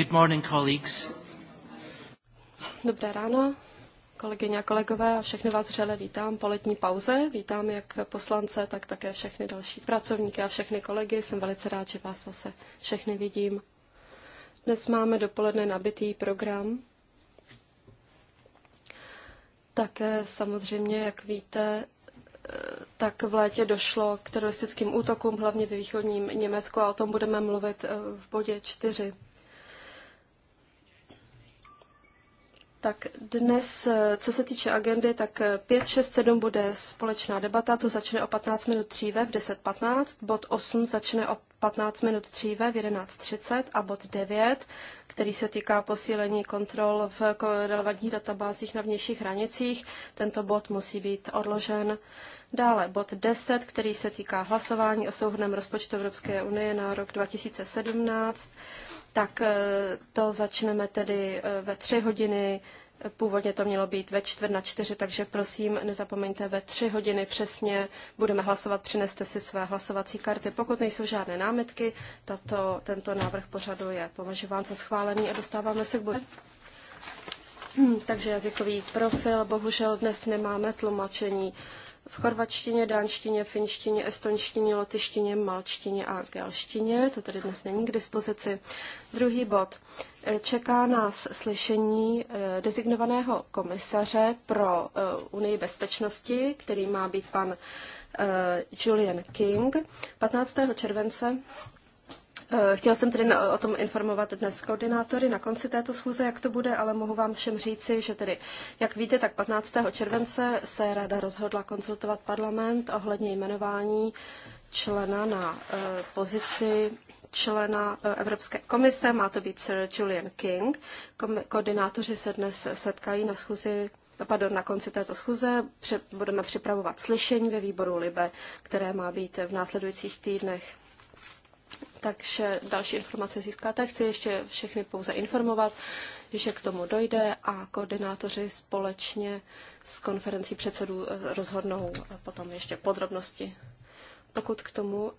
Good morning, colleagues. Dobré ráno, kolegyně a kolegové, a všechny vás vřele vítám po letní pauze. Vítám jak poslance, tak také všechny další pracovníky a všechny kolegy. Jsem velice rád, že vás zase všechny vidím. Dnes máme dopoledne nabitý program. Také samozřejmě, jak víte, tak v létě došlo k teroristickým útokům, hlavně ve východním Německu, a o tom budeme mluvit eh, v bodě 4. Tak dnes, eh, co se týče agendy, tak 5, 6, 7 bude společná debata, to začne o 15 minut dříve v 10.15, bod 8 začne o 15 minut dříve v 11.30 a bod 9, který se týká posílení kontrol v relevantních databázích na vnějších hranicích, tento bod musí být odložen. Dále bod 10, který se týká hlasování o souhrném rozpočtu Evropské unie na rok 2017 tak eh, to začneme tedy eh, ve tři hodiny. Původně to mělo být ve čtvrt na čtyři, takže prosím, nezapomeňte, ve tři hodiny přesně budeme hlasovat, přineste si své hlasovací karty. Pokud nejsou žádné námitky, tato, tento návrh pořadu je považován za schválený a dostáváme se k bodu. Hmm, takže jazykový profil, bohužel dnes nemáme tlumočení v chorvačtině, dánštině, finštině, estonštině, lotyštině, malčtině a gelštině. To tady dnes není k dispozici. Druhý bod. Eh, čeká nás slyšení eh, designovaného komisaře pro eh, Unii bezpečnosti, který má být pan Julian King 15. července Eh, chtěla jsem tedy o tom informovat dnes koordinátory na konci této schůze, jak to bude, ale mohu vám všem říci, že tedy, jak víte, tak 15. července se rada rozhodla konzultovat parlament ohledně jmenování člena na eh, pozici člena eh, Evropské komise, má to být Sir Julian King. Koordinátoři se dnes setkají na schůzi pardon, na konci této schůze budeme připravovat slyšení ve výboru Libe, které má být v následujících týdnech takže další informace získáte. Chci ještě všechny pouze informovat, že k tomu dojde a koordinátoři společně s konferencí předsedů eh, rozhodnou potom ještě podrobnosti. Pokud k tomu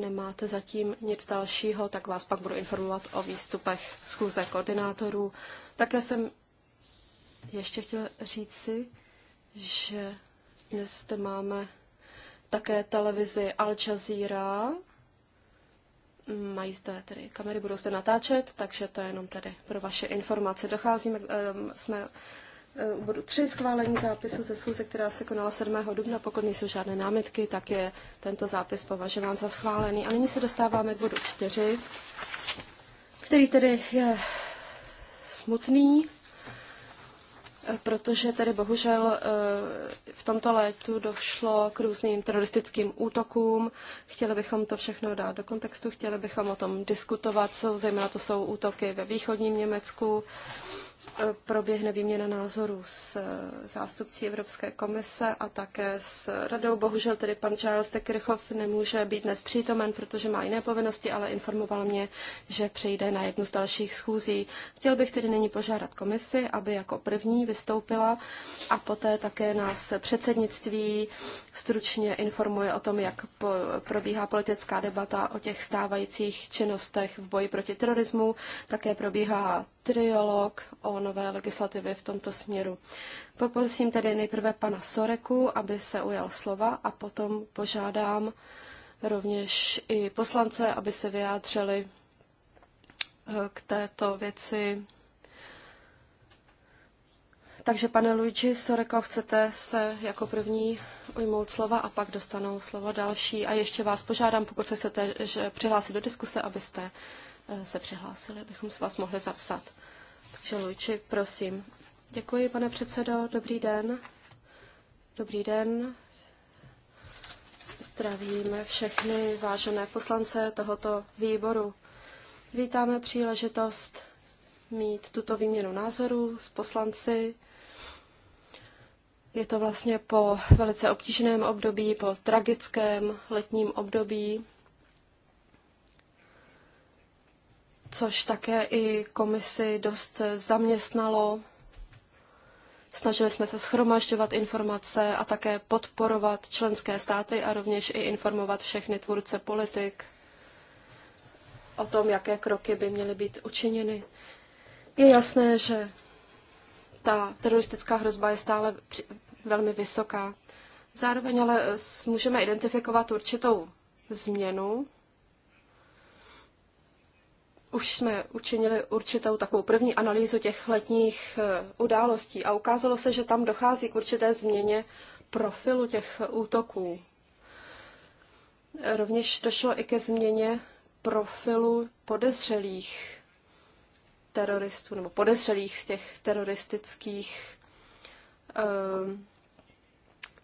nemáte zatím nic dalšího, tak vás pak budu informovat o výstupech schůze koordinátorů. Také jsem ještě chtěla si, že dnes zde máme také televizi Al Jazeera, Mají zde tedy kamery, budou zde natáčet, takže to je jenom tedy pro vaše informace. Docházíme, eh, jsme eh, u bodu 3 schválení zápisu ze schůze, která se konala 7. dubna. Pokud nejsou žádné námitky, tak je tento zápis považován za schválený. A nyní se dostáváme k bodu 4, který tedy je smutný, protože tedy bohužel eh, v tomto létu došlo k různým teroristickým útokům. Chtěli bychom to všechno dát do kontextu, chtěli bychom o tom diskutovat, co zejména to jsou útoky ve východním Německu, proběhne výměna názorů s eh, zástupcí Evropské komise a také s radou. Bohužel tedy pan Charles Kirchhoff nemůže být dnes přítomen, protože má jiné povinnosti, ale informoval mě, že přijde na jednu z dalších schůzí. Chtěl bych tedy nyní požádat komisi, aby jako první vystoupila a poté také nás předsednictví stručně informuje o tom, jak po, probíhá politická debata o těch stávajících činnostech v boji proti terorismu. Také probíhá trialog o nové legislativě v tomto směru. Poprosím tedy nejprve pana Soreku, aby se ujal slova a potom požádám rovněž i poslance, aby se vyjádřili eh, k této věci. Takže pane Luigi Soreko, chcete se jako první ujmout slova a pak dostanou slovo další. A ještě vás požádám, pokud se chcete že přihlásit do diskuse, abyste Eh, se přihlásili, abychom se vás mohli zapsat. Takže Luči, prosím. Děkuji, pane předsedo. Dobrý den. Dobrý den. Zdravíme všechny vážené poslance tohoto výboru. Vítáme příležitost mít tuto výměnu názorů s poslanci. Je to vlastně po velice obtížném období, po tragickém letním období, což také i komisi dost zaměstnalo. Snažili jsme se schromažďovat informace a také podporovat členské státy a rovněž i informovat všechny tvůrce politik o tom, jaké kroky by měly být učiněny. Je jasné, že ta teroristická hrozba je stále velmi vysoká. Zároveň ale můžeme identifikovat určitou změnu už jsme učinili určitou takovou první analýzu těch letních eh, událostí a ukázalo se, že tam dochází k určité změně profilu těch útoků. Rovněž došlo i ke změně profilu podezřelých teroristů nebo podezřelých z těch teroristických.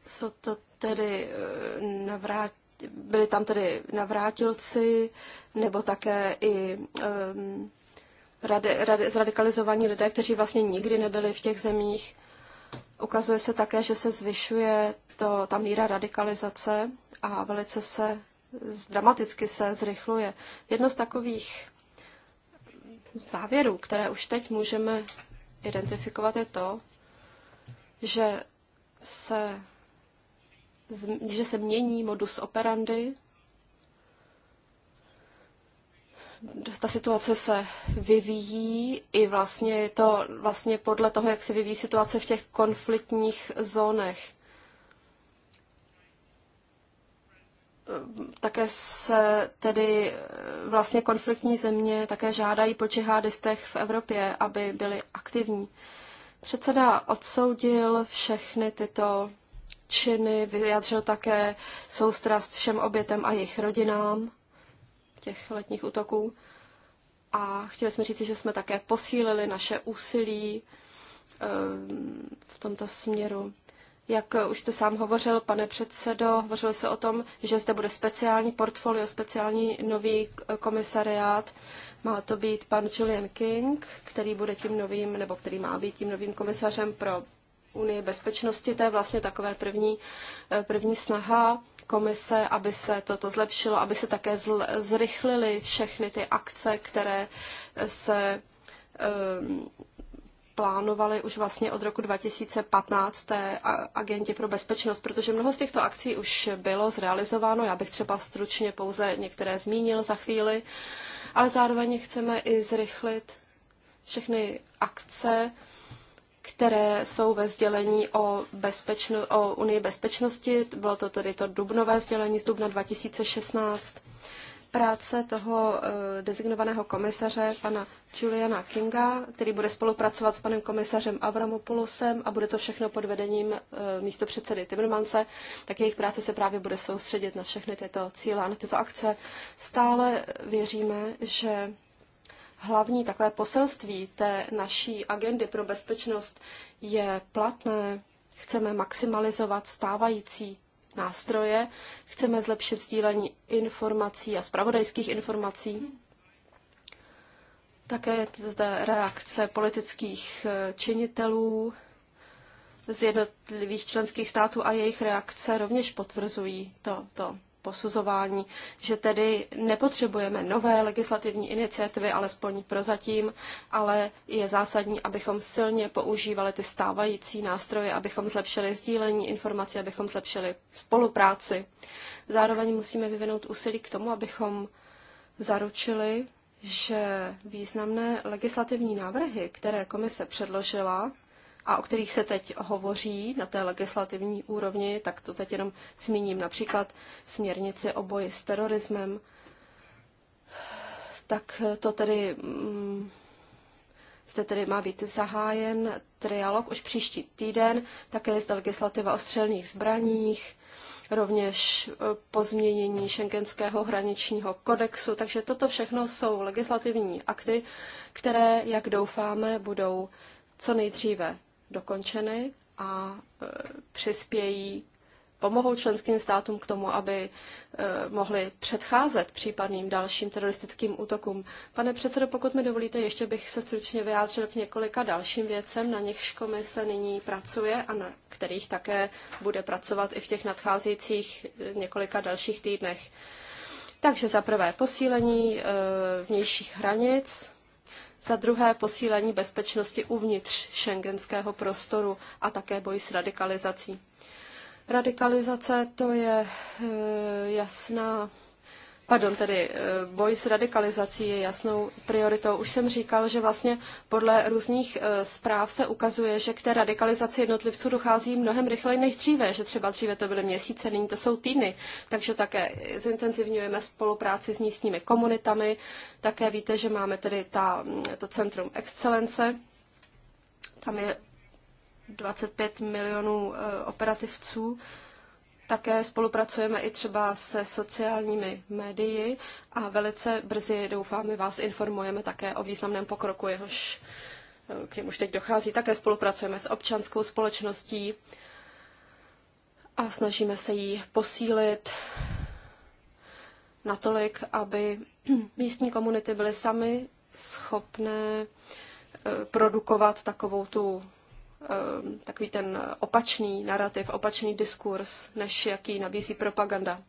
Co eh, to tedy eh, navrát, byli tam tedy navrátilci, nebo také i um, ehm, radi, radi, zradikalizovaní lidé, kteří vlastně nikdy nebyli v těch zemích. Ukazuje se také, že se zvyšuje to, ta míra radikalizace a velice se dramaticky se zrychluje. Jedno z takových závěrů, které už teď můžeme identifikovat, je to, že se že se mění modus operandi. Ta situace se vyvíjí i vlastně je to vlastně podle toho, jak se vyvíjí situace v těch konfliktních zónech. Také se tedy eh, vlastně konfliktní země také žádají po džihadistech v Evropě, aby byli aktivní. Předseda odsoudil všechny tyto činy, vyjádřil také soustrast všem obětem a jejich rodinám těch letních útoků. A chtěli jsme říci, že jsme také posílili naše úsilí ehm, v tomto směru. Jak už jste sám hovořil, pane předsedo, hovořil se o tom, že zde bude speciální portfolio, speciální nový komisariát. Má to být pan Julian King, který bude tím novým, nebo který má být tím novým komisařem pro unii bezpečnosti. To je vlastně takové první, eh, první snaha komise, aby se toto zlepšilo, aby se také zrychlily všechny ty akce, které se um, ehm, plánovali už vlastně od roku 2015 té agentě pro bezpečnost, protože mnoho z těchto akcí už bylo zrealizováno. Já bych třeba stručně pouze některé zmínil za chvíli, ale zároveň chceme i zrychlit všechny akce, které jsou ve sdělení o, bezpečno, o Unii bezpečnosti. Bylo to tedy to dubnové sdělení z dubna 2016. Práce toho eh, designovaného komisaře, pana Juliana Kinga, který bude spolupracovat s panem komisařem Avramopoulosem a bude to všechno pod vedením eh, místo předsedy Timmermanse, tak jejich práce se právě bude soustředit na všechny tyto cíle a na tyto akce. Stále věříme, že hlavní takové poselství té naší agendy pro bezpečnost je platné. Chceme maximalizovat stávající nástroje, chceme zlepšit sdílení informací a zpravodajských informací. Také je zde reakce politických eh, činitelů z jednotlivých členských států a jejich reakce rovněž potvrzují to. to posuzování, že tedy nepotřebujeme nové legislativní iniciativy, alespoň prozatím, ale je zásadní, abychom silně používali ty stávající nástroje, abychom zlepšili sdílení informací, abychom zlepšili spolupráci. Zároveň musíme vyvinout úsilí k tomu, abychom zaručili, že významné legislativní návrhy, které komise předložila, a o kterých se teď hovoří na té legislativní úrovni, tak to teď jenom zmíním například směrnici o boji s terorismem, tak to tedy mm, zde tedy má být zahájen trialog už příští týden, také je zde legislativa o střelných zbraních, rovněž e, pozměnění šengenského hraničního kodexu. Takže toto všechno jsou legislativní akty, které, jak doufáme, budou co nejdříve dokončeny a e, přispějí, pomohou členským státům k tomu, aby e, mohli předcházet případným dalším teroristickým útokům. Pane předsedo, pokud mi dovolíte, ještě bych se stručně vyjádřil k několika dalším věcem, na nichž komise nyní pracuje a na kterých také bude pracovat i v těch nadcházejících e, několika dalších týdnech. Takže za prvé posílení vnějších hranic, za druhé posílení bezpečnosti uvnitř šengenského prostoru a také boj s radikalizací. Radikalizace to je e, jasná Pardon, tedy eh, boj s radikalizací je jasnou prioritou. Už jsem říkal, že vlastně podle různých eh, zpráv se ukazuje, že k té radikalizaci jednotlivců dochází mnohem rychleji než dříve, že třeba dříve to byly měsíce, nyní to jsou týdny. Takže také zintenzivňujeme spolupráci s místními komunitami. Také víte, že máme tedy ta, to Centrum Excelence. Tam je 25 milionů eh, operativců také spolupracujeme i třeba se sociálními médii a velice brzy, doufáme, vás informujeme také o významném pokroku, jehož eh, k němuž teď dochází. Také spolupracujeme s občanskou společností a snažíme se ji posílit natolik, aby místní komunity byly sami schopné eh, produkovat takovou tu Ehm, takový ten opačný narrativ, opačný diskurs, než jaký nabízí propaganda.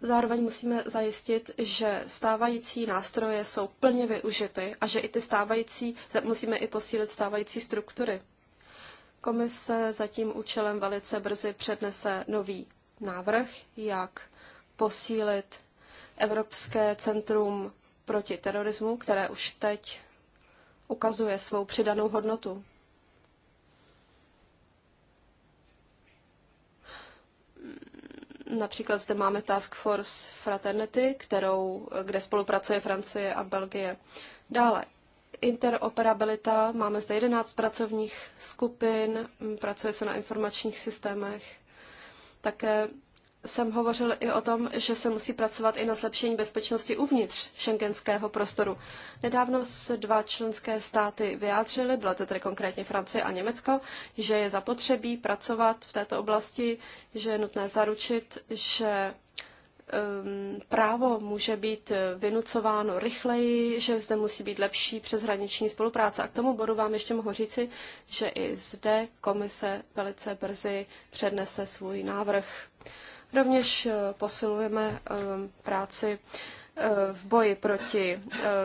Zároveň musíme zajistit, že stávající nástroje jsou plně využity a že i ty stávající, musíme i posílit stávající struktury. Komise za tím účelem velice brzy přednese nový návrh, jak posílit Evropské centrum proti terorismu, které už teď ukazuje svou přidanou hodnotu. Například zde máme Task Force Fraternity, kterou, kde spolupracuje Francie a Belgie. Dále, interoperabilita, máme zde 11 pracovních skupin, pracuje se na informačních systémech. Také jsem hovořil i o tom, že se musí pracovat i na zlepšení bezpečnosti uvnitř šengenského prostoru. Nedávno se dva členské státy vyjádřily, bylo to tedy konkrétně Francie a Německo, že je zapotřebí pracovat v této oblasti, že je nutné zaručit, že ehm, právo může být vynucováno rychleji, že zde musí být lepší přeshraniční spolupráce. A k tomu bodu vám ještě mohu říci, že i zde komise velice brzy přednese svůj návrh. Rovněž eh, posilujeme eh, práci eh, v boji proti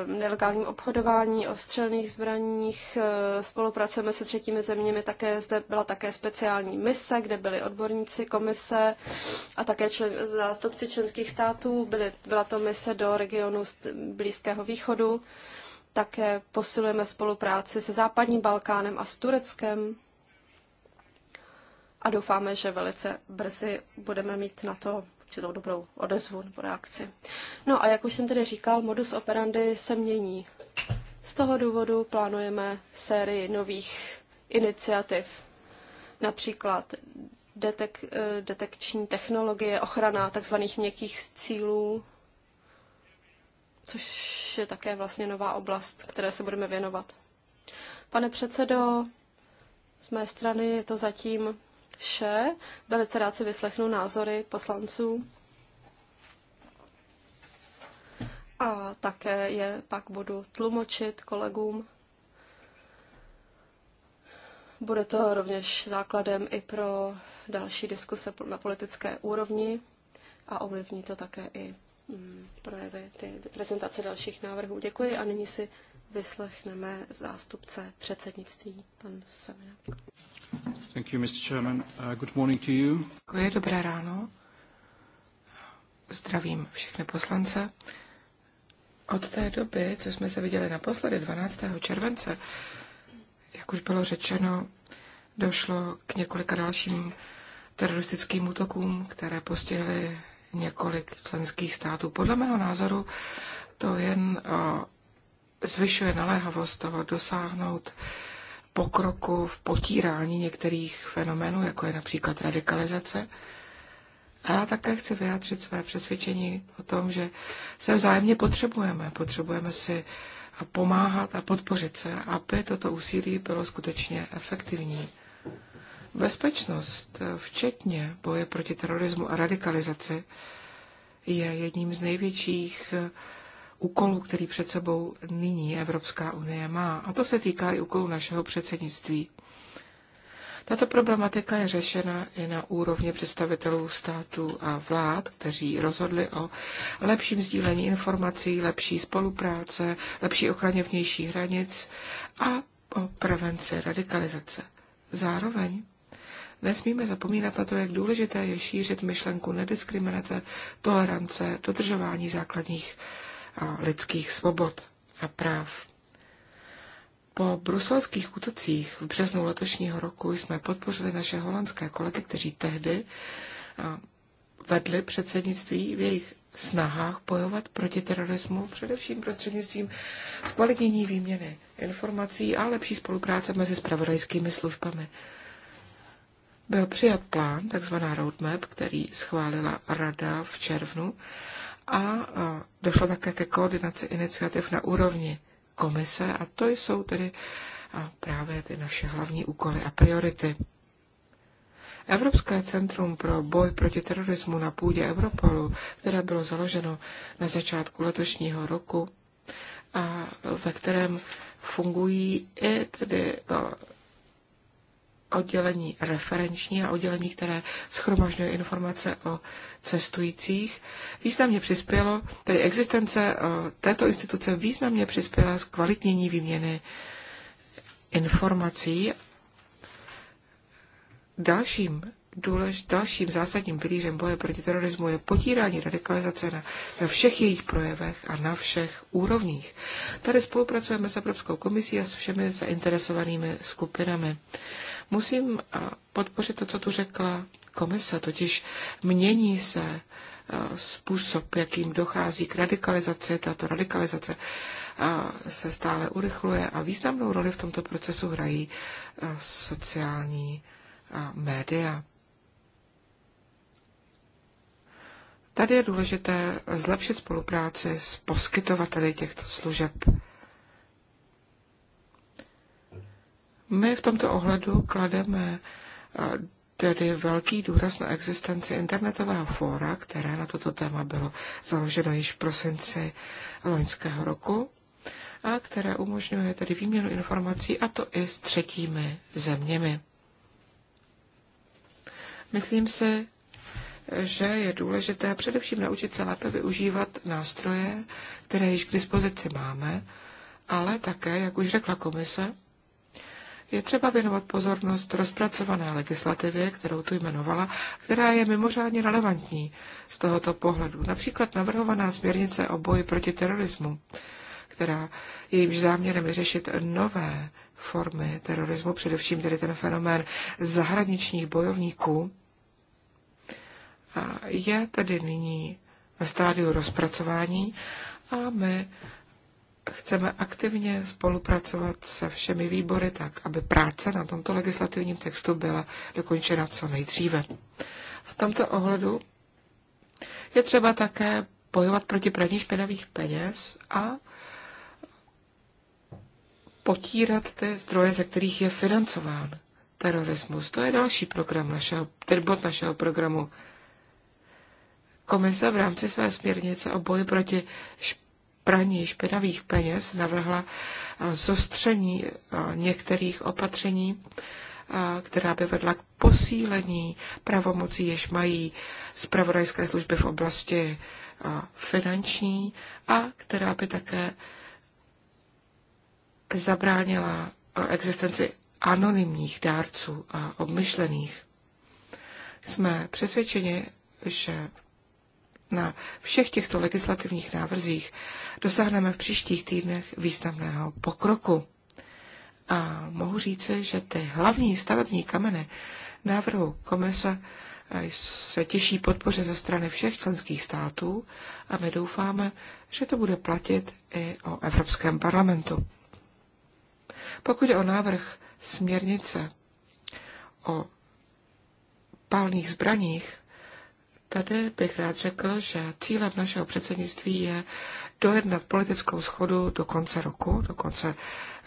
nelegálním obchodování o střelných zbraních. Spolupracujeme se třetími zeměmi, také zde byla také speciální mise, kde byli odborníci komise a také člen, zástupci členských států. Byly, byla to mise do regionu Blízkého východu. Také posilujeme spolupráci se Západním Balkánem a s Tureckem a doufáme, že velice brzy budeme mít na to určitou dobrou odezvu nebo reakci. No a jak už jsem tedy říkal, modus operandi se mění. Z toho důvodu plánujeme sérii nových iniciativ, například detek, eh, detekční technologie, ochrana tzv. měkkých cílů, což je také vlastně nová oblast, které se budeme věnovat. Pane předsedo, z mé strany je to zatím vše. Velice rád si vyslechnu názory poslanců. A také je pak budu tlumočit kolegům. Bude to rovněž základem i pro další diskuse na politické úrovni a ovlivní to také i projevy, ty prezentace dalších návrhů. Děkuji a nyní si vyslechneme zástupce předsednictví, pan Seminák. Thank you, Mr. Chairman. Uh, good morning to you. Děkuji, dobré ráno. Zdravím všechny poslance. Od té doby, co jsme se viděli naposledy 12. července, jak už bylo řečeno, došlo k několika dalším teroristickým útokům, které postihly několik členských států. Podle mého názoru to jen zvyšuje naléhavost toho dosáhnout pokroku v potírání některých fenoménů, jako je například radikalizace. A já také chci vyjádřit své přesvědčení o tom, že se vzájemně potřebujeme. Potřebujeme si pomáhat a podpořit se, aby toto úsilí bylo skutečně efektivní. Bezpečnost, eh, včetně boje proti terorismu a radikalizaci, je jedním z největších eh, úkolů, který před sebou nyní Evropská unie má. A to se týká i úkolů našeho předsednictví. Tato problematika je řešena i na úrovni představitelů států a vlád, kteří rozhodli o lepším sdílení informací, lepší spolupráce, lepší ochraně vnějších hranic a o prevenci radikalizace. Zároveň Nesmíme zapomínat na to, jak důležité je šířit myšlenku nediskriminace, tolerance, dodržování základních lidských svobod a práv. Po bruselských útocích v březnu letošního roku jsme podpořili naše holandské kolegy, kteří tehdy vedli předsednictví v jejich snahách bojovat proti terorismu, především prostřednictvím zkvalitnění výměny informací a lepší spolupráce mezi spravodajskými službami byl přijat plán, takzvaná roadmap, který schválila Rada v červnu a došlo také ke koordinaci iniciativ na úrovni komise a to jsou tedy právě ty naše hlavní úkoly a priority. Evropské centrum pro boj proti terorismu na půdě Europolu, které bylo založeno na začátku letošního roku a ve kterém fungují i tedy oddělení referenční a oddělení, které schromažďuje informace o cestujících, významně přispělo, tedy existence eh, této instituce významně přispěla k kvalitnění výměny informací. Dalším důlež, dalším zásadním pilířem boje proti terorismu je potírání radikalizace na, na všech jejich projevech a na všech úrovních. Tady spolupracujeme s Evropskou komisí a s všemi zainteresovanými skupinami. Musím podpořit to, co tu řekla komise, totiž mění se způsob, jakým dochází k radikalizaci. Tato radikalizace se stále urychluje a významnou roli v tomto procesu hrají sociální média. Tady je důležité zlepšit spolupráci s poskytovateli těchto služeb. My v tomto ohledu klademe eh, tedy velký důraz na existenci internetového fóra, které na toto téma bylo založeno již v prosinci loňského roku a které umožňuje tedy výměnu informací, a to i s třetími zeměmi. Myslím si, že je důležité především naučit se lépe využívat nástroje, které již k dispozici máme, ale také, jak už řekla komise, je třeba věnovat pozornost rozpracované legislativě, kterou tu jmenovala, která je mimořádně relevantní z tohoto pohledu. Například navrhovaná směrnice o boji proti terorismu, která jejímž záměrem je řešit nové formy terorismu, především tedy ten fenomén zahraničních bojovníků, je tedy nyní ve stádiu rozpracování a my chceme aktivně spolupracovat se všemi výbory tak, aby práce na tomto legislativním textu byla dokončena co nejdříve. V tomto ohledu je třeba také bojovat proti praní špinavých peněz a potírat ty zdroje, ze kterých je financován terorismus. To je další program našeho, bod našeho programu. Komise v rámci své směrnice o boji proti praní špinavých peněz navrhla zostření některých opatření, která by vedla k posílení pravomocí, jež mají zpravodajské služby v oblasti finanční a která by také zabránila existenci anonymních dárců a obmyšlených. Jsme přesvědčeni, že na všech těchto legislativních návrzích dosáhneme v příštích týdnech významného pokroku. A mohu říci, že ty hlavní stavební kameny návrhu komise eh, se těší podpoře ze strany všech členských států a my doufáme, že to bude platit i o Evropském parlamentu. Pokud je o návrh směrnice o palných zbraních, Tady bych rád řekl, že cílem našeho předsednictví je dojednat politickou schodu do konce roku, do konce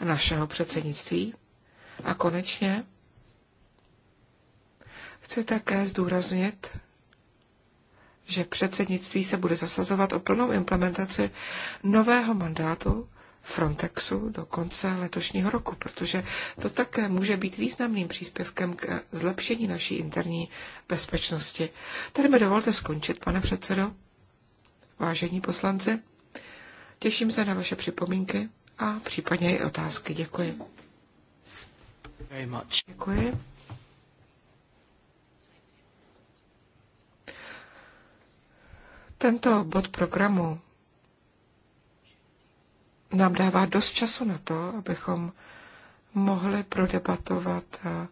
našeho předsednictví. A konečně chci také zdůraznit, že předsednictví se bude zasazovat o plnou implementaci nového mandátu Frontexu do konce letošního roku, protože to také může být významným příspěvkem k zlepšení naší interní bezpečnosti. Tady mi dovolte skončit, pane předsedo. Vážení poslanci, těším se na vaše připomínky a případně i otázky. Děkuji. Very much. Děkuji. Tento bod programu nám dává dost času na to, abychom mohli prodebatovat eh,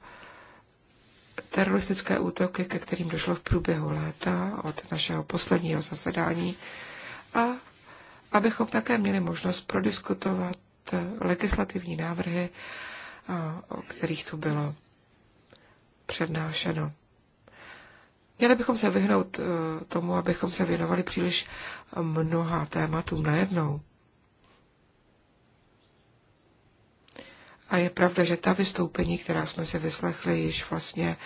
teroristické útoky, ke kterým došlo v průběhu léta od našeho posledního zasedání a abychom také měli možnost prodiskutovat eh, legislativní návrhy, eh, o kterých tu bylo přednášeno. Měli bychom se vyhnout tomu, abychom se věnovali příliš mnoha tématům najednou. A je pravda, že ta vystoupení, která jsme si vyslechli, již vlastně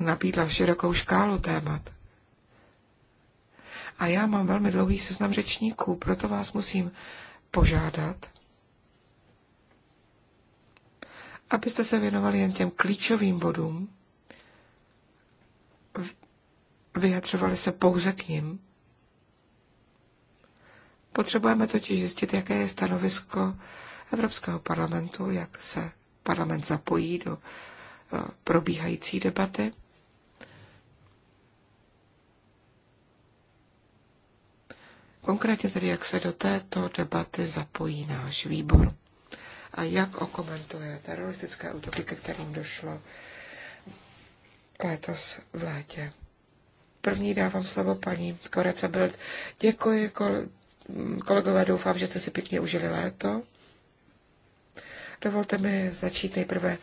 nabídla širokou škálu témat. A já mám velmi dlouhý seznam řečníků, proto vás musím požádat, abyste se věnovali jen těm klíčovým bodům, vyjadřovali se pouze k ním. Potřebujeme totiž zjistit, jaké je stanovisko Evropského parlamentu, jak se parlament zapojí do eh, probíhající debaty. Konkrétně tedy, jak se do této debaty zapojí náš výbor a jak okomentuje teroristické útoky, ke kterým došlo letos v létě. První dávám slovo paní Koreca Bild. Děkuji, kolegové, doufám, že jste si pěkně užili léto. Dovolte mi začít nejprve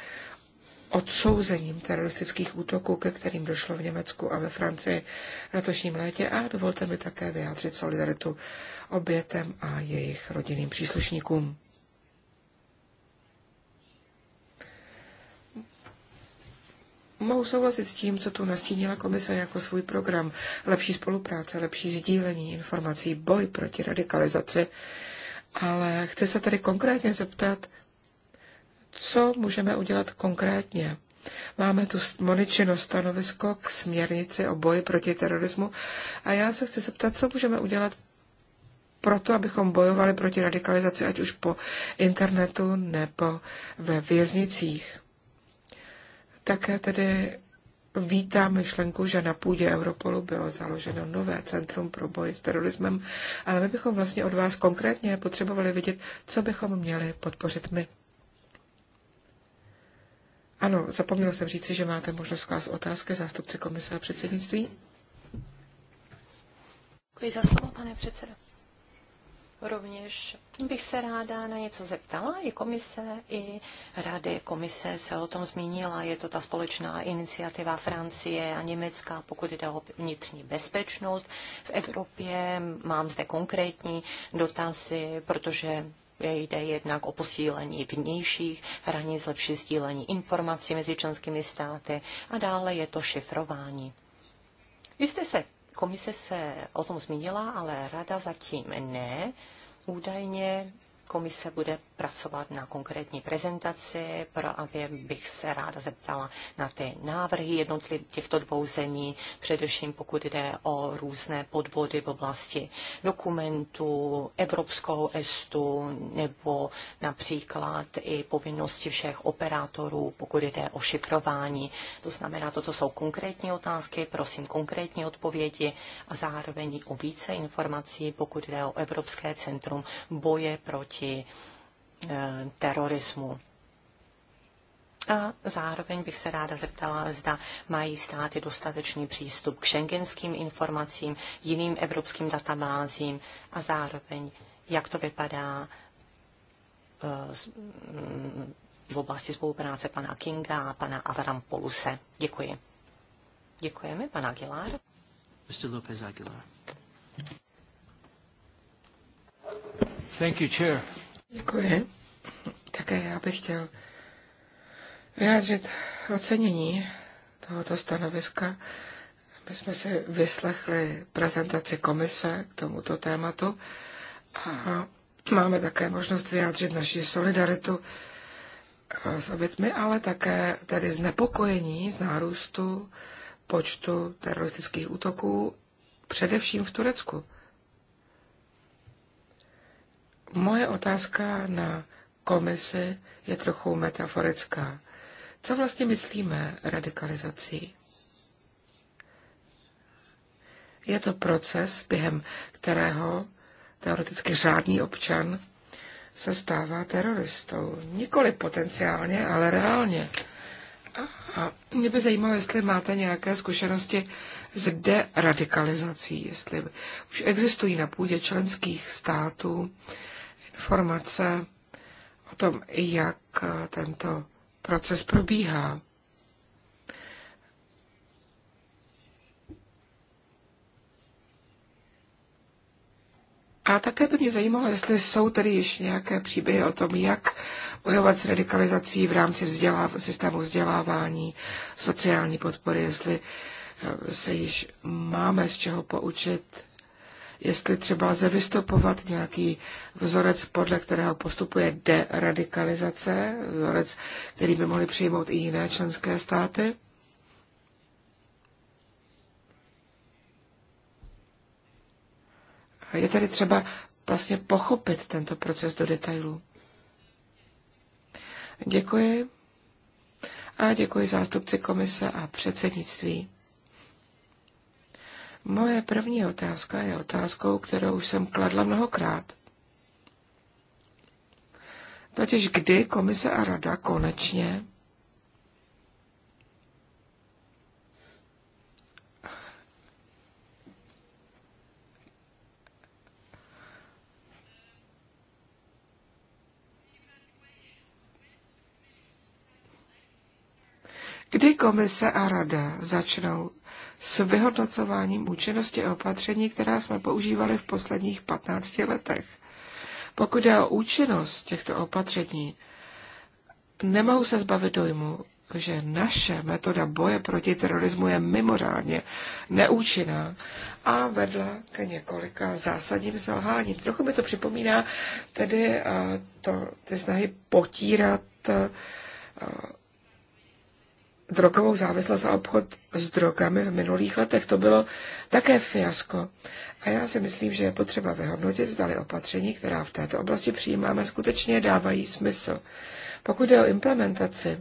odsouzením teroristických útoků, ke kterým došlo v Německu a ve Francii v letošním létě a dovolte mi také vyjádřit solidaritu obětem a jejich rodinným příslušníkům. Mohu souhlasit s tím, co tu nastínila komise jako svůj program. Lepší spolupráce, lepší sdílení informací, boj proti radikalizaci. Ale chci se tady konkrétně zeptat, co můžeme udělat konkrétně. Máme tu Moničino stanovisko k směrnici o boji proti terorismu a já se chci zeptat, co můžeme udělat proto, abychom bojovali proti radikalizaci, ať už po internetu nebo ve věznicích. Také tedy vítám myšlenku, že na půdě Europolu bylo založeno nové centrum pro boj s terorismem, ale my bychom vlastně od vás konkrétně potřebovali vidět, co bychom měli podpořit my. Ano, zapomněl jsem říci, že máte možnost klást otázky zástupci komise a předsednictví. Děkuji za slovo, pane předsedo. Rovněž bych se ráda na něco zeptala, i komise, i rady. Komise se o tom zmínila, je to ta společná iniciativa Francie a Německa, pokud jde o vnitřní bezpečnost v Evropě. Mám zde konkrétní dotazy, protože Jde jednak o posílení vnějších hranic, lepší sdílení informací mezi členskými státy a dále je to šifrování. Vy jste se, komise se o tom zmínila, ale rada zatím ne. Údajně komise bude pracovat na konkrétní prezentaci, pro aby bych se ráda zeptala na ty návrhy jednotlivých těchto dvou zemí, především pokud jde o různé podvody v oblasti dokumentů, evropskou estu nebo například i povinnosti všech operátorů, pokud jde o šifrování. To znamená, toto jsou konkrétní otázky, prosím konkrétní odpovědi a zároveň o více informací, pokud jde o Evropské centrum boje proti proti eh, terorismu. A zároveň bych se ráda zeptala, zda mají státy dostatečný přístup k šengenským informacím, jiným evropským databázím a zároveň, jak to vypadá eh, mm, v oblasti spolupráce pana Kinga a pana Avram Poluse. Děkuji. Děkujeme, pana Aguilar. Mr. Lopez Aguilar. Thank you, chair. Děkuji. Také já bych chtěl vyjádřit ocenění tohoto stanoviska. My jsme si vyslechli prezentaci komise k tomuto tématu a máme také možnost vyjádřit naši solidaritu eh, s obětmi, ale také tedy znepokojení z nárůstu počtu teroristických útoků, především v Turecku. Moje otázka na komise je trochu metaforická. Co vlastně myslíme radikalizací? Je to proces, během kterého teoreticky řádný občan se stává teroristou. Nikoli potenciálně, ale reálně. A mě by zajímalo, jestli máte nějaké zkušenosti s deradikalizací, jestli už existují na půdě členských států informace o tom, jak tento proces probíhá. A také by mě zajímalo, jestli jsou tady ještě nějaké příběhy o tom, jak bojovat s radikalizací v rámci vzděláv- systému vzdělávání, sociální podpory, jestli eh, se již máme z čeho poučit jestli třeba lze vystupovat nějaký vzorec, podle kterého postupuje deradikalizace, vzorec, který by mohly přijmout i jiné členské státy. Je tedy třeba vlastně pochopit tento proces do detailů. Děkuji. A děkuji zástupci komise a předsednictví. Moje první otázka je otázkou, kterou už jsem kladla mnohokrát. Totiž kdy komise a rada konečně kdy komise a rada začnou s vyhodnocováním účinnosti opatření, která jsme používali v posledních 15 letech. Pokud je o účinnost těchto opatření, nemohu se zbavit dojmu, že naše metoda boje proti terorismu je mimořádně neúčinná a vedla ke několika zásadním selháním. Trochu mi to připomíná tedy eh, to, ty snahy potírat eh, drogovou závislost a obchod s drogami v minulých letech. To bylo také fiasko. A já si myslím, že je potřeba vyhodnotit, zdali opatření, která v této oblasti přijímáme, skutečně dávají smysl. Pokud je o implementaci,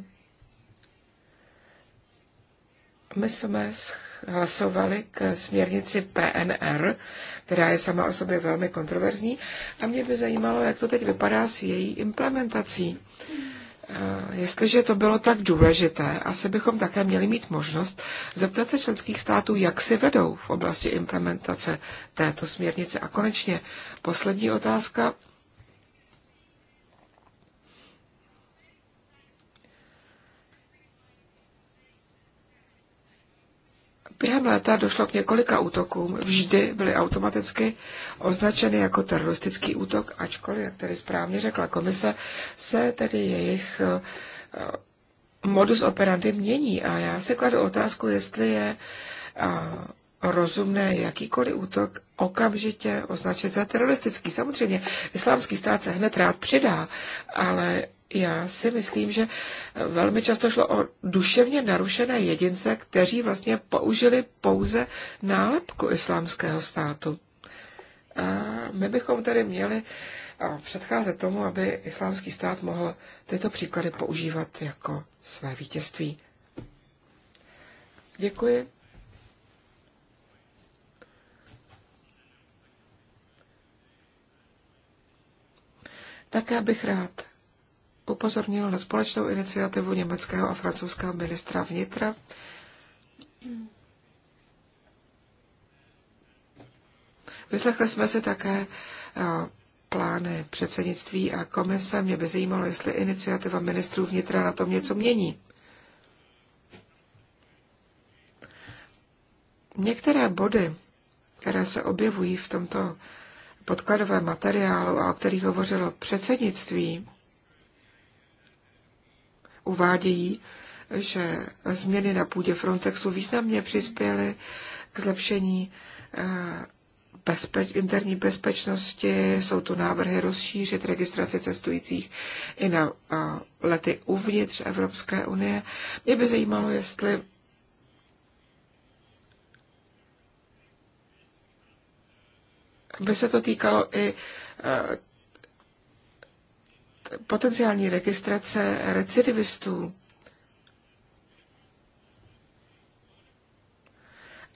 my jsme hlasovali k směrnici PNR, která je sama o sobě velmi kontroverzní, a mě by zajímalo, jak to teď vypadá s její implementací. Hmm Eh, jestliže to bylo tak důležité, asi bychom také měli mít možnost zeptat se členských států, jak si vedou v oblasti implementace této směrnice. A konečně poslední otázka Během léta došlo k několika útokům, vždy byly automaticky označeny jako teroristický útok, ačkoliv, jak tedy správně řekla komise, se tedy jejich eh, eh, modus operandi mění. A já si kladu otázku, jestli je eh, rozumné jakýkoliv útok okamžitě označit za teroristický. Samozřejmě, islámský stát se hned rád přidá, ale já si myslím, že velmi často šlo o duševně narušené jedince, kteří vlastně použili pouze nálepku islámského státu. A my bychom tedy měli předcházet tomu, aby islámský stát mohl tyto příklady používat jako své vítězství. Děkuji. Také bych rád upozornil na společnou iniciativu německého a francouzského ministra vnitra. Vyslechli jsme si také eh, plány předsednictví a komise. Mě by zajímalo, jestli iniciativa ministrů vnitra na tom něco mění. Některé body, které se objevují v tomto podkladovém materiálu a o kterých hovořilo předsednictví, uvádějí, že změny na půdě Frontexu významně přispěly k zlepšení eh, bezpeč, interní bezpečnosti. Jsou tu návrhy rozšířit registraci cestujících i na eh, lety uvnitř Evropské unie. Mě by zajímalo, jestli by se to týkalo i eh, potenciální registrace recidivistů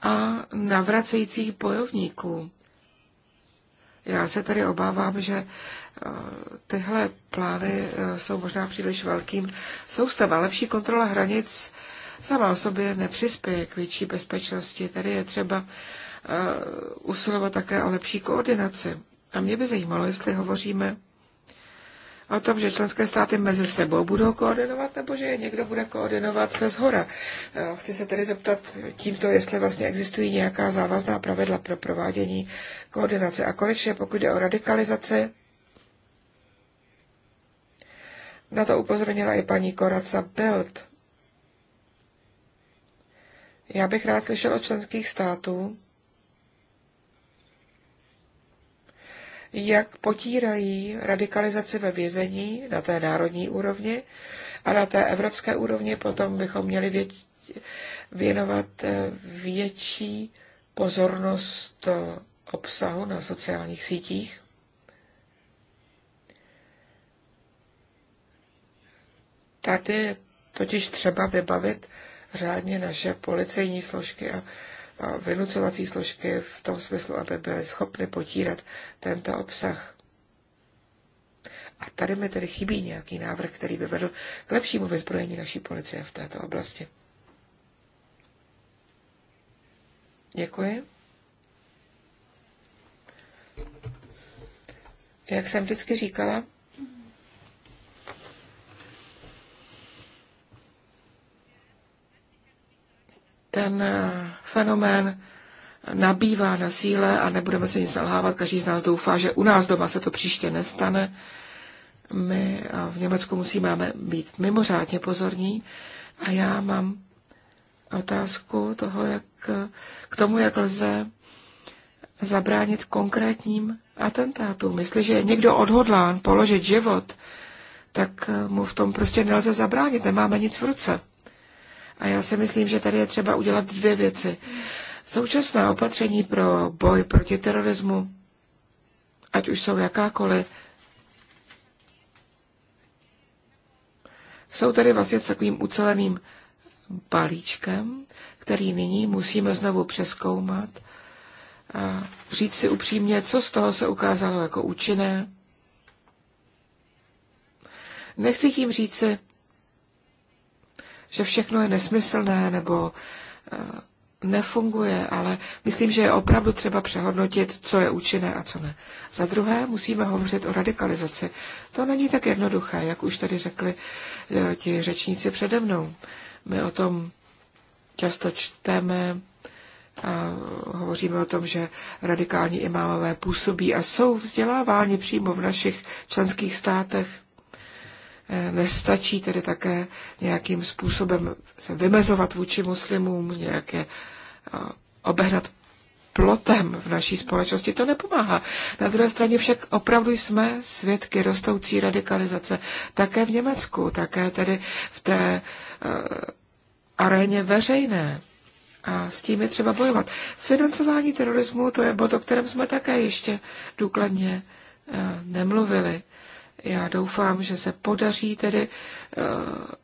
a navracejících bojovníků. Já se tady obávám, že eh, tyhle plány eh, jsou možná příliš velkým soustem lepší kontrola hranic sama o sobě nepřispěje k větší bezpečnosti. Tady je třeba eh, usilovat také o lepší koordinaci. A mě by zajímalo, jestli hovoříme o tom, že členské státy mezi sebou budou koordinovat, nebo že je někdo bude koordinovat se zhora. Eh, chci se tedy zeptat tímto, jestli vlastně existují nějaká závazná pravidla pro provádění koordinace. A konečně, pokud jde o radikalizaci, na to upozornila i paní Koraca Belt. Já bych rád slyšel od členských států, jak potírají radikalizaci ve vězení na té národní úrovni a na té evropské úrovni potom bychom měli věnovat eh, větší pozornost eh, obsahu na sociálních sítích. Tady je totiž třeba vybavit řádně naše policejní složky a vynucovací složky v tom smyslu, aby byly schopny potírat tento obsah. A tady mi tedy chybí nějaký návrh, který by vedl k lepšímu vyzbrojení naší policie v této oblasti. Děkuji. Jak jsem vždycky říkala, ten eh, fenomén nabývá na síle a nebudeme se nic nalhávat. Každý z nás doufá, že u nás doma se to příště nestane. My v Německu musíme být mimořádně pozorní a já mám otázku toho, jak, k tomu, jak lze zabránit konkrétním atentátům. Jestliže je někdo odhodlán položit život, tak mu v tom prostě nelze zabránit, nemáme nic v ruce. A já si myslím, že tady je třeba udělat dvě věci. Současná opatření pro boj proti terorismu, ať už jsou jakákoliv, jsou tady vlastně takovým uceleným balíčkem, který nyní musíme znovu přeskoumat a říct si upřímně, co z toho se ukázalo jako účinné. Nechci tím říci, že všechno je nesmyslné nebo eh, nefunguje, ale myslím, že je opravdu třeba přehodnotit, co je účinné a co ne. Za druhé musíme hovořit o radikalizaci. To není tak jednoduché, jak už tady řekli eh, ti řečníci přede mnou. My o tom často čteme, a hovoříme o tom, že radikální imámové působí a jsou vzděláváni přímo v našich členských státech. Eh, nestačí tedy také nějakým způsobem se vymezovat vůči muslimům, nějaké eh, obehnat plotem v naší společnosti. To nepomáhá. Na druhé straně však opravdu jsme svědky rostoucí radikalizace. Také v Německu, také tedy v té uh, aréně veřejné. A s tím je třeba bojovat. Financování terorismu, to je bod, o kterém jsme také ještě důkladně uh, nemluvili. Já doufám, že se podaří tedy eh,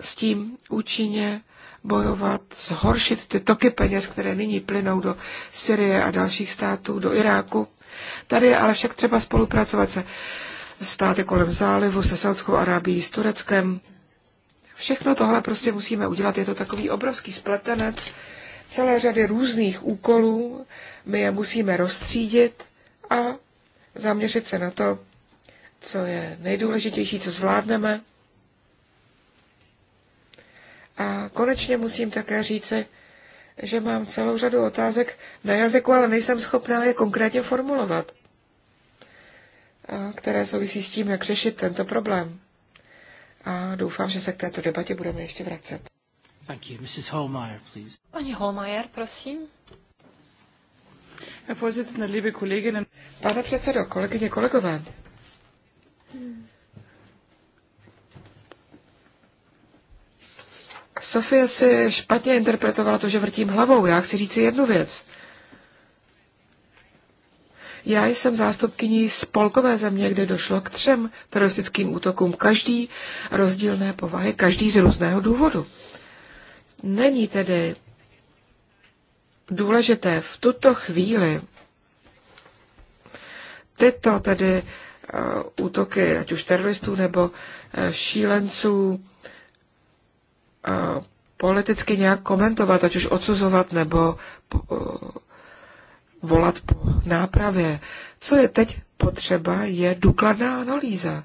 s tím účinně bojovat, zhoršit ty toky peněz, které nyní plynou do Syrie a dalších států, do Iráku. Tady je ale však třeba spolupracovat se státy kolem zálivu, se Saudskou Arábií, s Tureckem. Všechno tohle prostě musíme udělat. Je to takový obrovský spletenec celé řady různých úkolů. My je musíme rozstřídit a zaměřit se na to, co je nejdůležitější, co zvládneme. A konečně musím také říci, že mám celou řadu otázek na jazyku, ale nejsem schopná je konkrétně formulovat, které souvisí s tím, jak řešit tento problém. A doufám, že se k této debatě budeme ještě vracet. Thank you. Mrs. Holmeyer, please. Pani Holmeyer, prosím. Pane předsedo, kolegyně, kolegové. Sofie si špatně interpretovala to, že vrtím hlavou. Já chci říct jednu věc. Já jsem zástupkyní spolkové země, kde došlo k třem teroristickým útokům, každý rozdílné povahy, každý z různého důvodu. Není tedy důležité v tuto chvíli tyto tedy eh, útoky, ať už teroristů nebo eh, šílenců, eh, politicky nějak komentovat, ať už odsuzovat nebo volat po nápravě. Co je teď potřeba, je důkladná analýza.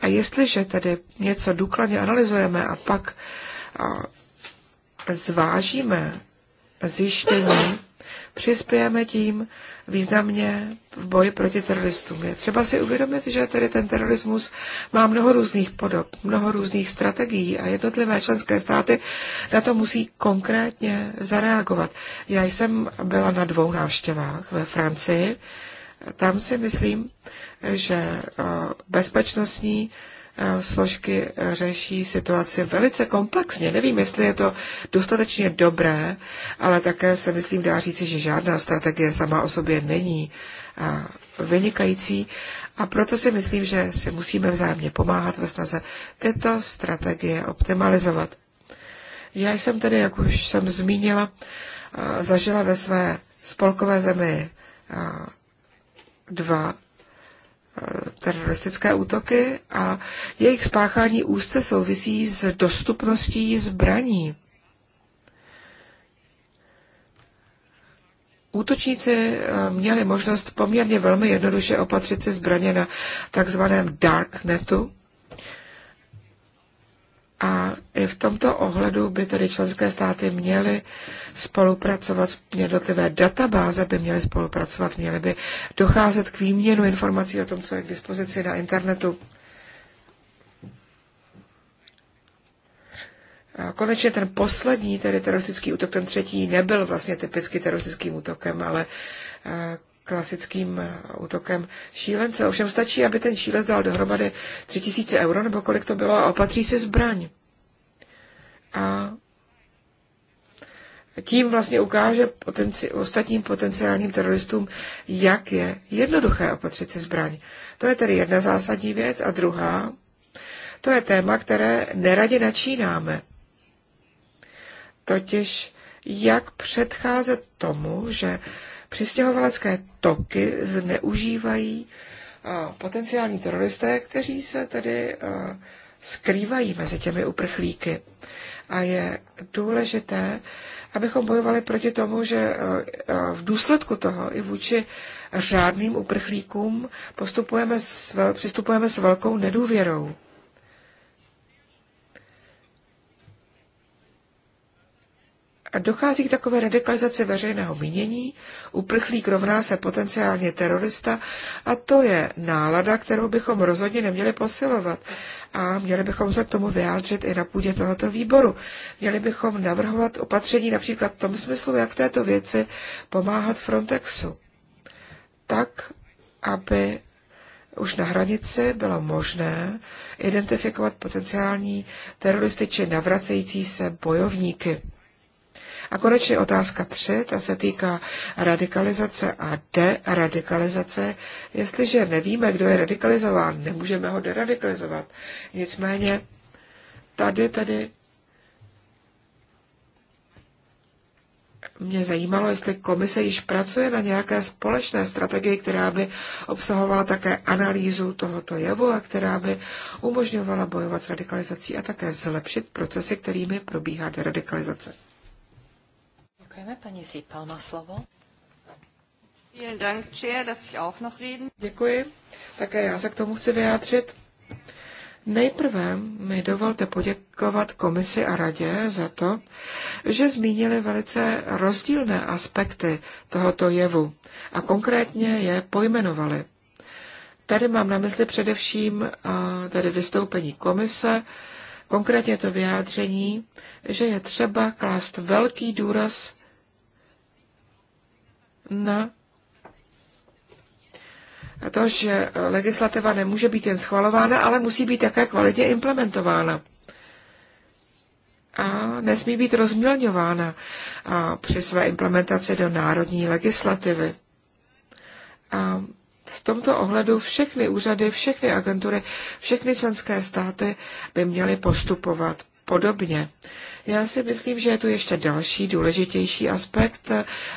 A jestliže tedy něco důkladně analyzujeme a pak zvážíme zjištění, přispějeme tím významně v boji proti teroristům. Je třeba si uvědomit, že tedy ten terorismus má mnoho různých podob, mnoho různých strategií a jednotlivé členské státy na to musí konkrétně zareagovat. Já jsem byla na dvou návštěvách ve Francii. Tam si myslím, že eh, bezpečnostní Eh, složky řeší situaci velice komplexně. Nevím, jestli je to dostatečně dobré, ale také se myslím dá říci, že žádná strategie sama o sobě není eh, vynikající a proto si myslím, že si musíme vzájemně pomáhat ve snaze tyto strategie optimalizovat. Já jsem tedy, jak už jsem zmínila, eh, zažila ve své spolkové zemi dva Eh, teroristické útoky a jejich spáchání úzce souvisí s dostupností zbraní. Útočníci eh, měli možnost poměrně velmi jednoduše opatřit si zbraně na takzvaném darknetu, a i v tomto ohledu by tedy členské státy měly spolupracovat, jednotlivé databáze by měly spolupracovat, měly by docházet k výměnu informací o tom, co je k dispozici na internetu. A konečně ten poslední, tedy teroristický útok, ten třetí, nebyl vlastně typicky teroristickým útokem, ale klasickým eh, útokem šílence. Ovšem stačí, aby ten šílec dal dohromady 3000 euro, nebo kolik to bylo, a opatří si zbraň. A tím vlastně ukáže potenci- ostatním potenciálním teroristům, jak je jednoduché opatřit si zbraň. To je tedy jedna zásadní věc. A druhá, to je téma, které neradě načínáme. Totiž, jak předcházet tomu, že přistěhovalecké toky zneužívají eh, potenciální teroristé, kteří se tedy eh, skrývají mezi těmi uprchlíky. A je důležité, abychom bojovali proti tomu, že eh, v důsledku toho i vůči řádným uprchlíkům postupujeme s, přistupujeme s velkou nedůvěrou. A dochází k takové radikalizaci veřejného mínění, uprchlík rovná se potenciálně terorista a to je nálada, kterou bychom rozhodně neměli posilovat. A měli bychom se k tomu vyjádřit i na půdě tohoto výboru. Měli bychom navrhovat opatření například v tom smyslu, jak v této věci pomáhat Frontexu. Tak, aby už na hranici bylo možné identifikovat potenciální teroristy či navracející se bojovníky. A konečně otázka tři, ta se týká radikalizace a deradikalizace. Jestliže nevíme, kdo je radikalizován, nemůžeme ho deradikalizovat. Nicméně tady tedy mě zajímalo, jestli komise již pracuje na nějaké společné strategii, která by obsahovala také analýzu tohoto jevu a která by umožňovala bojovat s radikalizací a také zlepšit procesy, kterými probíhá deradikalizace. Děkujeme. Paní Zípal má slovo. Děkuji. Také já se k tomu chci vyjádřit. Nejprve mi dovolte poděkovat komisi a radě za to, že zmínili velice rozdílné aspekty tohoto jevu a konkrétně je pojmenovali. Tady mám na mysli především tady vystoupení komise, konkrétně to vyjádření, že je třeba klást velký důraz na to, že legislativa nemůže být jen schvalována, ale musí být také kvalitně implementována. A nesmí být rozmělňována a při své implementaci do národní legislativy. A v tomto ohledu všechny úřady, všechny agentury, všechny členské státy by měly postupovat podobně. Já si myslím, že je tu ještě další důležitější aspekt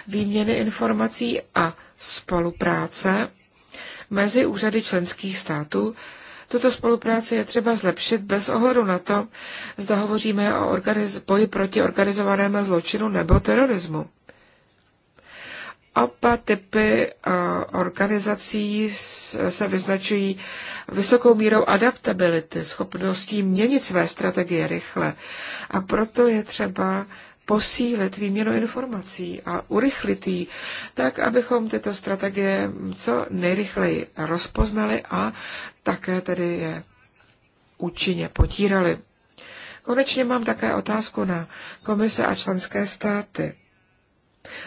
výměny informací a spolupráce mezi úřady členských států. Tuto spolupráci je třeba zlepšit bez ohledu na to, zda hovoříme o organiz- boji proti organizovanému zločinu nebo terorismu. Oba typy eh, organizací se vyznačují vysokou mírou adaptability, schopností měnit své strategie rychle. A proto je třeba posílit výměnu informací a urychlit ji, tak abychom tyto strategie co nejrychleji rozpoznali a také tedy je účinně potírali. Konečně mám také otázku na komise a členské státy.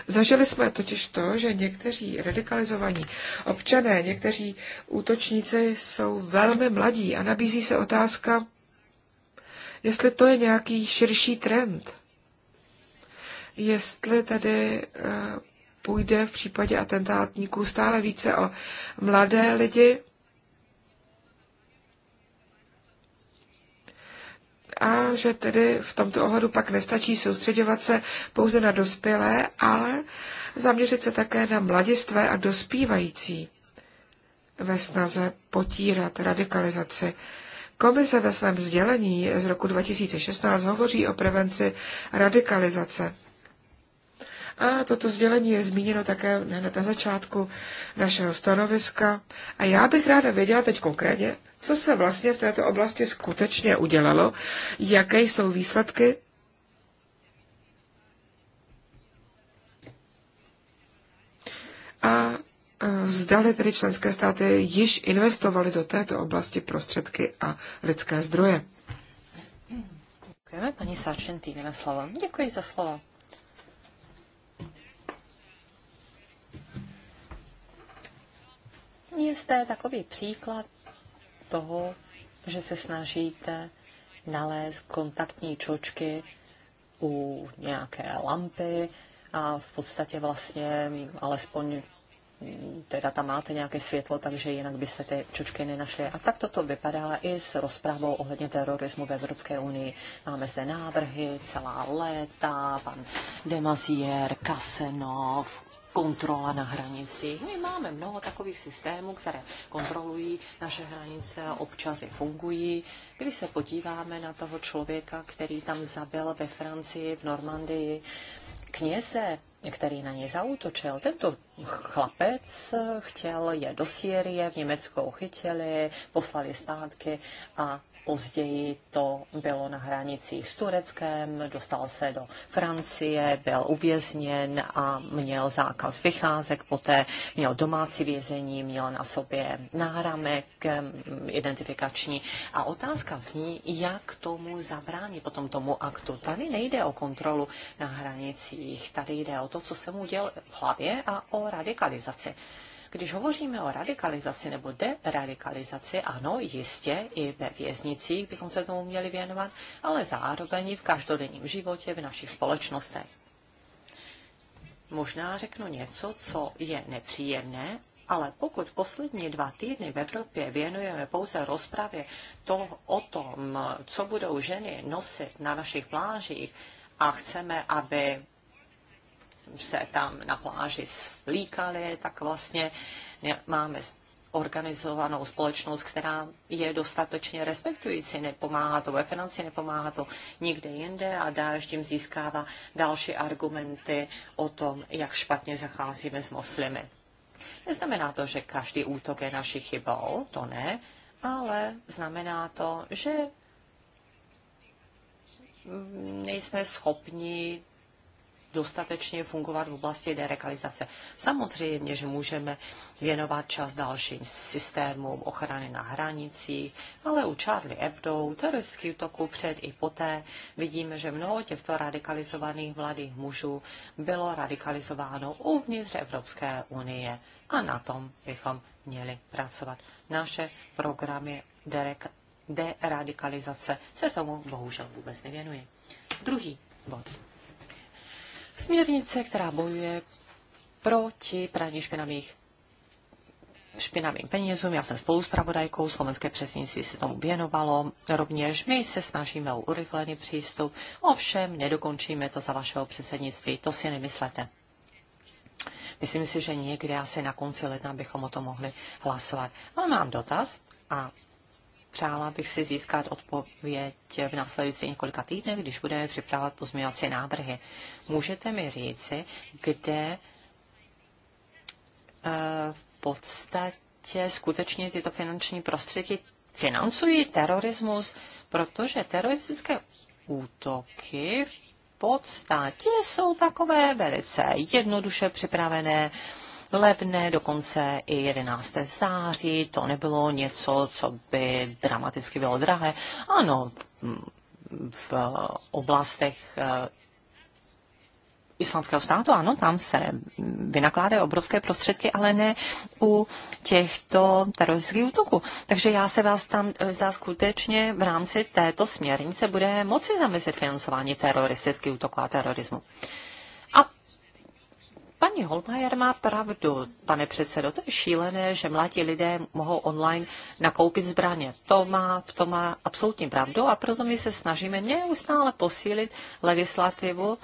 Zažili jsme totiž to, že někteří radikalizovaní občané, někteří útočníci jsou velmi mladí a nabízí se otázka, jestli to je nějaký širší trend. Jestli tedy eh, půjde v případě atentátníků stále více o mladé lidi, a že tedy v tomto ohledu pak nestačí soustředovat se pouze na dospělé, ale zaměřit se také na mladistvé a dospívající ve snaze potírat radikalizaci. Komise ve svém sdělení z roku 2016 hovoří o prevenci radikalizace. A toto sdělení je zmíněno také hned na začátku našeho stanoviska. A já bych ráda věděla teď konkrétně, co se vlastně v této oblasti skutečně udělalo, jaké jsou výsledky a zdali tedy členské státy již investovaly do této oblasti prostředky a lidské zdroje. Děkujeme, paní Sarčentýny, na slovo. Děkuji za slovo. Je zde takový příklad toho, že se snažíte nalézt kontaktní čočky u nějaké lampy a v podstatě vlastně alespoň mm, teda tam máte nějaké světlo, takže jinak byste ty čočky nenašli. A tak toto vypadá i s rozprávou ohledně terorismu v Evropské unii. Máme zde návrhy, celá léta, pan Demazier, Kasenov, kontrola na hranicích. No, my máme mnoho takových systémů, které kontrolují naše hranice a občas je fungují. Když se podíváme na toho člověka, který tam zabil ve Francii, v Normandii, kněze, který na ně zautočil. Tento chlapec chtěl je do Sýrie, v Německu ho chytili, poslali zpátky a Později to bylo na hranicích s Tureckem, dostal se do Francie, byl uvězněn a měl zákaz vycházek, poté měl domácí vězení, měl na sobě náramek identifikační. A otázka zní, jak tomu zabránit potom tomu aktu. Tady nejde o kontrolu na hranicích, tady jde o to, co se mu děl v hlavě a o radikalizaci. Když hovoříme o radikalizaci nebo deradikalizaci, ano, jistě i ve věznicích bychom se tomu měli věnovat, ale zároveň v každodenním životě, v našich společnostech. Možná řeknu něco, co je nepříjemné, ale pokud poslední dva týdny v Evropě věnujeme pouze rozpravě to, o tom, co budou ženy nosit na našich plážích a chceme, aby se tam na pláži splíkali, tak vlastně máme organizovanou společnost, která je dostatečně respektující. Nepomáhá to ve financi, nepomáhá to nikde jinde a dál tím získává další argumenty o tom, jak špatně zacházíme s moslimy. Neznamená to, že každý útok je naší chybou, to ne, ale znamená to, že nejsme schopni dostatečně fungovat v oblasti derekalizace. Samozřejmě, že můžeme věnovat čas dalším systémům ochrany na hranicích, ale u Charlie Hebdo, teroristický útoku před i poté, vidíme, že mnoho těchto radikalizovaných mladých mužů bylo radikalizováno uvnitř Evropské unie a na tom bychom měli pracovat. Naše programy derek deradikalizace se tomu bohužel vůbec nevěnuje. Druhý bod. Směrnice, která bojuje proti praní špinavých špinavým penězům. Já jsem spolu s pravodajkou, slovenské předsednictví se tomu věnovalo. Rovněž my se snažíme o urychlený přístup, ovšem nedokončíme to za vašeho předsednictví, to si nemyslete. Myslím si, že někdy asi na konci ledna bychom o tom mohli hlasovat. Ale mám dotaz a Přála bych si získat odpověď v následujících několika týdnech, když budeme připravovat pozměňovací návrhy. Můžete mi říci, kde eh, v podstatě skutečně tyto finanční prostředky financují terorismus, protože teroristické útoky v podstatě jsou takové velice jednoduše připravené, ledne, dokonce i 11. září. To nebylo něco, co by dramaticky bylo drahé. Ano, v oblastech eh, islámského státu, ano, tam se vynakládají obrovské prostředky, ale ne u těchto teroristických útoků. Takže já se vás tam eh, zdá skutečně v rámci této směrnice bude moci zamezit financování teroristických útoků a terorismu. Paní Holmajer má pravdu, pane předsedo, to je šílené, že mladí lidé mohou online nakoupit zbraně. To má, to má absolutní pravdu a proto my se snažíme neustále posílit legislativu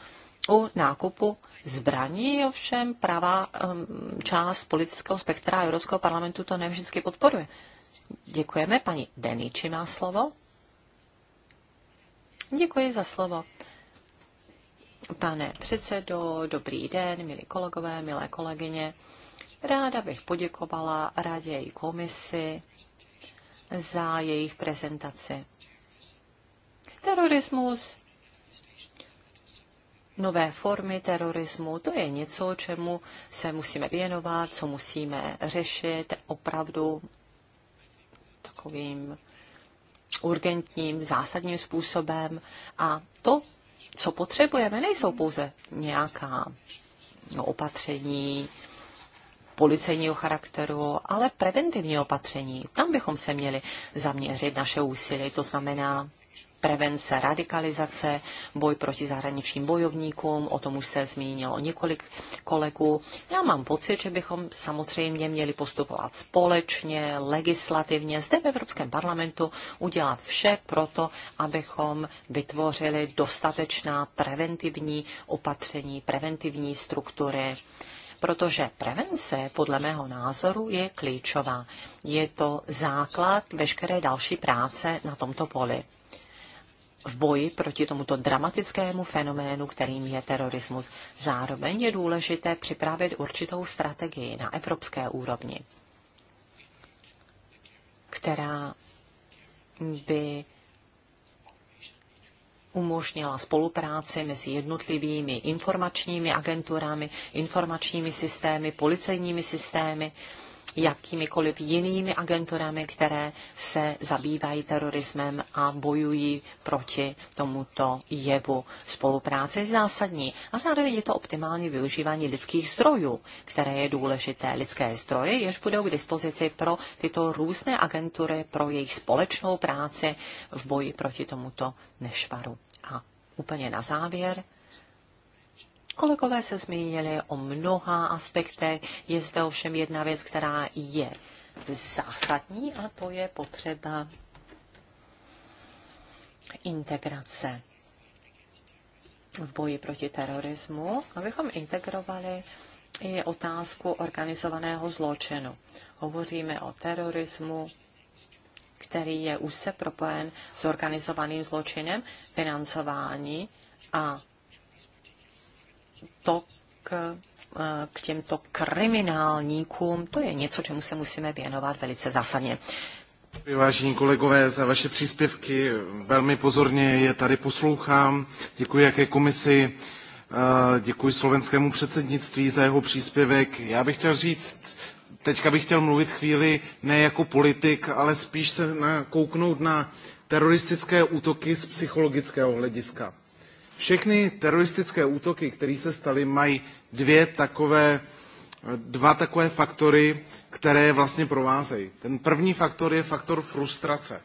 u nákupu zbraní, ovšem pravá um, část politického spektra Evropského parlamentu to nevždycky podporuje. Děkujeme. Paní Deníči má slovo. Děkuji za slovo. Pane předsedo, dobrý den, milí kolegové, milé kolegyně. Ráda bych poděkovala radě i komisi za jejich prezentaci. Terorismus, nové formy terorismu, to je něco, čemu se musíme věnovat, co musíme řešit opravdu takovým urgentním, zásadním způsobem. A to co potřebujeme, nejsou pouze nějaká no, opatření policejního charakteru, ale preventivní opatření. Tam bychom se měli zaměřit naše úsilí, to znamená prevence radikalizace, boj proti zahraničním bojovníkům, o tom už se zmínilo několik kolegů. Já mám pocit, že bychom samozřejmě měli postupovat společně, legislativně, zde v Evropském parlamentu udělat vše proto, abychom vytvořili dostatečná preventivní opatření, preventivní struktury protože prevence, podle mého názoru, je klíčová. Je to základ veškeré další práce na tomto poli v boji proti tomuto dramatickému fenoménu, kterým je terorismus. Zároveň je důležité připravit určitou strategii na evropské úrovni, která by umožnila spolupráci mezi jednotlivými informačními agenturami, informačními systémy, policejními systémy jakýmikoliv jinými agenturami, které se zabývají terorismem a bojují proti tomuto jevu. Spolupráce je zásadní a zároveň je to optimální využívání lidských zdrojů, které je důležité. Lidské zdroje, jež budou k dispozici pro tyto různé agentury, pro jejich společnou práci v boji proti tomuto nešvaru. A úplně na závěr Kolegové se zmínili o mnoha aspektech, je zde ovšem jedna věc, která je zásadní a to je potřeba integrace v boji proti terorismu, abychom integrovali i otázku organizovaného zločinu. Hovoříme o terorismu, který je už se propojen s organizovaným zločinem, financování a to eh, k těmto kriminálníkům, to je něco, čemu se musíme věnovat velice zásadně. Vážení kolegové, za vaše příspěvky velmi pozorně je tady poslouchám. Děkuji jaké komisi, eh, děkuji slovenskému předsednictví za jeho příspěvek. Já bych chtěl říct, teďka bych chtěl mluvit chvíli ne jako politik, ale spíš se kouknout na teroristické útoky z psychologického hlediska všechny teroristické útoky, které se staly, mají dvě takové, dva takové faktory, které vlastně provázejí. Ten první faktor je faktor frustrace.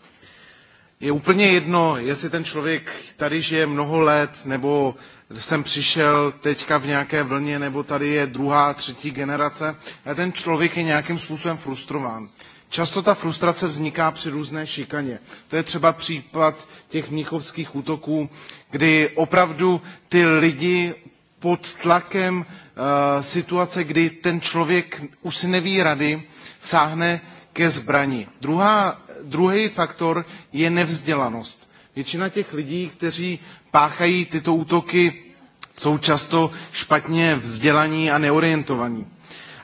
Je úplně jedno, jestli ten člověk tady žije mnoho let, nebo jsem přišel teďka v nějaké vlně, nebo tady je druhá, třetí generace, a ten člověk je nějakým způsobem frustrován. Často ta frustrace vzniká při různé šikaně. To je třeba případ těch mnichovských útoků, kdy opravdu ty lidi pod tlakem uh, situace, kdy ten člověk už si neví rady, sáhne ke zbrani. Druhá, druhý faktor je nevzdělanost. Většina těch lidí, kteří páchají tyto útoky, jsou často špatně vzdělaní a neorientovaní.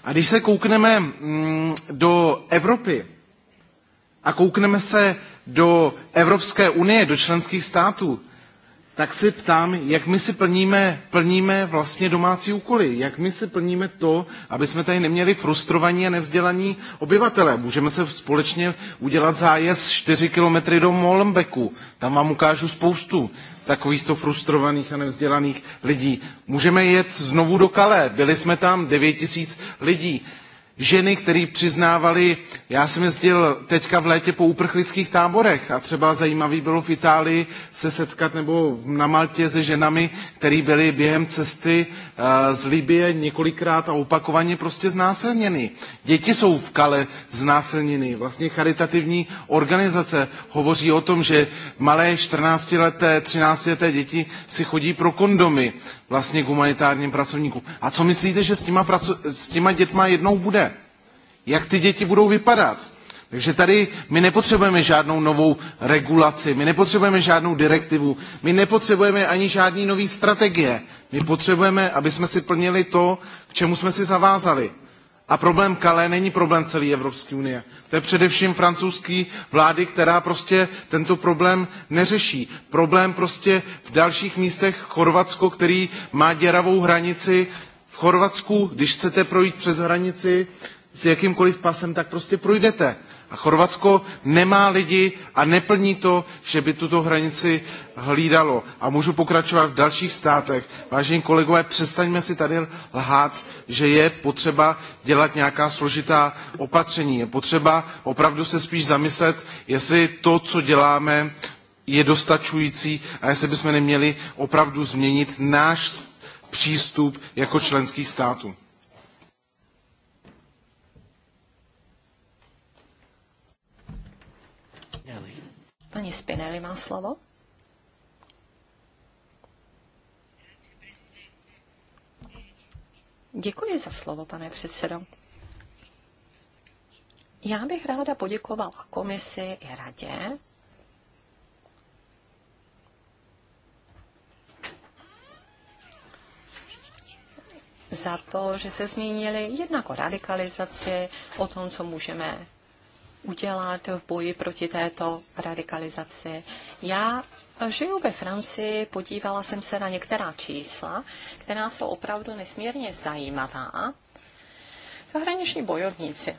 A když se koukneme mm, do Evropy a koukneme se do Evropské unie, do členských států, tak si ptám, jak my si plníme, plníme vlastně domácí úkoly, jak my si plníme to, aby jsme tady neměli frustrovaní a nevzdělaní obyvatele. Můžeme se společně udělat zájezd 4 kilometry do Molenbeku, tam vám ukážu spoustu takovýchto frustrovaných a nevzdělaných lidí. Můžeme jet znovu do Kalé, byli jsme tam 9 tisíc lidí ženy, které přiznávali, já jsem jezdil teďka v létě po uprchlických táborech a třeba zajímavý bylo v Itálii se setkat nebo na Maltě se ženami, které byly během cesty eh, z Libie několikrát a opakovaně prostě znásilněny. Děti jsou v Kale znásilněny. Vlastně charitativní organizace hovoří o tom, že malé 14-leté, 13-leté děti si chodí pro kondomy vlastně k humanitárním pracovníkům. A co myslíte, že s těma, praco- s těma dětma jednou bude? jak ty děti budou vypadat. Takže tady my nepotřebujeme žádnou novou regulaci, my nepotřebujeme žádnou direktivu, my nepotřebujeme ani žádný nový strategie. My potřebujeme, aby jsme si plnili to, k čemu jsme si zavázali. A problém Kalé není problém celé Evropské unie. To je především francouzský vlády, která prostě tento problém neřeší. Problém prostě v dalších místech Chorvatsko, který má děravou hranici. V Chorvatsku, když chcete projít přes hranici, s jakýmkoliv pasem, tak prostě projdete. A Chorvatsko nemá lidi a neplní to, že by tuto hranici hlídalo. A můžu pokračovat v dalších státech. Vážení kolegové, přestaňme si tady lhát, že je potřeba dělat nějaká složitá opatření. Je potřeba opravdu se spíš zamyslet, jestli to, co děláme, je dostačující a jestli bychom neměli opravdu změnit náš přístup jako členských států. Pani Spinelli má slovo. Děkuji za slovo, pane předsedo. Já bych ráda poděkovala komisi i radě za to, že se zmínili jednak o radikalizaci, o tom, co můžeme udělat v boji proti této radikalizaci. Já žiju ve Francii, podívala jsem se na některá čísla, která jsou opravdu nesmírně zajímavá. Zahraniční bojovníci.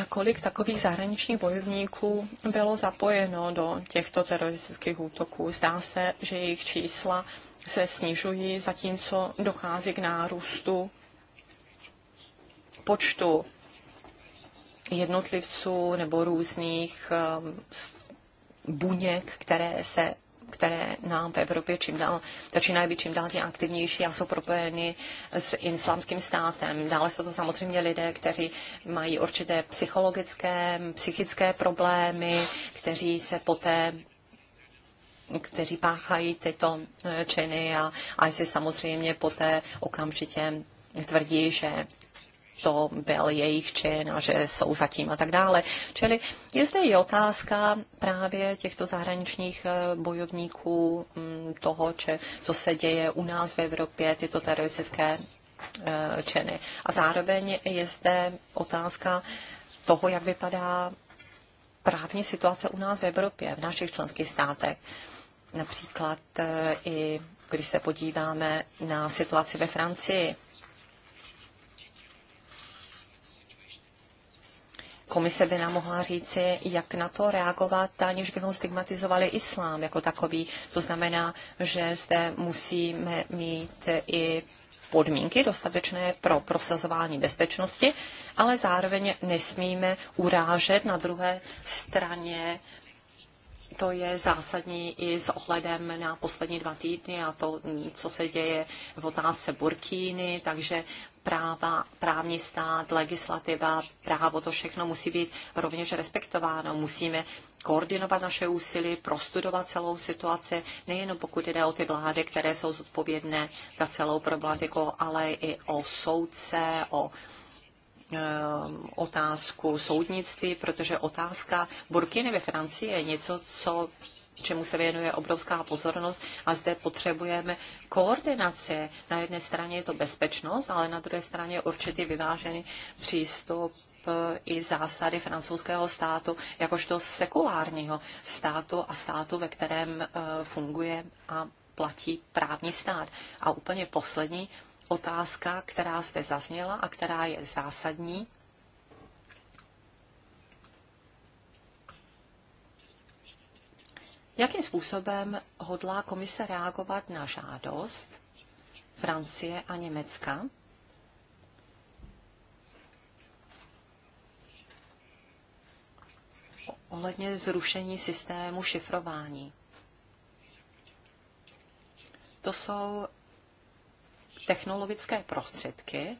A kolik takových zahraničních bojovníků bylo zapojeno do těchto teroristických útoků? Zdá se, že jejich čísla se snižují, zatímco dochází k nárůstu počtu jednotlivců nebo různých um, buněk, které se které nám v Evropě čím dál začínají být čím dál tím aktivnější a jsou propojeny s islámským státem. Dále jsou to samozřejmě lidé, kteří mají určité psychologické, psychické problémy, kteří se poté kteří páchají tyto eh, činy a, a si samozřejmě poté okamžitě tvrdí, že to byl jejich čin a že jsou zatím a tak dále. Čili je zde i otázka právě těchto zahraničních eh, bojovníků, mm, toho, če, co se děje u nás v Evropě, tyto teroristické eh, činy. A zároveň je zde otázka toho, jak vypadá právní situace u nás v Evropě, v našich členských státech. Například eh, i když se podíváme na situaci ve Francii, komise by nám mohla říci, jak na to reagovat, aniž bychom stigmatizovali islám jako takový. To znamená, že zde musíme mít i podmínky dostatečné pro prosazování bezpečnosti, ale zároveň nesmíme urážet na druhé straně to je zásadní i s ohledem na poslední dva týdny a to, co se děje v otázce Burkíny, takže práva, právní stát, legislativa, právo, to všechno musí být rovněž respektováno. Musíme koordinovat naše úsilí, prostudovat celou situaci, nejen pokud jde o ty vlády, které jsou zodpovědné za celou problematiku, ale i o soudce, o eh, otázku soudnictví, protože otázka Burkiny ve Francii je něco, co čemu se věnuje obrovská pozornost a zde potřebujeme koordinaci. Na jedné straně je to bezpečnost, ale na druhé straně určitý vyvážený přístup eh, i zásady francouzského státu, jakožto sekulárního státu a státu, ve kterém eh, funguje a platí právní stát. A úplně poslední otázka, která zde zazněla a která je zásadní, Jakým způsobem hodlá komise reagovat na žádost Francie a Německa? Ohledně zrušení systému šifrování. To jsou technologické prostředky,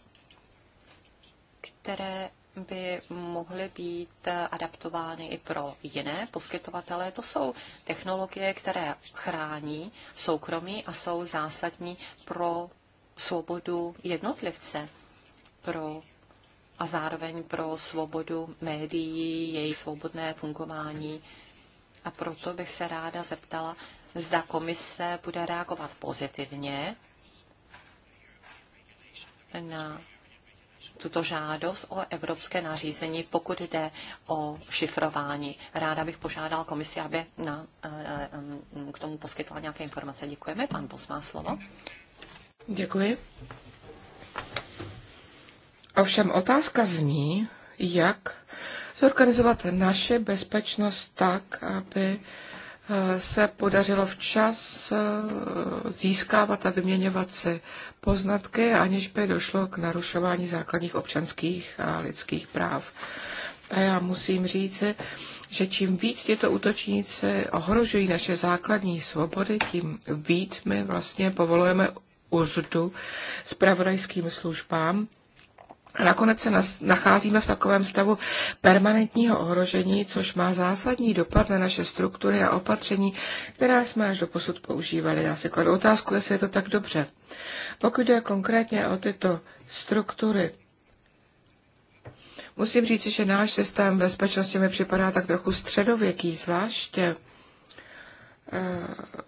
které by mohly být adaptovány i pro jiné poskytovatele. To jsou technologie, které chrání soukromí a jsou zásadní pro svobodu jednotlivce pro, a zároveň pro svobodu médií, jejich svobodné fungování. A proto bych se ráda zeptala, zda komise bude reagovat pozitivně na tuto žádost o evropské nařízení, pokud jde o šifrování. Ráda bych požádal komisi, aby na, eh, eh, k tomu poskytla nějaké informace. Děkujeme. Pan Bos má slovo. Děkuji. Ovšem otázka zní, jak zorganizovat naše bezpečnost tak, aby se podařilo včas eh, získávat a vyměňovat si poznatky, aniž by došlo k narušování základních občanských a lidských práv. A já musím říci, že čím víc tyto útočníci ohrožují naše základní svobody, tím víc my vlastně povolujeme uzdu spravodajským službám, nakonec se nacházíme v takovém stavu permanentního ohrožení, což má zásadní dopad na naše struktury a opatření, která jsme až do posud používali. Já si kladu otázku, jestli je to tak dobře. Pokud jde konkrétně o tyto struktury, musím říct, že náš systém bezpečnosti mi připadá tak trochu středověký, zvláště eh,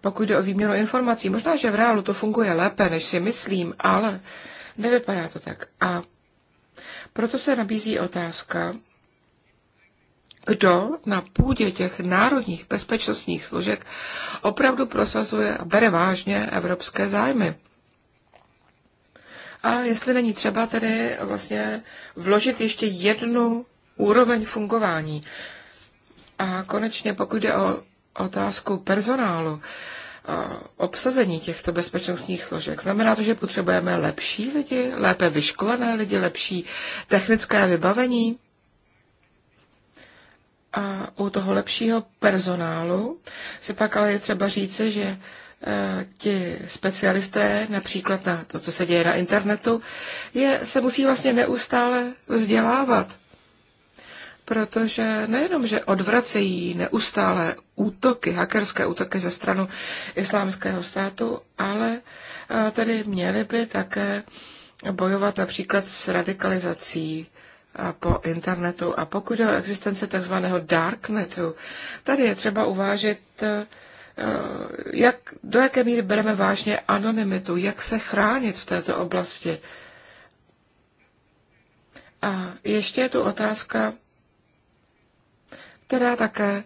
pokud jde o výměnu informací. Možná, že v reálu to funguje lépe, než si myslím, ale nevypadá to tak. A proto se nabízí otázka, kdo na půdě těch národních bezpečnostních složek opravdu prosazuje a bere vážně evropské zájmy. A jestli není třeba tedy vlastně vložit ještě jednu úroveň fungování. A konečně, pokud jde o otázkou personálu, obsazení těchto bezpečnostních složek. Znamená to, že potřebujeme lepší lidi, lépe vyškolené lidi, lepší technické vybavení. A u toho lepšího personálu si pak ale je třeba říci, že e, ti specialisté, například na to, co se děje na internetu, je, se musí vlastně neustále vzdělávat protože nejenom, že odvracejí neustále útoky, hackerské útoky ze stranu islámského státu, ale eh, tedy měli by také bojovat například s radikalizací eh, po internetu. A pokud o existence tzv. darknetu, tady je třeba uvážit, eh, jak, do jaké míry bereme vážně anonymitu, jak se chránit v této oblasti. A ještě je tu otázka která také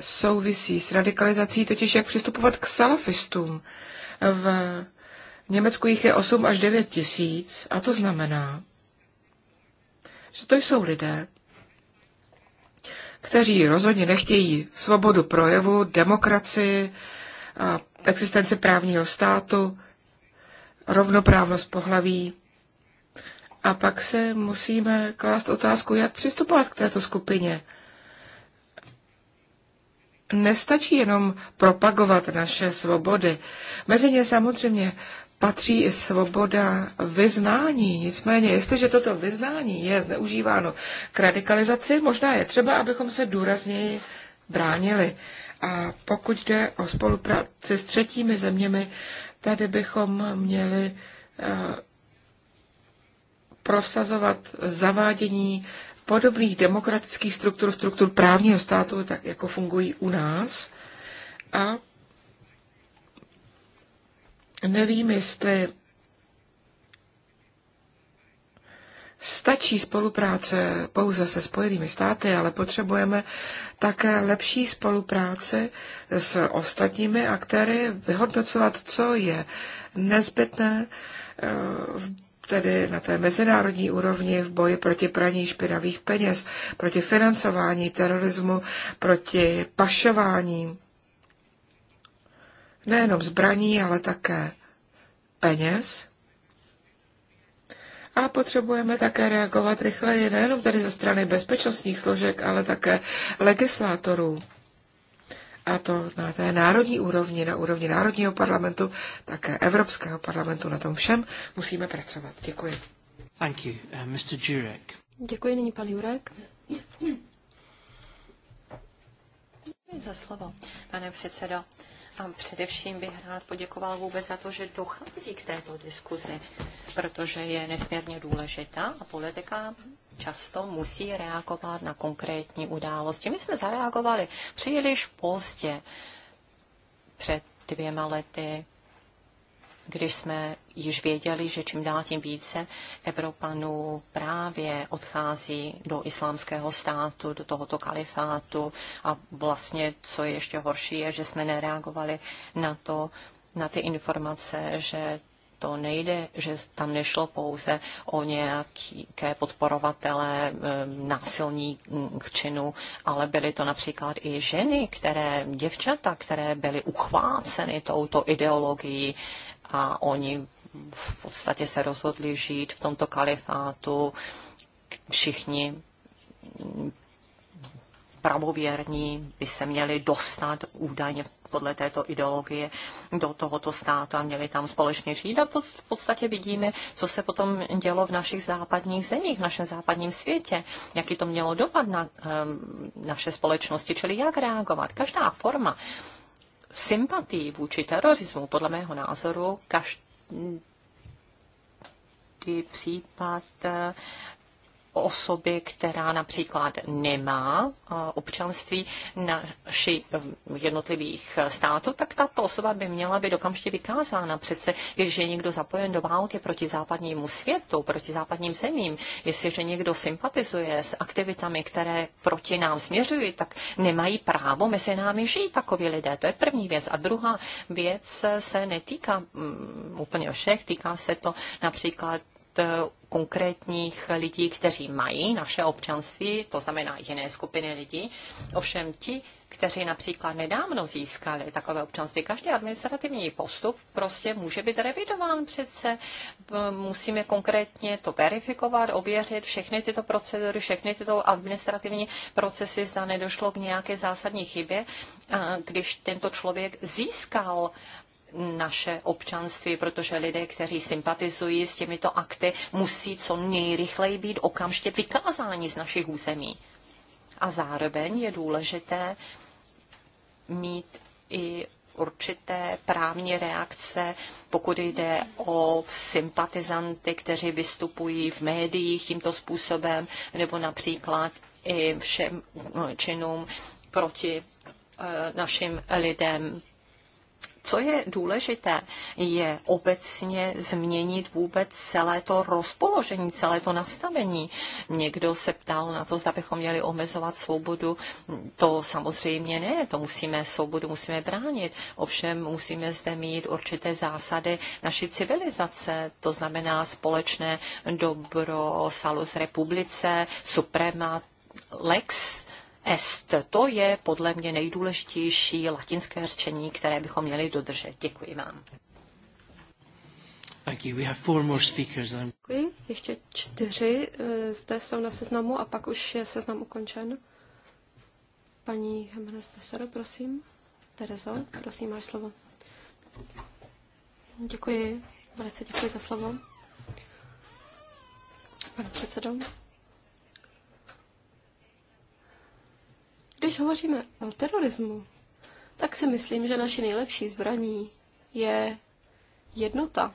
souvisí s radikalizací, totiž jak přistupovat k salafistům. V Německu jich je 8 až 9 tisíc a to znamená, že to jsou lidé, kteří rozhodně nechtějí svobodu projevu, demokracii, existenci právního státu, rovnoprávnost pohlaví. A pak se musíme klást otázku, jak přistupovat k této skupině nestačí jenom propagovat naše svobody. Mezi ně samozřejmě patří i svoboda vyznání. Nicméně, jestliže toto vyznání je zneužíváno k radikalizaci, možná je třeba, abychom se důrazněji bránili. A pokud jde o spolupráci s třetími zeměmi, tady bychom měli eh, prosazovat zavádění podobných demokratických struktur, struktur právního státu, tak jako fungují u nás. A nevím, jestli stačí spolupráce pouze se Spojenými státy, ale potřebujeme také lepší spolupráce s ostatními aktéry, vyhodnocovat, co je nezbytné eh, v tedy na té mezinárodní úrovni v boji proti praní špinavých peněz, proti financování terorismu, proti pašování nejenom zbraní, ale také peněz. A potřebujeme také reagovat rychleji, nejenom tedy ze strany bezpečnostních složek, ale také legislátorů a to na té národní úrovni, na úrovni národního parlamentu, také Evropského parlamentu, na tom všem musíme pracovat. Děkuji. Thank you, uh, Mr. Jurek. Děkuji, nyní pan Jurek. Děkuji za slovo, pane předsedo. A především bych rád poděkoval vůbec za to, že dochází k této diskuzi, protože je nesmírně důležitá a politika často musí reagovat na konkrétní události. My jsme zareagovali příliš pozdě před dvěma lety, když jsme již věděli, že čím dál tím více Evropanů právě odchází do islámského státu, do tohoto kalifátu a vlastně, co je ještě horší, je, že jsme nereagovali na to, na ty informace, že to nejde, že tam nešlo pouze o nějaké podporovatele násilní k činu, ale byly to například i ženy, které, děvčata, které byly uchváceny touto ideologií a oni v podstatě se rozhodli žít v tomto kalifátu všichni pravověrní by se měli dostat údajně podle této ideologie do tohoto státu a měli tam společně žít. A to v podstatě vidíme, co se potom dělo v našich západních zemích, v našem západním světě, jaký to mělo dopad na um, naše společnosti, čili jak reagovat. Každá forma sympatí vůči terorismu, podle mého názoru, každý případ osoby, která například nemá občanství naši jednotlivých států, tak tato osoba by měla být okamžitě vykázána. Přece, když je někdo zapojen do války proti západnímu světu, proti západním zemím, jestliže někdo sympatizuje s aktivitami, které proti nám směřují, tak nemají právo mezi námi žít takoví lidé. To je první věc. A druhá věc se netýká mm, úplně všech, týká se to například Eh, konkrétních lidí, kteří mají naše občanství, to znamená jiné skupiny lidí. Ovšem ti, kteří například nedávno získali takové občanství. Každý administrativní postup prostě může být revidován přece. Eh, musíme konkrétně to verifikovat, ověřit všechny tyto procedury, všechny tyto administrativní procesy, zda nedošlo k nějaké zásadní chybě, když tento člověk získal naše občanství, protože lidé, kteří sympatizují s těmito akty, musí co nejrychleji být okamžitě vykázáni z našich území. A zároveň je důležité mít i určité právní reakce, pokud jde o sympatizanty, kteří vystupují v médiích tímto způsobem, nebo například i všem činům proti eh, našim lidem, co je důležité, je obecně změnit vůbec celé to rozpoložení, celé to nastavení. Někdo se ptal na to, zda bychom měli omezovat svobodu. To samozřejmě ne, to musíme, svobodu musíme bránit. Ovšem musíme zde mít určité zásady naší civilizace, to znamená společné dobro, salus republice, suprema lex est. To je podle mě nejdůležitější latinské řečení, které bychom měli dodržet. Děkuji vám. Děkuji. Ještě čtyři eh, zde jsou na seznamu a pak už je seznam ukončen. Paní Jiménez Besero, prosím. Terezo, prosím, máš slovo. Děkuji. Velice děkuji za slovo. Pane předsedo. Když hovoříme o terorismu, tak si myslím, že naše nejlepší zbraní je jednota.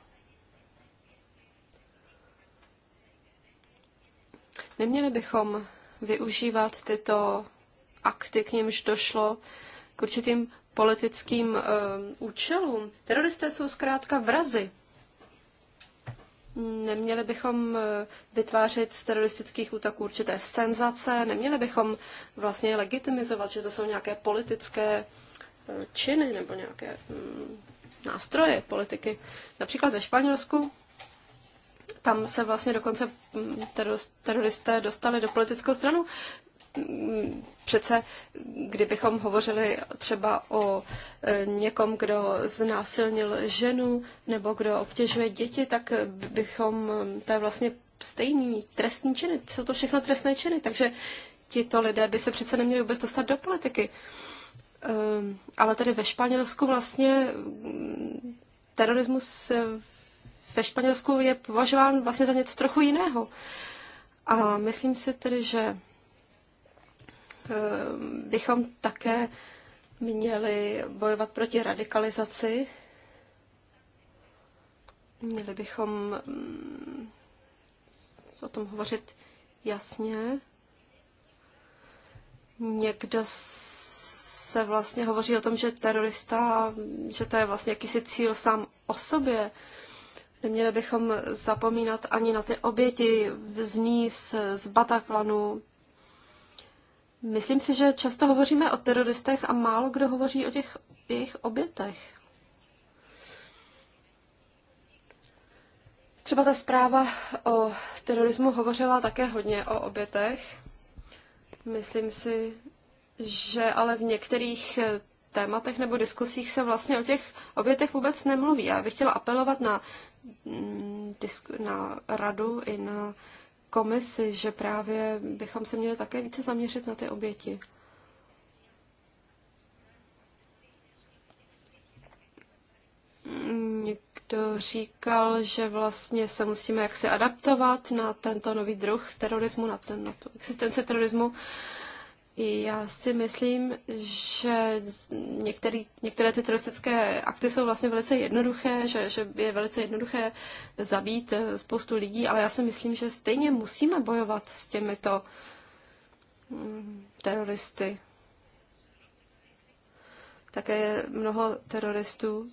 Neměli bychom využívat tyto akty, k nimž došlo k určitým politickým e, účelům. Teroristé jsou zkrátka vrazy. Neměli bychom eh, vytvářet z teroristických útoků určité senzace, neměli bychom vlastně legitimizovat, že to jsou nějaké politické eh, činy nebo nějaké mm, nástroje politiky. Například ve Španělsku tam se vlastně dokonce mm, teroristé dostali do politickou stranu přece, kdybychom hovořili třeba o e, někom, kdo znásilnil ženu nebo kdo obtěžuje děti, tak bychom, e, to je vlastně stejný trestní činy, jsou to všechno trestné činy, takže tito lidé by se přece neměli vůbec dostat do politiky. Ehm, ale tady ve Španělsku vlastně mm, terorismus ve Španělsku je považován vlastně za něco trochu jiného. A myslím si tedy, že Ehm, bychom také měli bojovat proti radikalizaci. Měli bychom mm, o tom hovořit jasně. Někdo se vlastně hovoří o tom, že terorista, že to je vlastně jakýsi cíl sám o sobě. Neměli bychom zapomínat ani na ty oběti z z Bataklanu, Myslím si, že často hovoříme o teroristech a málo kdo hovoří o těch jejich obětech. Třeba ta zpráva o terorismu hovořila také hodně o obětech. Myslím si, že ale v některých tématech nebo diskusích se vlastně o těch obětech vůbec nemluví. Já bych chtěla apelovat na, mm, na radu i na komisi, že právě bychom se měli také více zaměřit na ty oběti. Někdo říkal, že vlastně se musíme jaksi adaptovat na tento nový druh terorismu, na, ten, na tu existenci terorismu. Uh, já si myslím, že některý, některé ty teroristické akty jsou vlastně velice jednoduché, že, že je velice jednoduché zabít eh, spoustu lidí, ale já si myslím, že stejně musíme bojovat s těmito mm, teroristy. Také je mnoho teroristů,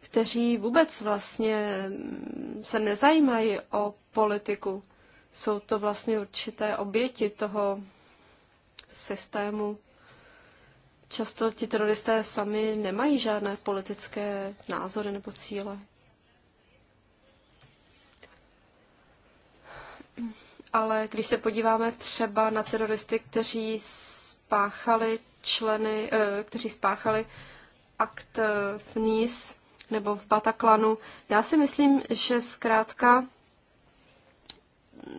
kteří vůbec vlastně mm, se nezajímají o politiku. Jsou to vlastně určité oběti toho systému. Často ti teroristé sami nemají žádné politické názory nebo cíle. Ale když se podíváme třeba na teroristy, kteří spáchali členy, eh, kteří spáchali akt v Nice nebo v Bataklanu, já si myslím, že zkrátka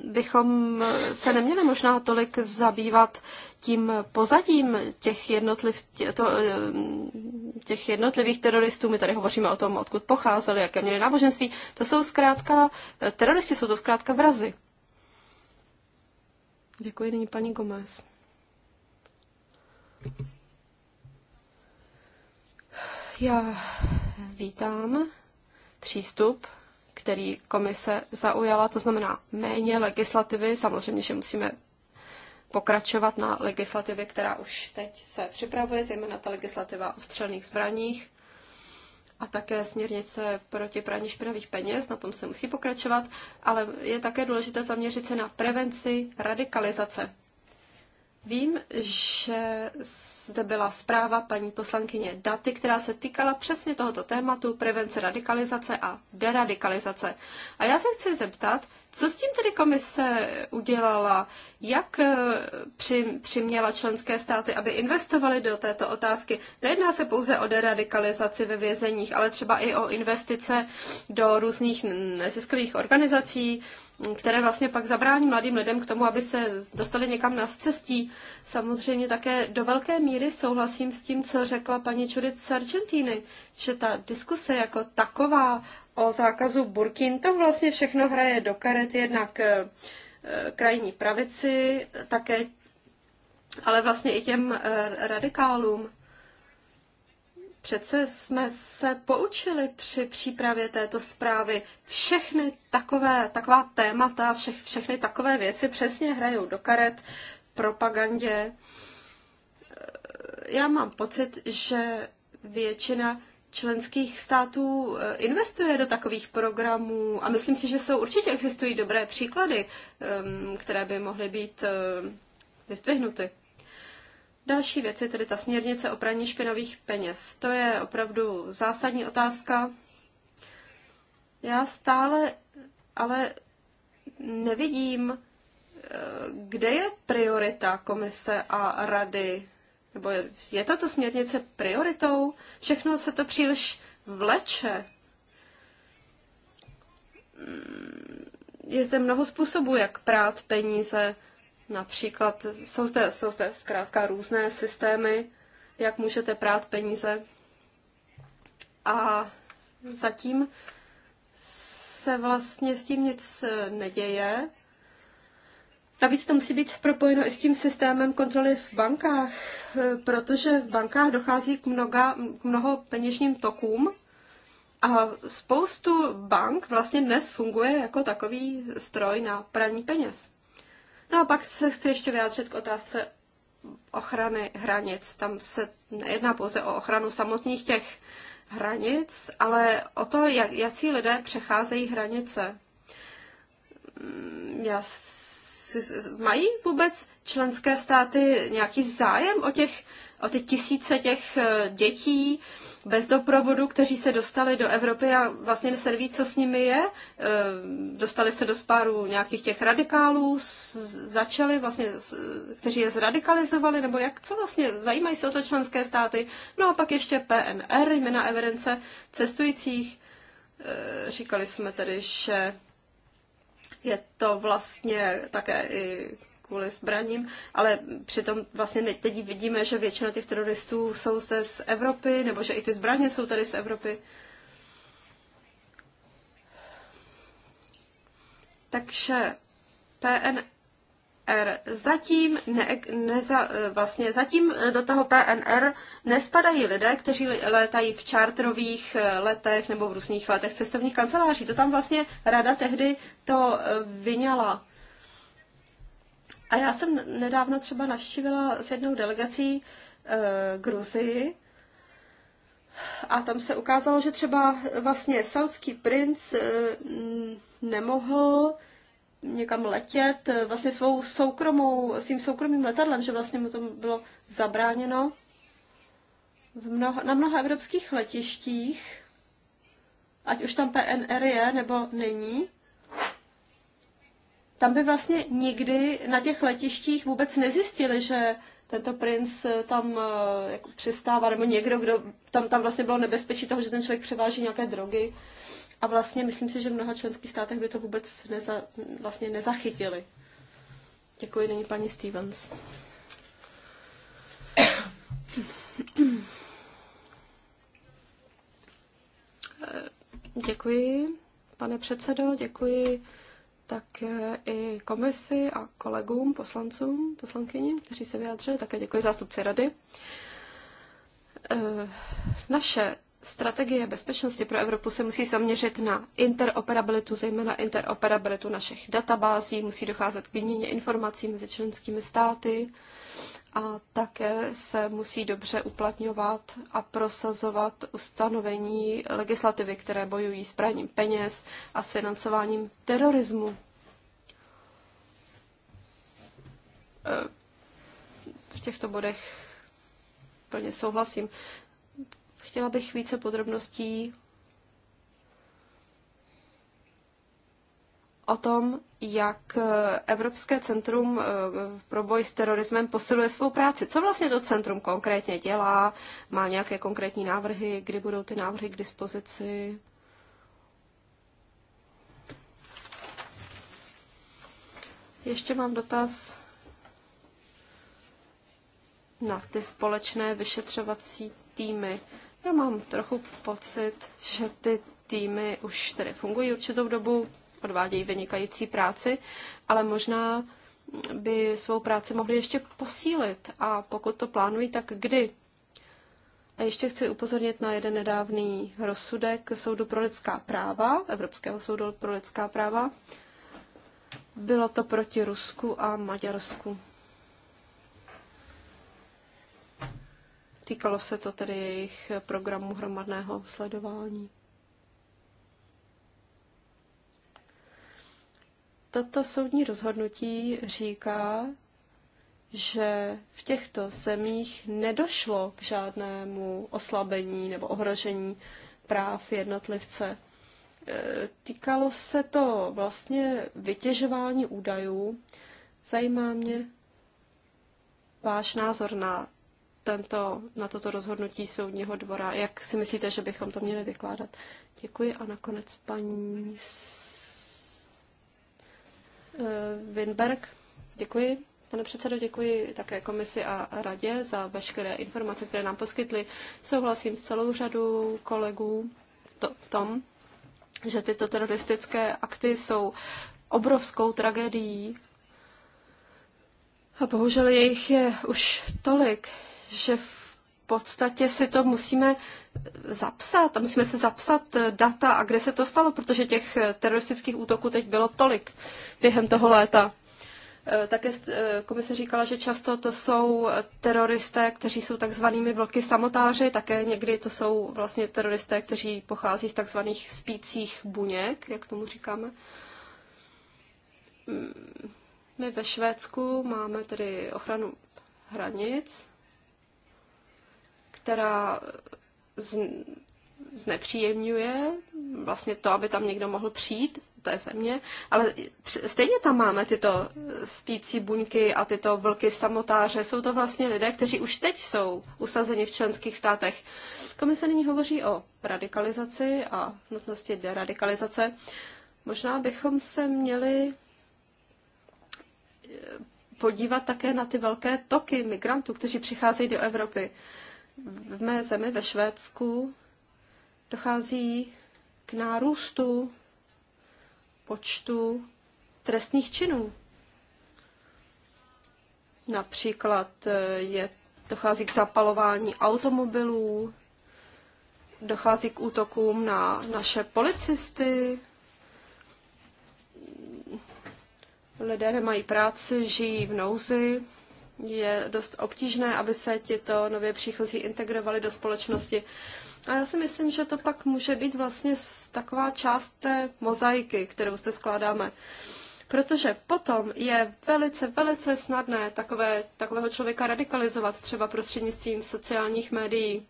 bychom se neměli možná tolik zabývat tím pozadím těch, jednotliv, tě, to, eh, těch jednotlivých teroristů. My tady hovoříme o tom, odkud pocházeli, jaké měli náboženství. To jsou zkrátka, eh, teroristi jsou to zkrátka vrazy. Děkuji, nyní paní Gomez. Já vítám přístup který komise zaujala, to znamená méně legislativy, samozřejmě, že musíme pokračovat na legislativě, která už teď se připravuje, zejména ta legislativa o střelných zbraních a také směrnice proti praní špinavých peněz, na tom se musí pokračovat, ale je také důležité zaměřit se na prevenci radikalizace. Vím, že zde byla zpráva paní poslankyně Daty, která se týkala přesně tohoto tématu prevence radikalizace a deradikalizace. A já se chci zeptat, co s tím tedy komise udělala? Jak eh, přiměla členské státy, aby investovali do této otázky? Nejedná se pouze o deradikalizaci ve vězeních, ale třeba i o investice do různých neziskových organizací, které vlastně pak zabrání mladým lidem k tomu, aby se dostali někam na cestí. Samozřejmě také do velké míry míry souhlasím s tím, co řekla paní Judith Sargentini, že ta diskuse jako taková o zákazu burkín, to vlastně všechno hraje do karet jednak eh, eh, krajní pravici, také, ale vlastně i těm eh, radikálům. Přece jsme se poučili při přípravě této zprávy. Všechny takové, taková témata, vše, všechny takové věci přesně hrajou do karet propagandě já mám pocit, že většina členských států eh, investuje do takových programů a myslím si, že jsou určitě existují dobré příklady, ehm, které by mohly být eh, vyzdvihnuty. Další věc je tedy ta směrnice o praní špinavých peněz. To je opravdu zásadní otázka. Já stále ale nevidím, eh, kde je priorita komise a rady nebo je tato směrnice prioritou? Všechno se to příliš vleče. Je zde mnoho způsobů, jak prát peníze. Například jsou zde, jsou zde zkrátka různé systémy, jak můžete prát peníze. A zatím se vlastně s tím nic neděje. Navíc to musí být propojeno i s tím systémem kontroly v bankách, eh, protože v bankách dochází k, mnoha, k mnoho peněžním tokům a spoustu bank vlastně dnes funguje jako takový stroj na praní peněz. No a pak se chci ještě vyjádřit k otázce ochrany hranic. Tam se nejedná pouze o ochranu samotných těch hranic, ale o to, jak, jací lidé přecházejí hranice. Mm, já mají vůbec členské státy nějaký zájem o těch o ty tisíce těch e, dětí bez doprovodu, kteří se dostali do Evropy a vlastně se neví, co s nimi je. E, dostali se do spáru nějakých těch radikálů, začali vlastně, kteří je zradikalizovali, nebo jak, co vlastně, zajímají se o to členské státy. No a pak ještě PNR, jména evidence cestujících. E, říkali jsme tedy, že je to vlastně také i kvůli zbraním, ale přitom vlastně teď vidíme, že většina těch teroristů jsou zde z Evropy, nebo že i ty zbraně jsou tady z Evropy. Takže PNR PNR. Zatím, ne, neza, vlastně, zatím do toho PNR nespadají lidé, kteří létají v čártrových eh, letech nebo v různých letech cestovních kanceláří. To tam vlastně rada tehdy to eh, vyňala. A já jsem nedávno třeba navštívila s jednou delegací e, Gruzii a tam se ukázalo, že třeba vlastně saudský princ e, nemohl někam letět eh, vlastně svou soukromou, svým soukromým letadlem, že vlastně mu to bylo zabráněno. V mnoha, na mnoha evropských letištích, ať už tam PNR je nebo není, tam by vlastně nikdy na těch letištích vůbec nezjistili, že tento princ eh, tam eh, jako přistává, nebo někdo, kdo tam, tam vlastně bylo nebezpečí toho, že ten člověk převáží nějaké drogy. A vlastně myslím si, že v mnoha členských státech by to vůbec neza, vlastně nezachytili. Děkuji, není paní Stevens. Děkuji, pane předsedo, děkuji tak i komisi a kolegům, poslancům, poslankyním, kteří se vyjádřili, také děkuji zástupci rady. Eh, naše strategie bezpečnosti pro Evropu se musí zaměřit na interoperabilitu, zejména interoperabilitu našich databází, musí docházet k výměně informací mezi členskými státy a také se musí dobře uplatňovat a prosazovat ustanovení legislativy, které bojují s praním peněz a s financováním terorismu. E, v těchto bodech plně souhlasím. Chtěla bych více podrobností o tom, jak Evropské centrum eh, pro boj s terorismem posiluje svou práci. Co vlastně to centrum konkrétně dělá? Má nějaké konkrétní návrhy? Kdy budou ty návrhy k dispozici? Ještě mám dotaz na ty společné vyšetřovací týmy. Já mám trochu pocit, že ty týmy už tedy fungují určitou dobu, odvádějí vynikající práci, ale možná by svou práci mohli ještě posílit a pokud to plánují, tak kdy? A ještě chci upozornit na jeden nedávný rozsudek Soudu pro lidská práva, Evropského soudu pro lidská práva. Bylo to proti Rusku a Maďarsku. Týkalo se to tedy jejich programu hromadného sledování. Toto soudní rozhodnutí říká, že v těchto zemích nedošlo k žádnému oslabení nebo ohrožení práv jednotlivce. E, týkalo se to vlastně vytěžování údajů. Zajímá mě váš názor na tento, na toto rozhodnutí soudního dvora. Jak si myslíte, že bychom to měli vykládat? Děkuji a nakonec paní eh, Winberg. Děkuji. Pane předsedo, děkuji také komisi a radě za veškeré informace, které nám poskytly. Souhlasím s celou řadu kolegů to, v tom, že tyto teroristické akty jsou obrovskou tragédií a bohužel jejich je už tolik, že v podstatě si to musíme zapsat a musíme se zapsat data a kde se to stalo, protože těch teroristických útoků teď bylo tolik během toho léta. E, také e, komise říkala, že často to jsou teroristé, kteří jsou takzvanými bloky samotáři, také někdy to jsou vlastně teroristé, kteří pochází z takzvaných spících buněk, jak tomu říkáme. Mm, my ve Švédsku máme tedy ochranu hranic která znepříjemňuje vlastně to, aby tam někdo mohl přijít té země, ale stejně tam máme tyto spící buňky a tyto vlky samotáře. Jsou to vlastně lidé, kteří už teď jsou usazeni v členských státech. Komise nyní hovoří o radikalizaci a nutnosti deradikalizace. Možná bychom se měli eh, podívat také na ty velké toky migrantů, kteří přicházejí do Evropy v mé zemi ve Švédsku dochází k nárůstu počtu trestných činů. Například eh, je, dochází k zapalování automobilů, dochází k útokům na naše policisty, lidé nemají práci, žijí v nouzi je dost obtížné, aby se tito nově příchozí integrovali do společnosti. A já si myslím, že to pak může být vlastně taková část té mozaiky, kterou zde skládáme. Protože potom je velice, velice snadné takové, takového člověka radikalizovat třeba prostřednictvím sociálních médií.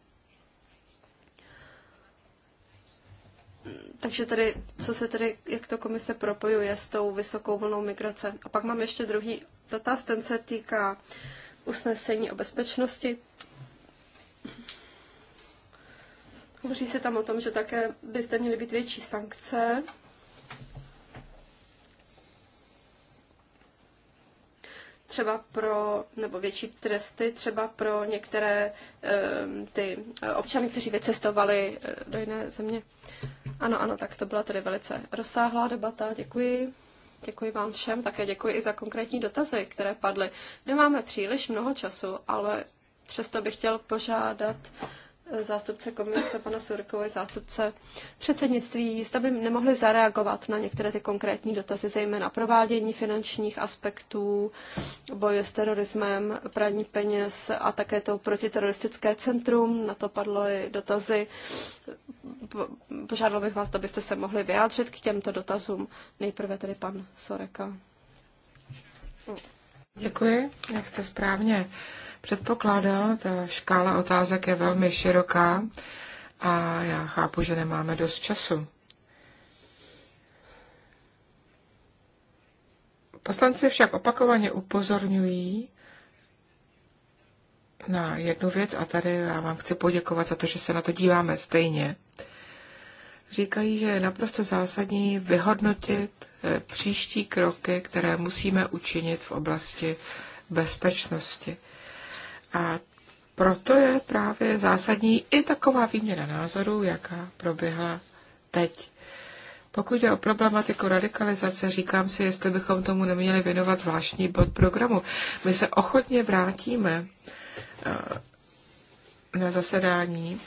Takže tady, co se tedy, jak to komise propojuje s tou vysokou vlnou migrace. A pak mám ještě druhý dotaz, ten se týká usnesení o bezpečnosti. Hovoří se tam o tom, že také byste měly být větší sankce. Třeba pro, nebo větší tresty, třeba pro některé ehm, ty eh, občany, kteří vycestovali eh, do jiné země. Ano, ano, tak to byla tedy velice rozsáhlá debata, děkuji. Děkuji vám všem, také děkuji i za konkrétní dotazy, které padly. Nemáme příliš mnoho času, ale přesto bych chtěl požádat zástupce komise, pana Surkovi, zástupce předsednictví, jste by nemohli zareagovat na některé ty konkrétní dotazy, zejména provádění finančních aspektů, boje s terorismem, praní peněz a také to protiteroristické centrum. Na to padlo i dotazy. Požádal bych vás, abyste se mohli vyjádřit k těmto dotazům. Nejprve tedy pan Soreka. Děkuji. Jak jste správně předpokládal, ta škála otázek je velmi široká a já chápu, že nemáme dost času. Poslanci však opakovaně upozorňují na jednu věc a tady já vám chci poděkovat za to, že se na to díváme stejně říkají, že je naprosto zásadní vyhodnotit eh, příští kroky, které musíme učinit v oblasti bezpečnosti. A proto je právě zásadní i taková výměna názorů, jaká proběhla teď. Pokud je o problematiku radikalizace, říkám si, jestli bychom tomu neměli věnovat zvláštní bod programu. My se ochotně vrátíme eh, na zasedání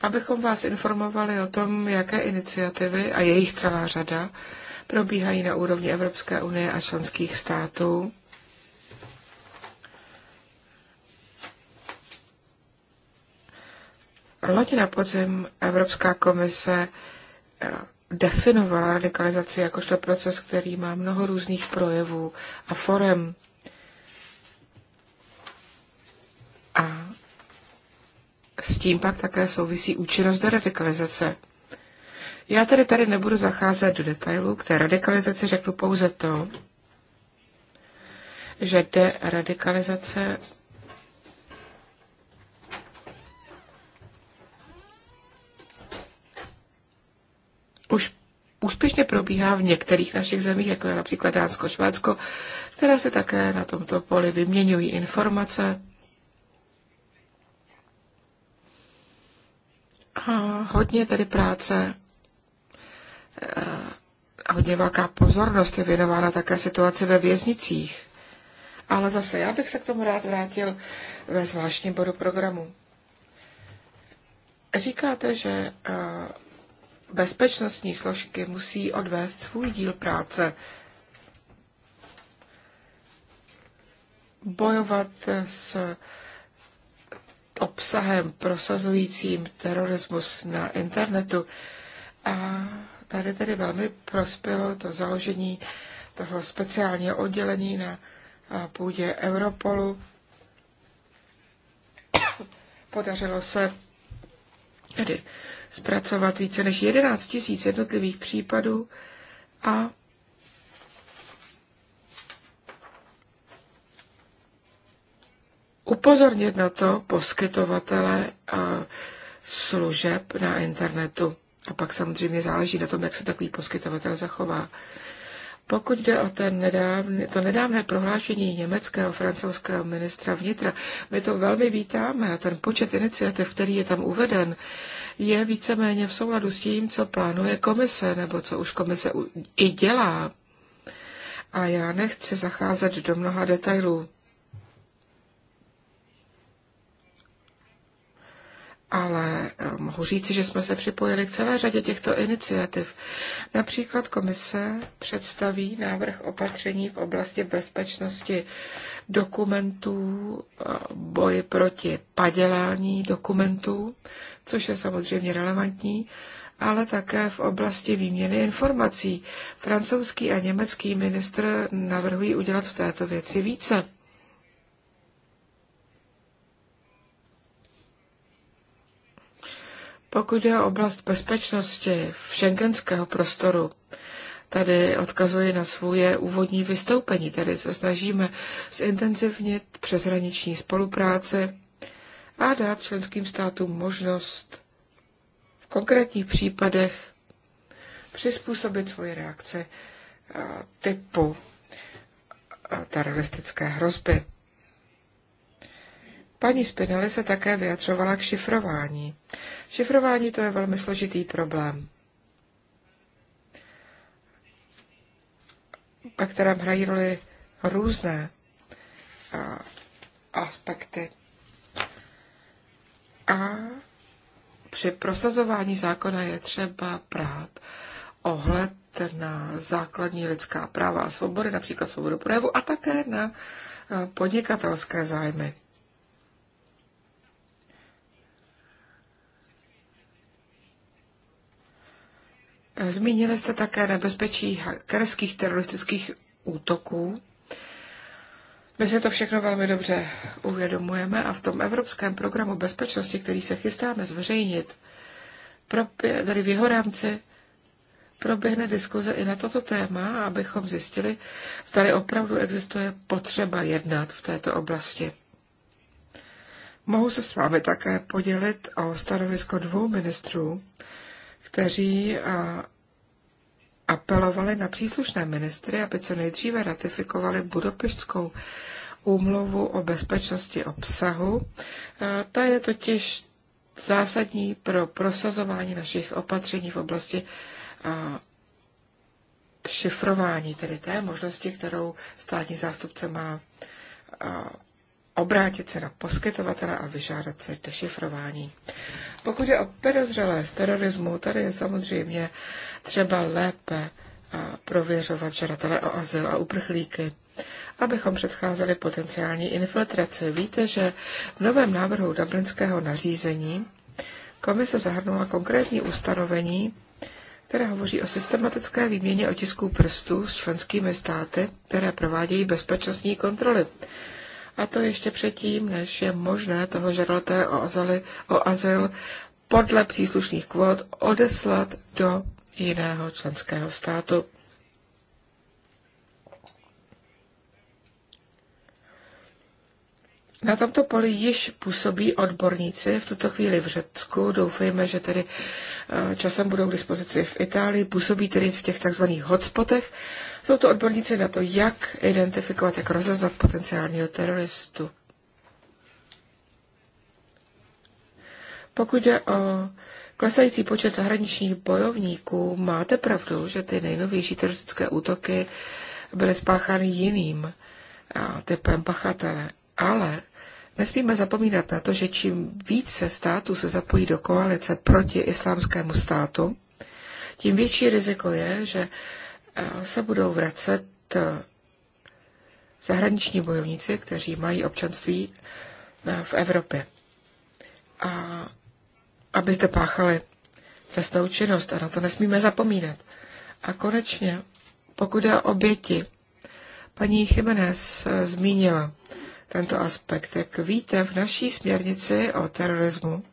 abychom vás informovali o tom, jaké iniciativy, a jejich celá řada, probíhají na úrovni Evropské unie a členských států. Loni na podzim Evropská komise eh, definovala radikalizaci jakožto proces, který má mnoho různých projevů a forem. A s tím pak také souvisí účinnost do radikalizace. Já tedy tady nebudu zacházet do detailů, k té radikalizaci řeknu pouze to, že deradikalizace už úspěšně probíhá v některých našich zemích, jako je například Dánsko, Švédsko, které se také na tomto poli vyměňují informace. hodně tedy práce eh, a hodně velká pozornost je věnována také situaci ve věznicích. Ale zase já bych se k tomu rád vrátil ve zvláštním bodu programu. Říkáte, že eh, bezpečnostní složky musí odvést svůj díl práce, bojovat s obsahem prosazujícím terorismus na internetu. A tady tedy velmi prospělo to založení toho speciálního oddělení na půdě Europolu. Podařilo se tedy zpracovat více než 11 tisíc jednotlivých případů a upozornit na to poskytovatele služeb na internetu. A pak samozřejmě záleží na tom, jak se takový poskytovatel zachová. Pokud jde o ten nedávný, to nedávné prohlášení německého francouzského ministra vnitra, my to velmi vítáme a ten počet iniciativ, který je tam uveden, je víceméně v souladu s tím, co plánuje komise, nebo co už komise i dělá. A já nechci zacházet do mnoha detailů. ale eh, mohu říci, že jsme se připojili k celé řadě těchto iniciativ. Například komise představí návrh opatření v oblasti bezpečnosti dokumentů, eh, boji proti padělání dokumentů, což je samozřejmě relevantní, ale také v oblasti výměny informací. Francouzský a německý ministr navrhují udělat v této věci více. Pokud je oblast bezpečnosti v šengenského prostoru, tady odkazuji na svoje úvodní vystoupení. Tady se snažíme zintenzivnit přeshraniční spolupráci a dát členským státům možnost v konkrétních případech přizpůsobit svoje reakce typu teroristické hrozby. Paní Spinelli se také vyjadřovala k šifrování. Šifrování to je velmi složitý problém, ve kterém hrají roli různé aspekty. A při prosazování zákona je třeba brát ohled na základní lidská práva a svobody, například svobodu projevu, a také na podnikatelské zájmy. Zmínili jste také nebezpečí hackerských teroristických útoků. My si to všechno velmi dobře uvědomujeme a v tom evropském programu bezpečnosti, který se chystáme zveřejnit, tady v jeho rámci proběhne diskuze i na toto téma, abychom zjistili, zda opravdu existuje potřeba jednat v této oblasti. Mohu se s vámi také podělit o stanovisko dvou ministrů kteří apelovali na příslušné ministry, aby co nejdříve ratifikovali Budapeštskou úmluvu o bezpečnosti obsahu. Ta je totiž zásadní pro prosazování našich opatření v oblasti šifrování, tedy té možnosti, kterou státní zástupce má obrátit se na poskytovatele a vyžádat se dešifrování. Pokud je o podezřelé z terorismu, tady je samozřejmě třeba lépe prověřovat žadatele o azyl a uprchlíky, abychom předcházeli potenciální infiltraci. Víte, že v novém návrhu dublinského nařízení komise zahrnula konkrétní ustanovení, které hovoří o systematické výměně otisků prstů s členskými státy, které provádějí bezpečnostní kontroly a to ještě předtím, než je možné toho žadaté o, azali, o azyl podle příslušných kvót odeslat do jiného členského státu. Na tomto poli již působí odborníci, v tuto chvíli v Řecku, doufejme, že tedy eh, časem budou k dispozici v Itálii, působí tedy v těch takzvaných hotspotech jsou to odborníci na to, jak identifikovat, jak rozeznat potenciálního teroristu. Pokud je o klesající počet zahraničních bojovníků, máte pravdu, že ty nejnovější teroristické útoky byly spáchány jiným typem pachatele. Ale nesmíme zapomínat na to, že čím více států se zapojí do koalice proti islámskému státu, tím větší riziko je, že Eh, se budou vracet eh, zahraniční bojovníci, kteří mají občanství eh, v Evropě. A aby zde páchali trestnou činnost a na to nesmíme zapomínat. A konečně, pokud je o oběti, paní Jiménez zmínila tento aspekt. Jak víte, v naší směrnici o terorismu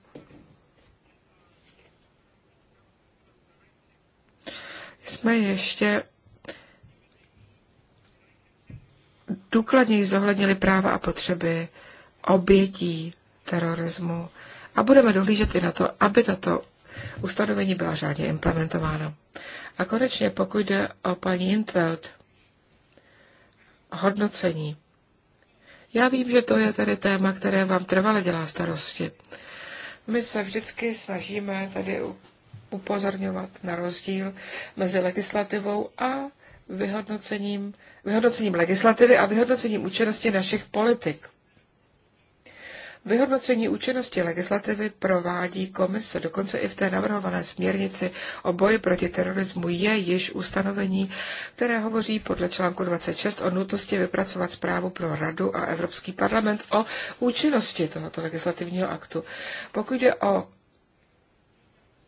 jsme ještě důkladněji zohlednili práva a potřeby obětí terorismu a budeme dohlížet i na to, aby tato ustanovení byla řádně implementována. A konečně, pokud jde o paní Intveld, hodnocení. Já vím, že to je tedy téma, které vám trvale dělá starosti. My se vždycky snažíme tady upozorňovat na rozdíl mezi legislativou a vyhodnocením vyhodnocením legislativy a vyhodnocením účinnosti našich politik. Vyhodnocení účinnosti legislativy provádí komise, dokonce i v té navrhované směrnici o boji proti terorismu je již ustanovení, které hovoří podle článku 26 o nutnosti vypracovat zprávu pro Radu a Evropský parlament o účinnosti tohoto legislativního aktu. Pokud je o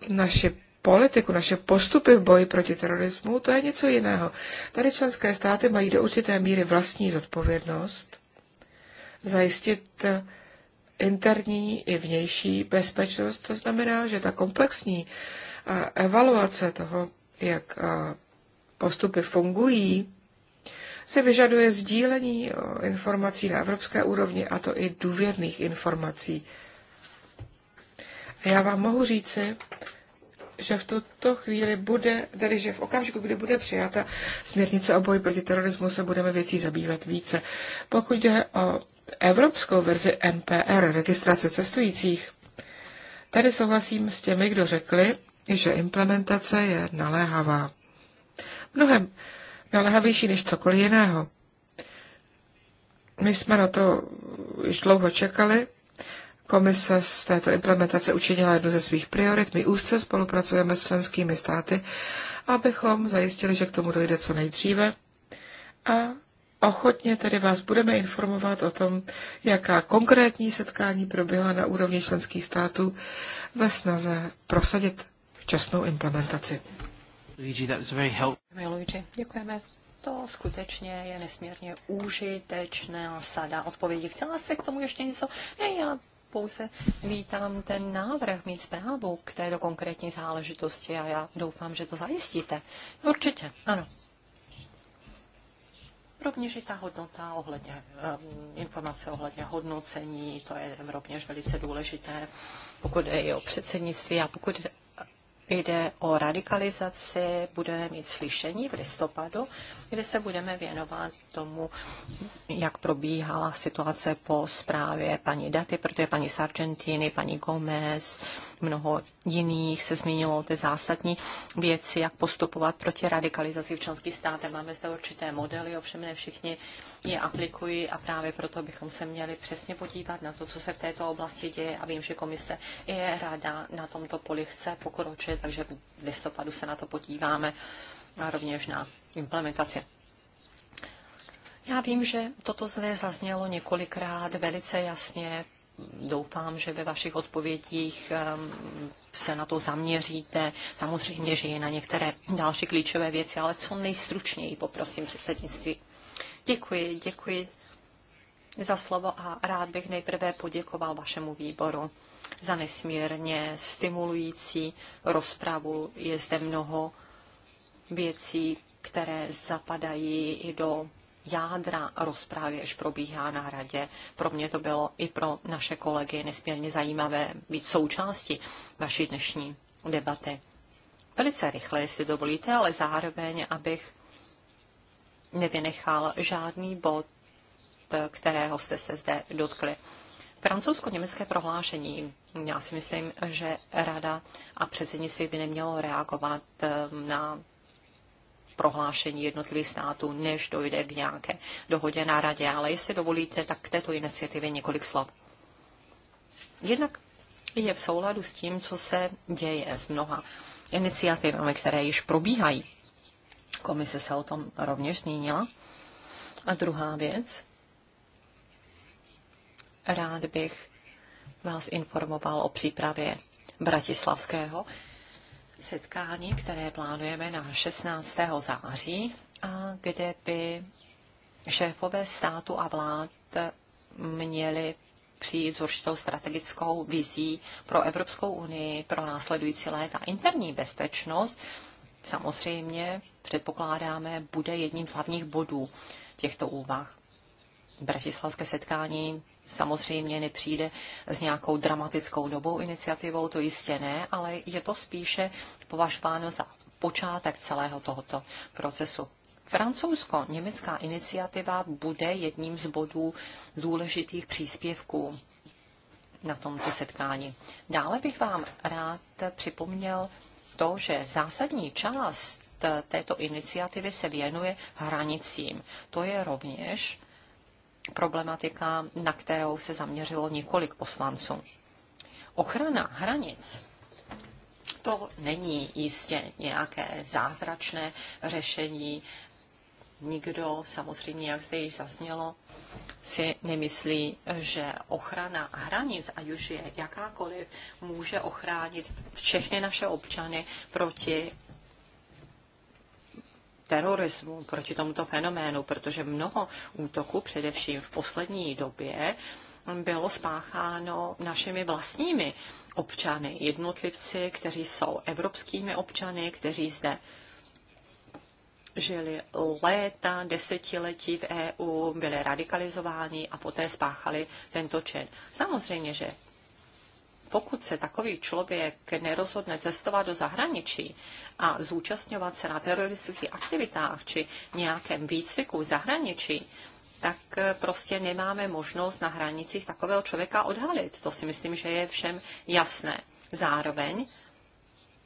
naše politiku, naše postupy v boji proti terorismu, to je něco jiného. Tady členské státy mají do určité míry vlastní zodpovědnost zajistit interní i vnější bezpečnost. To znamená, že ta komplexní evaluace toho, jak postupy fungují, se vyžaduje sdílení informací na evropské úrovni, a to i důvěrných informací. já vám mohu říci, že v tuto chvíli bude, tedy že v okamžiku, kdy bude přijata směrnice o boji proti terorismu, se budeme věcí zabývat více. Pokud jde o evropskou verzi NPR, registrace cestujících, tady souhlasím s těmi, kdo řekli, že implementace je naléhavá. Mnohem naléhavější než cokoliv jiného. My jsme na to již dlouho čekali, Komise z této implementace učinila jednu ze svých priorit. My úzce spolupracujeme s členskými státy, abychom zajistili, že k tomu dojde co nejdříve. A ochotně tedy vás budeme informovat o tom, jaká konkrétní setkání proběhla na úrovni členských států ve snaze prosadit včasnou implementaci. Luigi, that was very helpful. Luigi, děkujeme. To skutečně je nesmírně užitečná sada odpovědi. Chtěla jste k tomu ještě něco? Ne, já pouze vítám ten návrh mít zprávu k této konkrétní záležitosti a já doufám, že to zajistíte. Určitě, ano. Rovněž i ta hodnota ohledně, um, informace ohledně hodnocení, to je rovněž velice důležité, pokud je o předsednictví a pokud jde o radikalizaci, budeme mít slyšení v listopadu, kde se budeme věnovat tomu, jak probíhala situace po zprávě paní Daty, protože paní Sargentini, paní Gomez, mnoho jiných se zmínilo ty zásadní věci, jak postupovat proti radikalizaci v členských státech. Máme zde určité modely, ovšem ne všichni je aplikují a právě proto bychom se měli přesně podívat na to, co se v této oblasti děje a vím, že komise je ráda na tomto poli chce pokročit, takže v listopadu se na to podíváme a rovněž na implementaci. Já vím, že toto zde zaznělo několikrát velice jasně doufám, že ve vašich odpovědích ehm, se na to zaměříte. Samozřejmě, že je na některé další klíčové věci, ale co nejstručněji poprosím předsednictví. Děkuji, děkuji za slovo a rád bych nejprve poděkoval vašemu výboru za nesmírně stimulující rozpravu. Je zde mnoho věcí, které zapadají i do jádra rozprávy, jež probíhá na hradě. Pro mě to bylo i pro naše kolegy nesmírně zajímavé být součástí vaší dnešní debaty. Velice rychle, jestli dovolíte, ale zároveň, abych nevynechal žádný bod, kterého jste se zde dotkli. Francouzsko-německé prohlášení. Já si myslím, že rada a předsednictví by nemělo reagovat eh, na prohlášení jednotlivých států, než dojde k nějaké dohodě na radě. Ale jestli dovolíte, tak k této iniciativě několik slov. Jednak je v souladu s tím, co se děje s mnoha iniciativami, které již probíhají. Komise se o tom rovněž zmínila. A druhá věc, rád bych vás informoval o přípravě Bratislavského setkání, které plánujeme na 16. září a kde by šéfové státu a vlád měli přijít s určitou strategickou vizí pro Evropskou unii pro následující léta. Interní bezpečnost samozřejmě předpokládáme, bude jedním z hlavních bodů těchto úvah. Bratislavské setkání samozřejmě nepřijde s nějakou dramatickou dobou iniciativou, to jistě ne, ale je to spíše považováno za počátek celého tohoto procesu. Francouzsko-německá iniciativa bude jedním z bodů důležitých příspěvků na tomto setkání. Dále bych vám rád připomněl to, že zásadní část této iniciativy se věnuje hranicím. To je rovněž problematika, na kterou se zaměřilo několik poslanců. Ochrana hranic to není jistě nějaké zázračné řešení. Nikdo, samozřejmě, jak zde již zaznělo, si nemyslí, že ochrana hranic, ať už je jakákoliv, může ochránit všechny naše občany proti terorismu, proti tomuto fenoménu, protože mnoho útoků, především v poslední době, bylo spácháno našimi vlastními občany, jednotlivci, kteří jsou evropskými občany, kteří zde žili léta, desetiletí v EU, byli radikalizováni a poté spáchali tento čin. Samozřejmě, že pokud se takový člověk nerozhodne cestovat do zahraničí a zúčastňovat se na teroristických aktivitách či nějakém výcviku v zahraničí, tak eh, prostě nemáme možnost na hranicích takového člověka odhalit. To si myslím, že je všem jasné. Zároveň,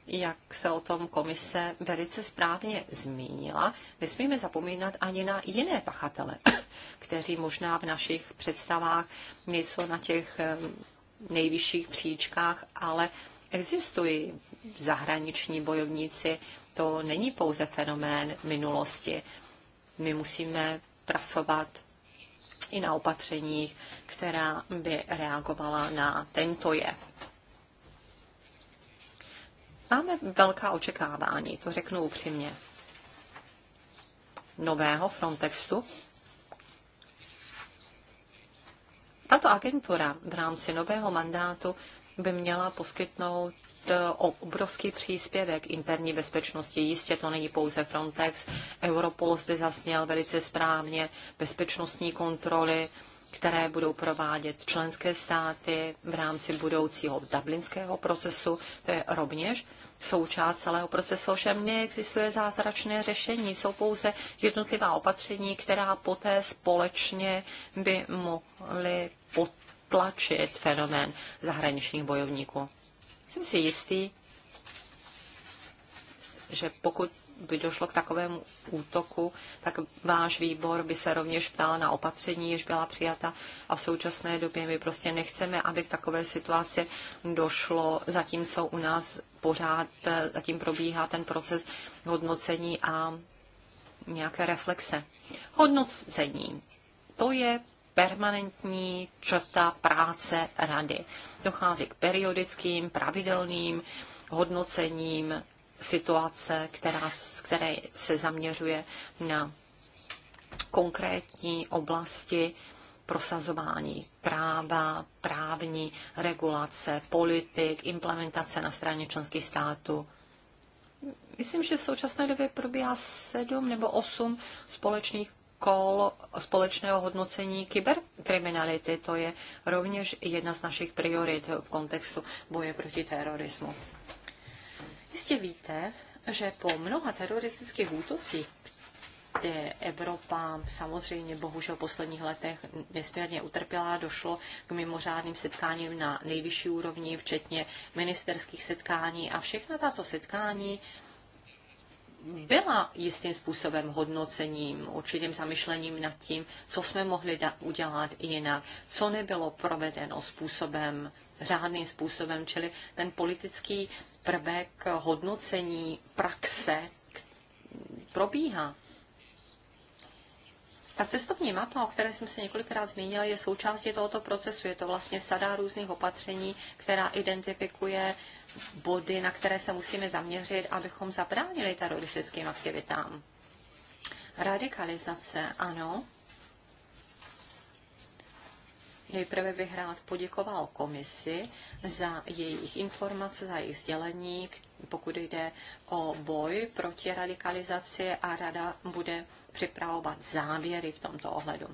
jak se o tom komise velice správně zmínila, nesmíme zapomínat ani na jiné pachatele, kteří možná v našich představách nejsou na těch nejvyšších příčkách, ale existují zahraniční bojovníci. To není pouze fenomén minulosti. My musíme pracovat i na opatřeních, která by reagovala na tento jev. Máme velká očekávání, to řeknu upřímně. Nového Frontextu Tato agentura v rámci nového mandátu by měla poskytnout eh, obrovský příspěvek interní bezpečnosti. Jistě to není pouze Frontex, Europol zde zasněl velice správně, bezpečnostní kontroly, které budou provádět členské státy v rámci budoucího dublinského procesu. To je rovněž součást celého procesu. Ovšem neexistuje zázračné řešení, jsou pouze jednotlivá opatření, která poté společně by mohly potlačit fenomén zahraničních bojovníků. Jsem si jistý, že pokud by došlo k takovému útoku, tak váš výbor by se rovněž ptal na opatření, jež byla přijata a v současné době my prostě nechceme, aby k takové situaci došlo, zatímco u nás pořád zatím probíhá ten proces hodnocení a nějaké reflexe. Hodnocení. To je permanentní črta práce rady. Dochází k periodickým, pravidelným hodnocením situace, která, které se zaměřuje na konkrétní oblasti prosazování práva, právní regulace, politik, implementace na straně členských států. Myslím, že v současné době probíhá sedm nebo osm společných kol společného hodnocení kyberkriminality. To je rovněž jedna z našich priorit v kontextu boje proti terorismu. Jistě víte, že po mnoha teroristických útocích, kde Evropa samozřejmě bohužel v posledních letech nesmírně utrpěla, došlo k mimořádným setkáním na nejvyšší úrovni, včetně ministerských setkání a všechna tato setkání byla jistým způsobem hodnocením, určitým zamyšlením nad tím, co jsme mohli udělat jinak, co nebylo provedeno způsobem, řádným způsobem, čili ten politický prvek hodnocení praxe probíhá. Ta cestovní mapa, o které jsem se několikrát zmínila, je součástí tohoto procesu. Je to vlastně sada různých opatření, která identifikuje body, na které se musíme zaměřit, abychom zabránili teroristickým aktivitám. Radikalizace, ano. Nejprve bych rád poděkoval komisi za jejich informace, za jejich sdělení, pokud jde o boj proti radikalizaci a rada bude připravovat závěry v tomto ohledu.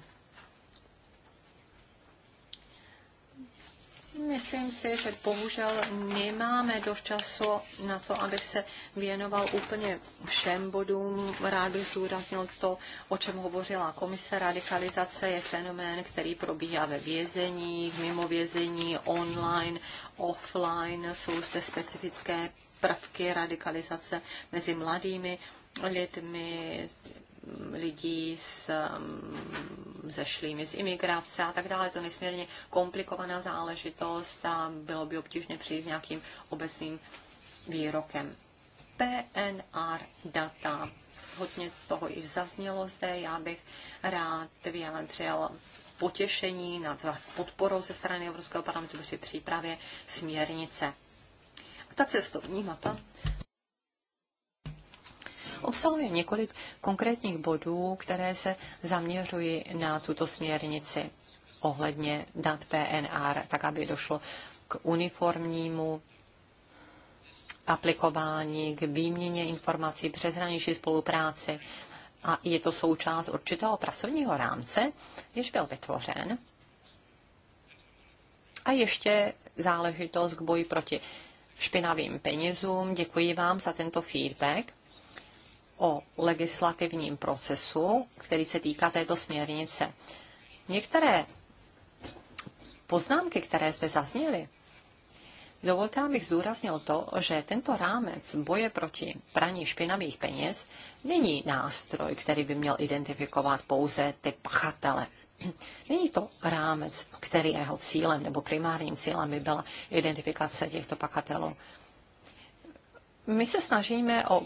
Myslím si, že bohužel nemáme dost času na to, abych se věnoval úplně všem bodům. Rád bych zdůraznil to, o čem hovořila komise. Radikalizace je fenomén, který probíhá ve vězení, mimo vězení, online, offline. Jsou zde specifické prvky radikalizace mezi mladými lidmi, lidí s um, zešlými z imigrace a tak dále. Je to nesmírně komplikovaná záležitost a bylo by obtížně přijít s nějakým obecným výrokem. PNR data. Hodně toho i zaznělo zde. Já bych rád vyjádřil potěšení nad podporou ze strany Evropského parlamentu při přípravě směrnice. A ta cestovní mapa obsahuje několik konkrétních bodů, které se zaměřují na tuto směrnici ohledně dat PNR, tak aby došlo k uniformnímu aplikování, k výměně informací, přeshraniční spolupráci. A je to součást určitého pracovního rámce, jež byl vytvořen. A ještě záležitost k boji proti špinavým penězům. Děkuji vám za tento feedback o legislativním procesu, který se týká této směrnice. Některé poznámky, které zde zazněly, dovolte, abych zdůraznil to, že tento rámec boje proti praní špinavých peněz není nástroj, který by měl identifikovat pouze ty pachatele. Není to rámec, který jeho cílem nebo primárním cílem by byla identifikace těchto pachatelů. My se snažíme o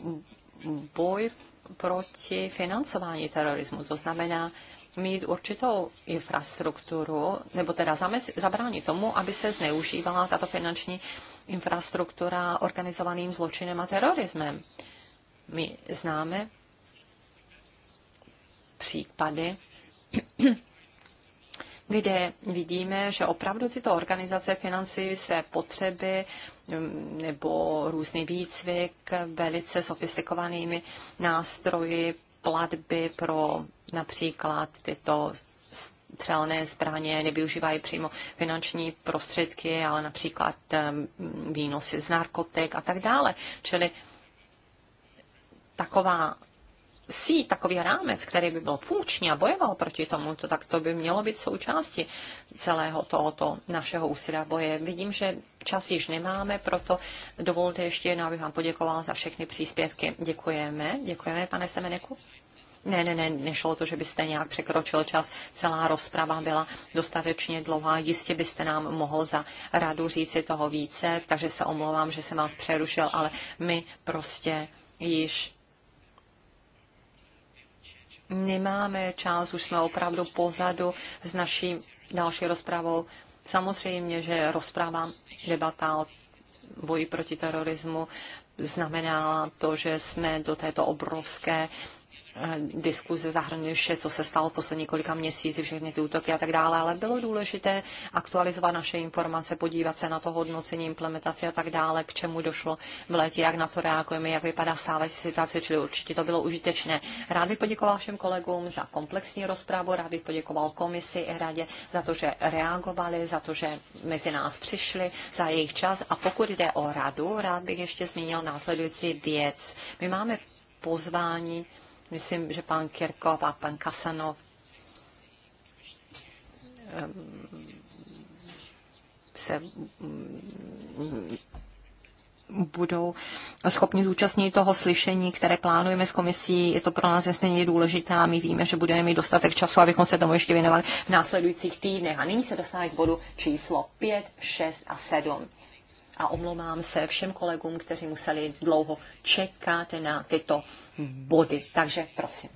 boj proti financování terorismu. To znamená mít určitou infrastrukturu, nebo teda zabránit tomu, aby se zneužívala tato finanční infrastruktura organizovaným zločinem a terorismem. My známe případy kde vidíme, že opravdu tyto organizace financují své potřeby mm, nebo různý výcvik velice sofistikovanými nástroji, platby pro například tyto střelné zbraně, nevyužívají přímo finanční prostředky, ale například mm, výnosy z narkotik a tak dále. Čili taková síť, takový rámec, který by byl funkční a bojoval proti tomu, to, tak to by mělo být součástí celého tohoto našeho úsilí boje. Vidím, že čas již nemáme, proto dovolte ještě jednou, abych vám poděkoval za všechny příspěvky. Děkujeme, děkujeme, pane Semeneku. Ne, ne, ne, nešlo to, že byste nějak překročil čas. Celá rozprava byla dostatečně dlouhá. Jistě byste nám mohl za radu říci toho více, takže se omlouvám, že jsem vás přerušil, ale my prostě již nemáme čas, už jsme opravdu pozadu s naší další rozpravou. Samozřejmě, že rozpráva, debata o boji proti terorismu znamená to, že jsme do této obrovské Eh, diskuze zahrnuje vše, co se stalo poslední několika měsíci, všechny ty útoky a tak dále, ale bylo důležité aktualizovat naše informace, podívat se na to hodnocení, implementaci a tak dále, k čemu došlo v létě, jak na to reagujeme, jak vypadá stávající situace, čili určitě to bylo užitečné. Rád bych poděkoval všem kolegům za komplexní rozpravu, rád bych poděkoval komisi i radě za to, že reagovali, za to, že mezi nás přišli, za jejich čas. A pokud jde o radu, rád bych ještě zmínil následující věc. My máme pozvání Myslím, že pan Kirkov a pan Kasanov ehm, se mm, budou schopni zúčastnit toho slyšení, které plánujeme s komisí. Je to pro nás nesmírně důležité a my víme, že budeme mít dostatek času, abychom se tomu ještě věnovali v následujících týdnech. A nyní se dostáváme k bodu číslo 5, 6 a 7 a omlouvám se všem kolegům, kteří museli dlouho čekat na tyto body. Takže prosím.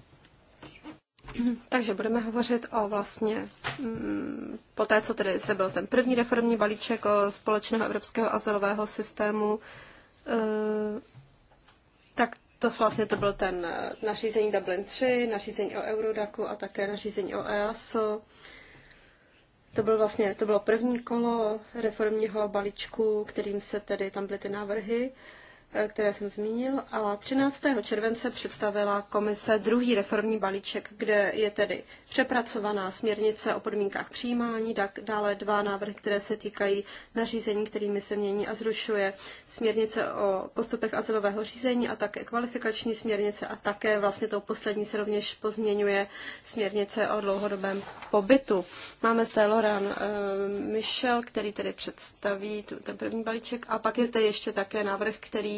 Takže budeme hovořit o vlastně, mm, po té, co tedy se byl ten první reformní balíček o společného evropského azylového systému, eh, tak to vlastně to byl ten eh, nařízení Dublin 3, nařízení o Eurodaku a také nařízení o EASO. To, bylo vlastně, to bylo první kolo reformního balíčku, kterým se tedy tam byly ty návrhy. Eh, které jsem zmínil, a 13. července představila komise druhý reformní balíček, kde je tedy přepracovaná směrnice o podmínkách přijímání, dále dva návrhy, které se týkají nařízení, kterými se mění a zrušuje směrnice o postupech azylového řízení a také kvalifikační směrnice a také vlastně tou poslední se rovněž pozměňuje směrnice o dlouhodobém pobytu. Máme zde Loran e, eh, Michel, který tedy představí tu, ten první balíček a pak je zde ještě také návrh, který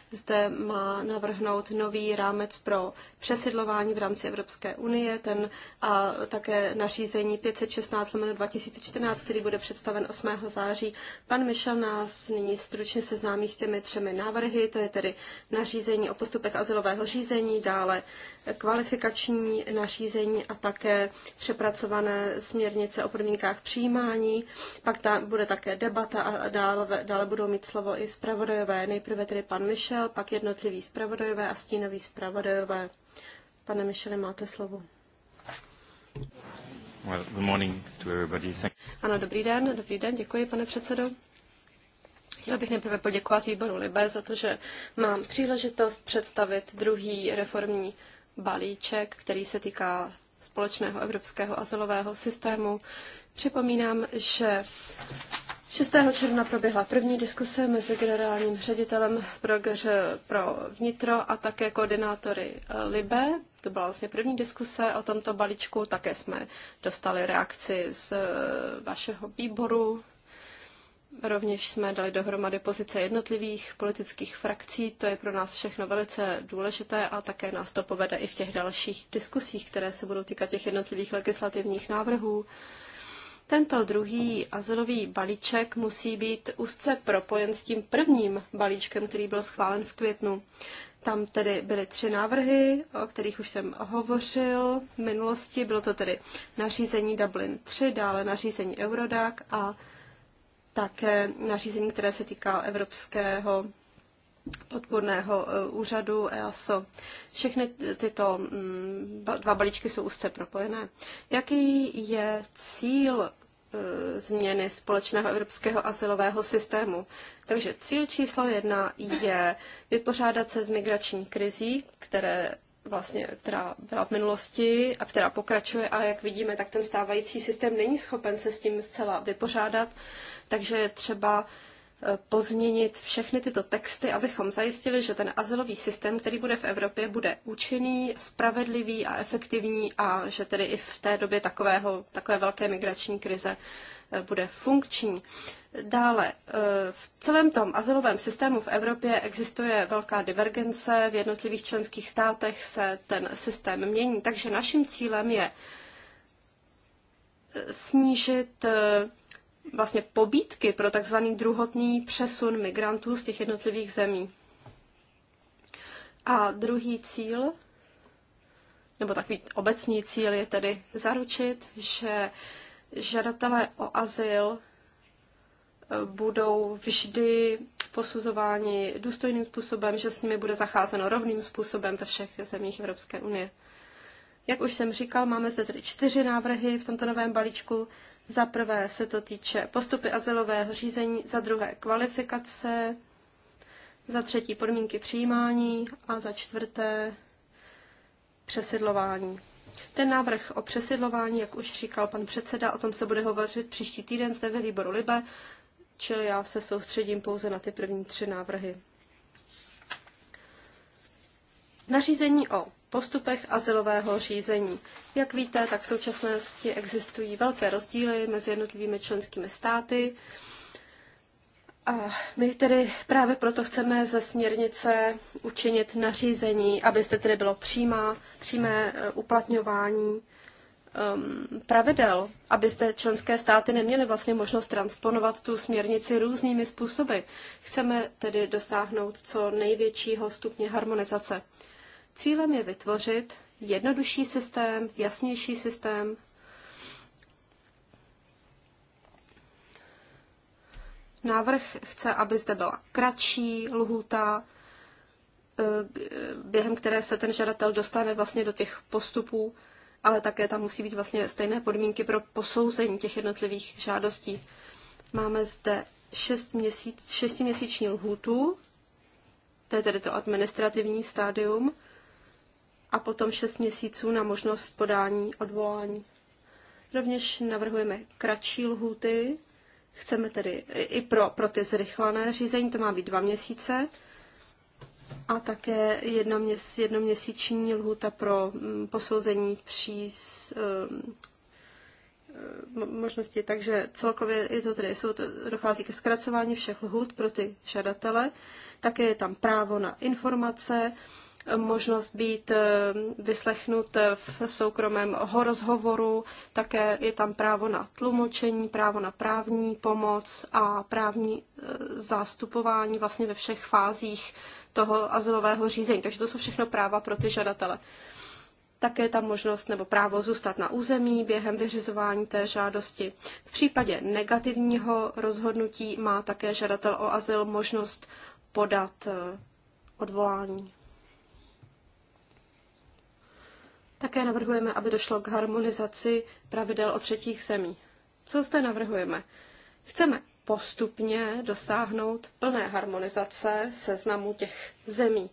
Zde má navrhnout nový rámec pro přesidlování v rámci Evropské unie, ten a také nařízení 516 2014, který bude představen 8. září. Pan Michel nás nyní stručně seznámí s těmi třemi návrhy, to je tedy nařízení o postupech azylového řízení, dále kvalifikační nařízení a také přepracované směrnice o podmínkách přijímání. Pak ta, bude také debata a dále, dále budou mít slovo i zpravodajové. Nejprve tedy pan Michel Michel, pak jednotlivý zpravodajové a stínový zpravodajové. Pane Michele, máte slovo. Well, good morning to everybody. Ano, dobrý den, dobrý den, děkuji, pane předsedo. Chtěla bych nejprve poděkovat výboru Libe za to, že mám příležitost představit druhý reformní balíček, který se týká společného evropského azylového systému. Připomínám, že 6. června proběhla první diskuse mezi generálním ředitelem pro, pro vnitro a také koordinátory eh, LIBE. To byla vlastně první diskuse o tomto balíčku. Také jsme dostali reakci z eh, vašeho výboru. Rovněž jsme dali dohromady pozice jednotlivých politických frakcí. To je pro nás všechno velice důležité a také nás to povede i v těch dalších diskusích, které se budou týkat těch jednotlivých legislativních návrhů. Tento druhý azylový balíček musí být úzce propojen s tím prvním balíčkem, který byl schválen v květnu. Tam tedy byly tři návrhy, o kterých už jsem hovořil v minulosti. Bylo to tedy nařízení Dublin 3, dále nařízení Eurodac a také nařízení, které se týká Evropského podporného e, úřadu EASO. Všechny tyto mm, dva balíčky jsou úzce propojené. Jaký je cíl E, změny společného evropského asilového systému. Takže cíl číslo jedna je vypořádat se s migrační krizí, které vlastně, která byla v minulosti a která pokračuje a jak vidíme, tak ten stávající systém není schopen se s tím zcela vypořádat, takže je třeba pozměnit všechny tyto texty, abychom zajistili, že ten azylový systém, který bude v Evropě, bude účinný, spravedlivý a efektivní a že tedy i v té době takového, takové velké migrační krize eh, bude funkční. Dále, eh, v celém tom azylovém systému v Evropě existuje velká divergence, v jednotlivých členských státech se ten systém mění, takže naším cílem je eh, snížit vlastně pobídky pro takzvaný druhotný přesun migrantů z těch jednotlivých zemí. A druhý cíl, nebo takový obecný cíl je tedy zaručit, že žadatelé o azyl eh, budou vždy posuzováni důstojným způsobem, že s nimi bude zacházeno rovným způsobem ve všech zemích Evropské unie. Jak už jsem říkal, máme zde tedy čtyři návrhy v tomto novém balíčku. Za prvé se to týče postupy azylového řízení, za druhé kvalifikace, za třetí podmínky přijímání a za čtvrté přesidlování. Ten návrh o přesidlování, jak už říkal pan předseda, o tom se bude hovořit příští týden zde ve výboru Libe, čili já se soustředím pouze na ty první tři návrhy. Nařízení o postupech azylového řízení. Jak víte, tak v současnosti existují velké rozdíly mezi jednotlivými členskými státy. A my tedy právě proto chceme ze směrnice učinit nařízení, aby zde tedy bylo přímá, přímé eh, uplatňování um, pravidel, aby zde členské státy neměly vlastně možnost transponovat tu směrnici různými způsoby. Chceme tedy dosáhnout co největšího stupně harmonizace. Cílem je vytvořit jednodušší systém, jasnější systém, Návrh chce, aby zde byla kratší lhůta, eh, během které se ten žadatel dostane vlastně do těch postupů, ale také tam musí být vlastně stejné podmínky pro posouzení těch jednotlivých žádostí. Máme zde šest měsíc, šestiměsíční lhůtu, to je tedy to administrativní stádium, a potom 6 měsíců na možnost podání odvolání. Rovněž navrhujeme kratší lhuty, chceme tedy i pro, pro ty zrychlené řízení, to má být dva měsíce, a také jednoměsíční lhuta pro mm, posouzení přís, ehm, ehm, možnosti. Takže celkově je to tedy, jsou to, dochází ke zkracování všech lhut pro ty žadatele. Také je tam právo na informace, možnost být eh, vyslechnut eh, v soukromém rozhovoru, také je tam právo na tlumočení, právo na právní pomoc a právní eh, zástupování vlastně ve všech fázích toho azylového řízení. Takže to jsou všechno práva pro ty žadatele. Také tam možnost nebo právo zůstat na území během vyřizování té žádosti. V případě negativního rozhodnutí má také žadatel o azyl možnost podat odvolání. Také navrhujeme, aby došlo k harmonizaci pravidel o třetích zemí. Co zde navrhujeme? Chceme postupně dosáhnout plné harmonizace seznamu těch zemí.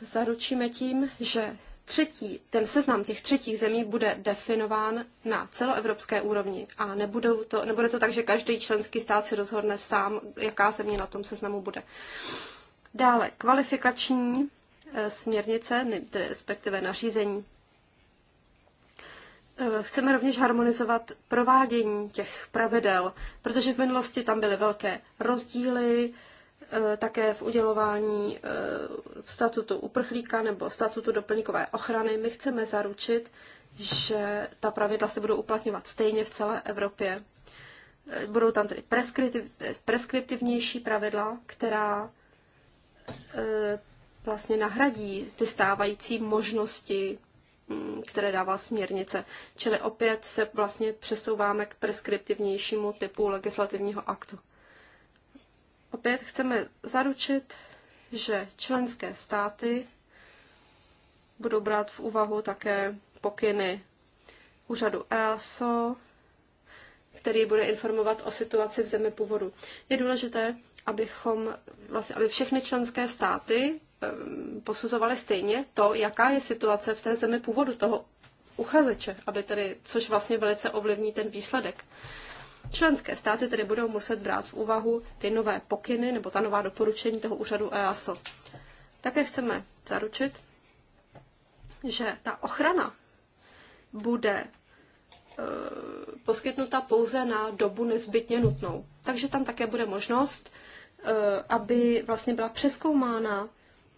Zaručíme tím, že třetí, ten seznam těch třetích zemí bude definován na celoevropské úrovni a nebudou to, nebude to tak, že každý členský stát si rozhodne sám, jaká země na tom seznamu bude. Dále kvalifikační Eh, směrnice, respektive nařízení. Eh, chceme rovněž harmonizovat provádění těch pravidel, protože v minulosti tam byly velké rozdíly, eh, také v udělování statutu uprchlíka nebo statutu doplňkové ochrany. My chceme zaručit, že ta pravidla se budou uplatňovat stejně v celé Evropě. Budou tam tedy preskriptivnější pravidla, která vlastně nahradí ty stávající možnosti, mm, které dává směrnice. Čili opět se vlastně přesouváme k preskriptivnějšímu typu legislativního aktu. Opět chceme zaručit, že členské státy budou brát v úvahu také pokyny úřadu ESO, který bude informovat o situaci v zemi původu. Je důležité, abychom, vlastně, aby všechny členské státy Ehm, posuzovali stejně to, jaká je situace v té zemi původu toho uchazeče, aby tedy, což vlastně velice ovlivní ten výsledek. Členské státy tedy budou muset brát v úvahu ty nové pokyny nebo ta nová doporučení toho úřadu EASO. Také chceme zaručit, že ta ochrana bude e, poskytnuta pouze na dobu nezbytně nutnou. Takže tam také bude možnost, e, aby vlastně byla přeskoumána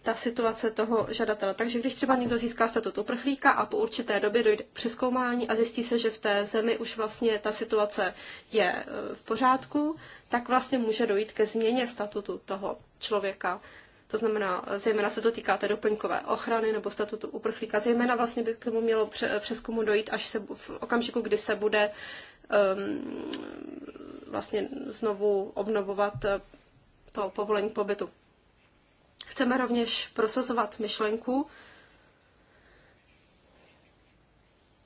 ta situace toho žadatele. Takže když třeba někdo získá statut uprchlíka a po určité době dojde k přeskoumání a zjistí se, že v té zemi už vlastně ta situace je e, v pořádku, tak vlastně může dojít ke změně statutu toho člověka. To znamená, e, zejména se to týká té doplňkové ochrany nebo statutu uprchlíka. Zejména vlastně by k tomu mělo e, přeskumu dojít až se, v okamžiku, kdy se bude um, vlastně znovu obnovovat to povolení pobytu. Chceme rovněž prosazovat myšlenku,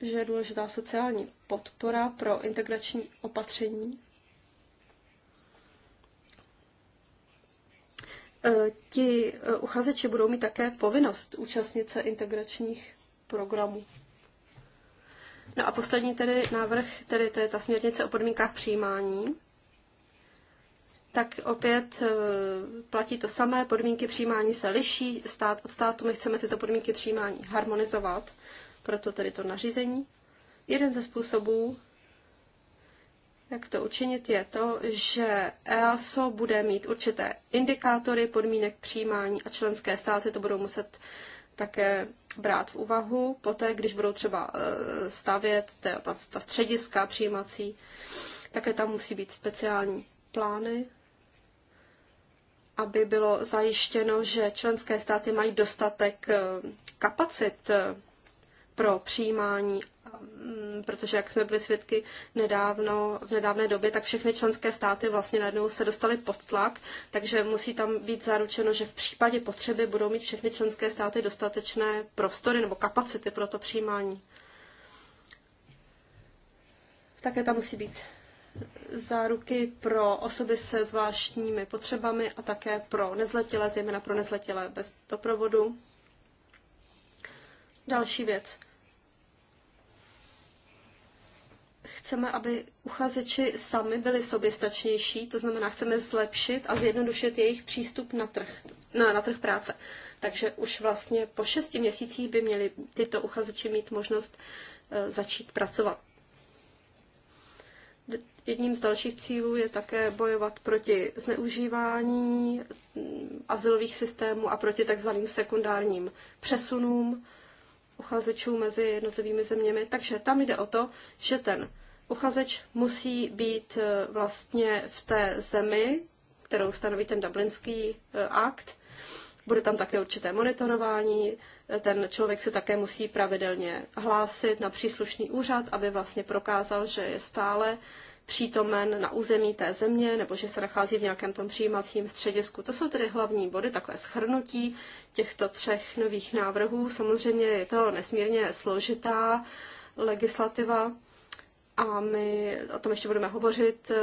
že je důležitá sociální podpora pro integrační opatření. E, ti e, uchazeči budou mít také povinnost účastnit se integračních programů. No a poslední tedy návrh, tedy to je ta směrnice o podmínkách přijímání tak opět e, platí to samé, podmínky přijímání se liší stát od státu, my chceme tyto podmínky přijímání harmonizovat, proto tedy to nařízení. Jeden ze způsobů, jak to učinit, je to, že EASO bude mít určité indikátory podmínek přijímání a členské státy to budou muset také brát v úvahu, poté, když budou třeba e, stavět ta, ta střediska přijímací, také tam musí být speciální plány aby bylo zajištěno, že členské státy mají dostatek eh, kapacit eh, pro přijímání, mm, protože jak jsme byli svědky nedávno, v nedávné době, tak všechny členské státy vlastně najednou se dostaly pod tlak, takže musí tam být zaručeno, že v případě potřeby budou mít všechny členské státy dostatečné prostory nebo kapacity pro to přijímání. Také tam musí být záruky pro osoby se zvláštními potřebami a také pro nezletilé, zejména pro nezletilé bez doprovodu. Další věc. Chceme, aby uchazeči sami byli soběstačnější, to znamená, chceme zlepšit a zjednodušit jejich přístup na trh, na, na trh práce. Takže už vlastně po šesti měsících by měli tyto uchazeči mít možnost eh, začít pracovat. Jedním z dalších cílů je také bojovat proti zneužívání mm, azylových systémů a proti takzvaným sekundárním přesunům uchazečů mezi jednotlivými zeměmi. Takže tam jde o to, že ten uchazeč musí být e, vlastně v té zemi, kterou stanoví ten Dublinský e, akt. Bude tam také určité monitorování, ten člověk se také musí pravidelně hlásit na příslušný úřad, aby vlastně prokázal, že je stále přítomen na území té země nebo že se nachází v nějakém tom přijímacím středisku. To jsou tedy hlavní body, takové schrnutí těchto třech nových návrhů. Samozřejmě je to nesmírně složitá legislativa, a my o tom ještě budeme hovořit. Eh,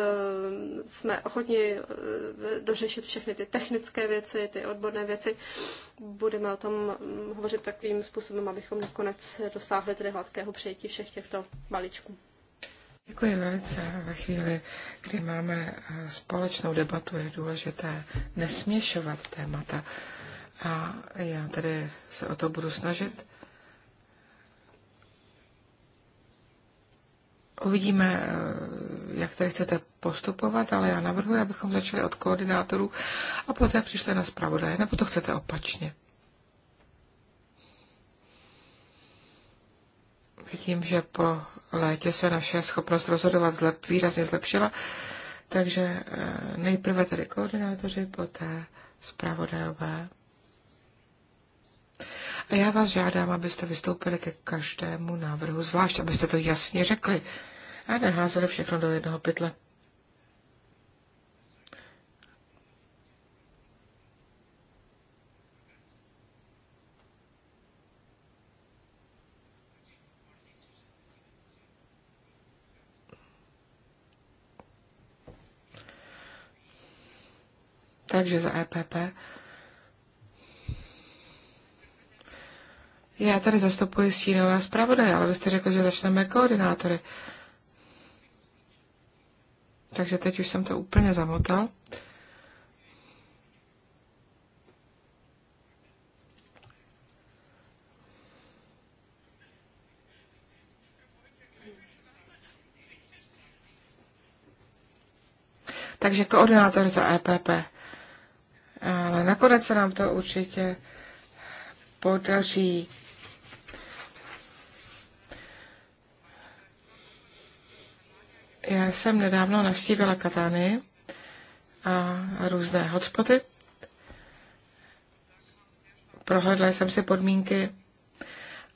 jsme ochotni eh, dořešit všechny ty technické věci, ty odborné věci. Budeme o tom mm, hovořit takovým způsobem, abychom nakonec dosáhli tedy hladkého přijetí všech těchto balíčků. Děkuji velice. Ve chvíli, kdy máme eh, společnou debatu, je důležité nesměšovat témata. A já tedy se o to budu snažit. Uvidíme, eh, jak tady chcete postupovat, ale já navrhuji, abychom začali od koordinátorů a poté přišli na zpravodaje, nebo to chcete opačně. Vidím, že po létě se naše schopnost rozhodovat zlep, výrazně zlepšila, takže eh, nejprve tedy koordinátoři, poté zpravodajové. A já vás žádám, abyste vystoupili ke každému návrhu, zvlášť abyste to jasně řekli a neházeli všechno do jednoho pytle. Takže za EPP Já tady zastupuji stínového zpravodaje, ale vy jste řekl, že začneme koordinátory. Takže teď už jsem to úplně zamotal. Takže koordinátor za EPP. Ale nakonec se nám to určitě podaří. Já jsem nedávno navštívila Katány a různé hotspoty. Prohlédla jsem si podmínky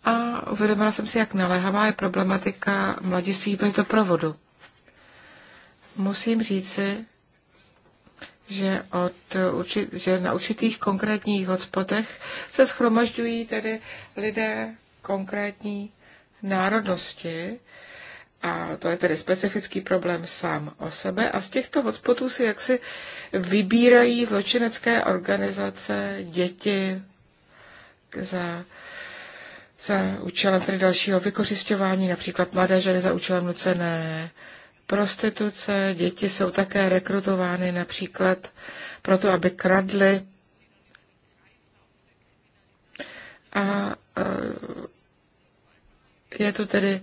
a uvědomila jsem si, jak naléhavá je problematika mladiství bez doprovodu. Musím říci, že, od, že na určitých konkrétních hotspotech se schromažďují tedy lidé konkrétní národnosti, a to je tedy specifický problém sám o sebe. A z těchto hotspotů si jaksi vybírají zločinecké organizace děti za, za účelem tedy dalšího vykořišťování, například mladé ženy za účelem nucené prostituce. Děti jsou také rekrutovány například proto, aby kradly. A e, je to tedy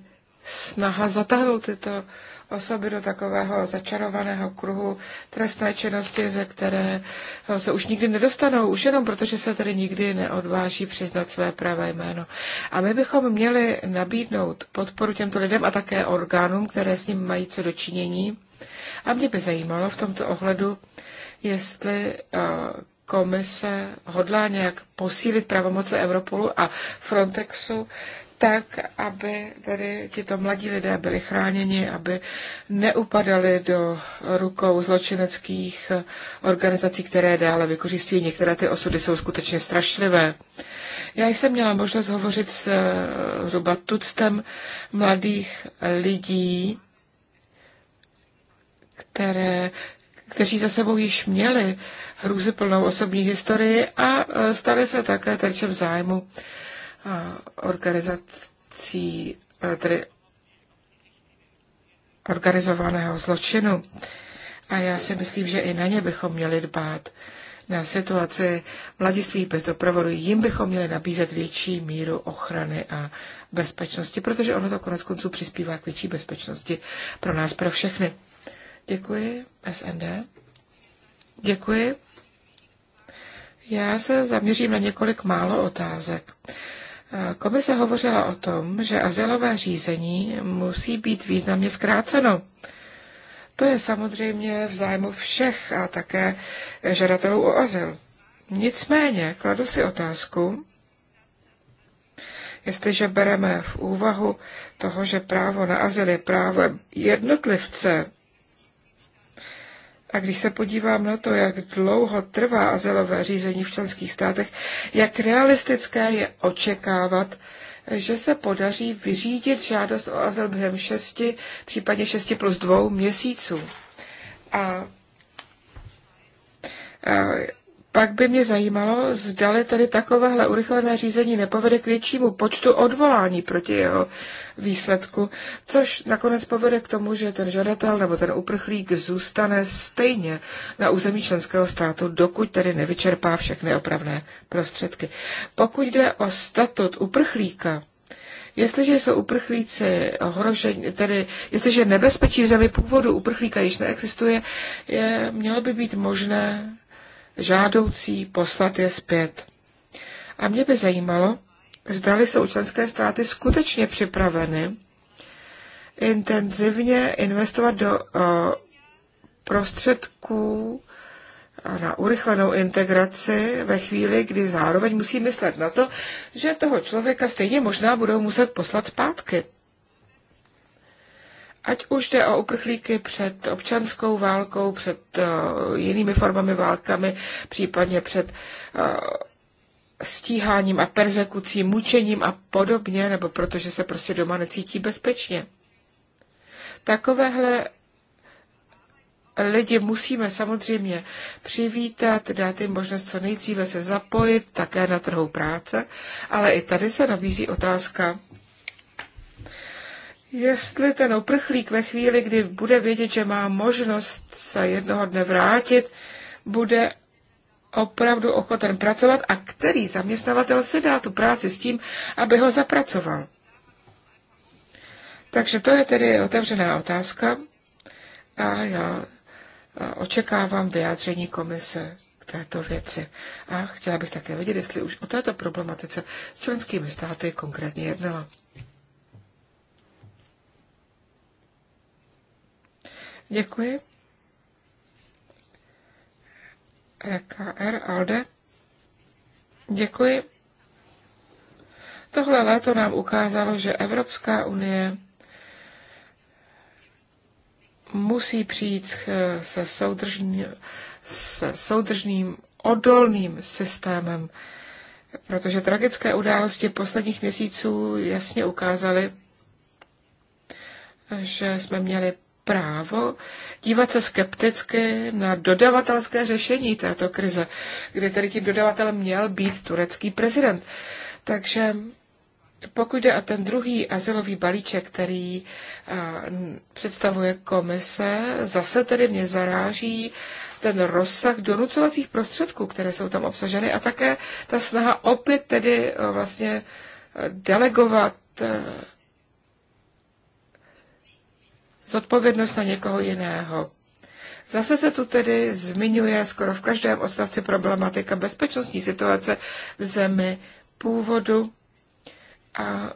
snaha zatáhnout tyto osoby do takového začarovaného kruhu trestné činnosti, ze které eh, se už nikdy nedostanou, už jenom protože se tedy nikdy neodváží přiznat své pravé jméno. A my bychom měli nabídnout podporu těmto lidem a také orgánům, které s ním mají co dočinění. A mě by zajímalo v tomto ohledu, jestli eh, komise hodlá nějak posílit pravomoce Europolu a Frontexu tak, aby tady tito mladí lidé byli chráněni, aby neupadali do rukou zločineckých organizací, které dále vykořistují. Některé ty osudy jsou skutečně strašlivé. Já jsem měla možnost hovořit s eh, hruba tuctem mladých lidí, které, kteří za sebou již měli hrůzy plnou osobní historii a eh, stali se také terčem zájmu organizací, e, tedy organizovaného zločinu. A já si myslím, že i na ně bychom měli dbát. Na situaci mladiství bez doprovodu jim bychom měli nabízet větší míru ochrany a bezpečnosti, protože ono to konec konců přispívá k větší bezpečnosti pro nás, pro všechny. Děkuji, SND. Děkuji. Já se zaměřím na několik málo otázek. Komise hovořila o tom, že azylové řízení musí být významně zkráceno. To je samozřejmě v zájmu všech a také žadatelů o azyl. Nicméně kladu si otázku, jestliže bereme v úvahu toho, že právo na azyl je právem jednotlivce, a když se podívám na to, jak dlouho trvá azylové řízení v členských státech, jak realistické je očekávat, že se podaří vyřídit žádost o azyl během 6, případně 6 plus 2 měsíců. A, a pak by mě zajímalo, zdali tedy takovéhle urychlené řízení nepovede k většímu počtu odvolání proti jeho výsledku, což nakonec povede k tomu, že ten žadatel nebo ten uprchlík zůstane stejně na území členského státu, dokud tedy nevyčerpá všechny opravné prostředky. Pokud jde o statut uprchlíka, Jestliže jsou uprchlíci ohroženi, tedy jestliže nebezpečí v zemi původu uprchlíka již neexistuje, je, mělo by být možné žádoucí poslat je zpět. A mě by zajímalo, zdali jsou členské státy skutečně připraveny intenzivně investovat do eh, prostředků na urychlenou integraci ve chvíli, kdy zároveň musí myslet na to, že toho člověka stejně možná budou muset poslat zpátky. Ať už jde o uprchlíky před občanskou válkou, před uh, jinými formami válkami, případně před uh, stíháním a persekucí, mučením a podobně, nebo protože se prostě doma necítí bezpečně. Takovéhle lidi musíme samozřejmě přivítat, dát jim možnost co nejdříve se zapojit také na trhu práce, ale i tady se nabízí otázka, Jestli ten uprchlík ve chvíli, kdy bude vědět, že má možnost se jednoho dne vrátit, bude opravdu ochoten pracovat a který zaměstnavatel si dá tu práci s tím, aby ho zapracoval. Takže to je tedy otevřená otázka a já očekávám vyjádření komise k této věci. A chtěla bych také vědět, jestli už o této problematice s členskými státy konkrétně jednala. Děkuji. EKR Alde. Děkuji. Tohle léto nám ukázalo, že Evropská unie musí přijít se, soudržný, se soudržným odolným systémem, protože tragické události posledních měsíců jasně ukázaly, že jsme měli právo dívat se skepticky na dodavatelské řešení této krize, kdy tedy tím dodavatelem měl být turecký prezident. Takže pokud jde o ten druhý asilový balíček, který představuje komise, zase tedy mě zaráží ten rozsah donucovacích prostředků, které jsou tam obsaženy a také ta snaha opět tedy vlastně delegovat zodpovědnost na někoho jiného. Zase se tu tedy zmiňuje skoro v každém odstavci problematika bezpečnostní situace v zemi původu a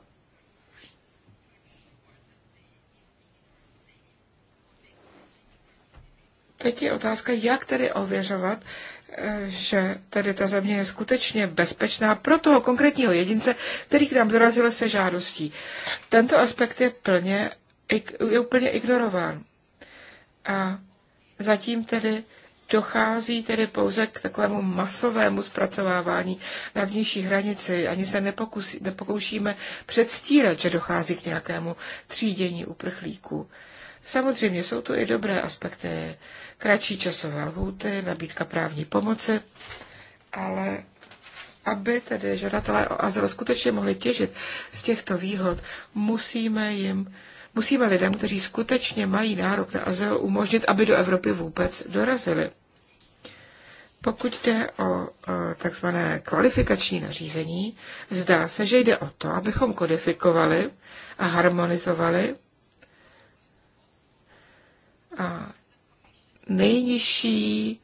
Teď je otázka, jak tedy ověřovat, eh, že tedy ta země je skutečně bezpečná pro toho konkrétního jedince, který k nám dorazil se žádostí. Tento aspekt je plně je úplně ignorován. A zatím tedy dochází tedy pouze k takovému masovému zpracovávání na vnější hranici. Ani se nepokusí, nepokoušíme předstírat, že dochází k nějakému třídění uprchlíků. Samozřejmě jsou tu i dobré aspekty, kratší časové lhůty, nabídka právní pomoci, ale aby tedy žadatelé o azyl skutečně mohli těžit z těchto výhod, musíme jim Musíme lidem, kteří skutečně mají nárok na azyl, umožnit, aby do Evropy vůbec dorazili. Pokud jde o e, takzvané kvalifikační nařízení, zdá se, že jde o to, abychom kodifikovali a harmonizovali a nejnižší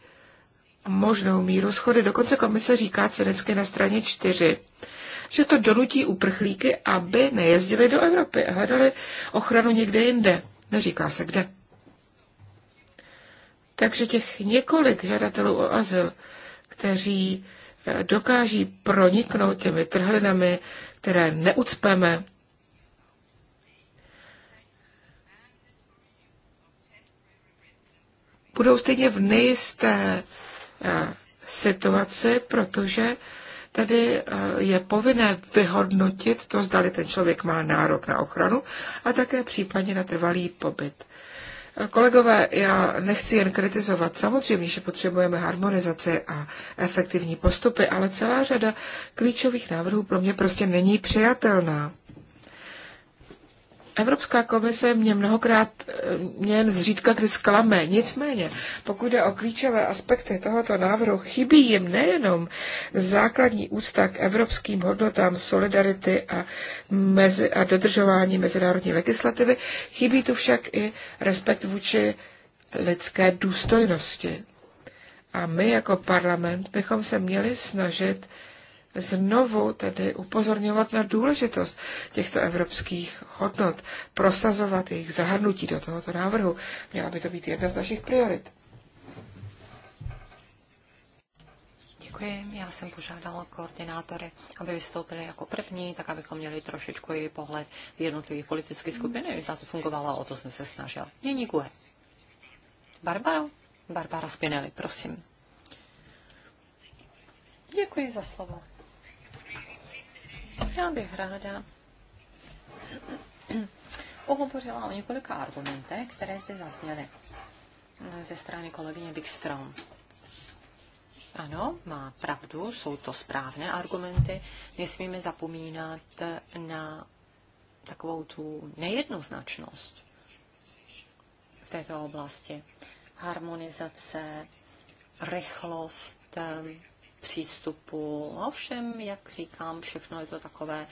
možnou míru schody. Dokonce komise říká cynicky na straně 4, že to donutí uprchlíky, aby nejezdili do Evropy a hledali ochranu někde jinde. Neříká se kde. Takže těch několik žadatelů o azyl, kteří eh, dokáží proniknout těmi trhlinami, které neucpeme, budou stejně v nejisté eh, situaci, protože tedy eh, je povinné vyhodnotit to, zdali ten člověk má nárok na ochranu a také případně na trvalý pobyt. Eh, kolegové, já nechci jen kritizovat. Samozřejmě, že potřebujeme harmonizaci a efektivní postupy, ale celá řada klíčových návrhů pro mě prostě není přijatelná. Evropská komise mě mnohokrát, eh, mě jen zřídka kdy zklamé. Nicméně, pokud jde o klíčové aspekty tohoto návrhu, chybí jim nejenom základní úcta k evropským hodnotám solidarity a, mezi, a dodržování mezinárodní legislativy, chybí tu však i respekt vůči lidské důstojnosti. A my jako parlament bychom se měli snažit znovu tedy upozorňovat na důležitost těchto evropských hodnot, prosazovat jejich zahrnutí do tohoto návrhu. Měla by to být jedna z našich priorit. Děkuji. Já jsem požádala koordinátory, aby vystoupili jako první, tak abychom měli trošičku její pohled jednotlivých politických skupin. Nevím, zda to fungovalo, o to jsem se snažil. Nyní Gue. Barbara? Barbara Spinelli, prosím. Děkuji za slovo. Já bych ráda pohovořila o několika argumentech, které zde zazněly ze strany kolegyně Bigstrom. Ano, má pravdu, jsou to správné argumenty. Nesmíme zapomínat na takovou tu nejednoznačnost v této oblasti. Harmonizace, rychlost, přístupu. Ovšem, jak říkám, všechno je to takové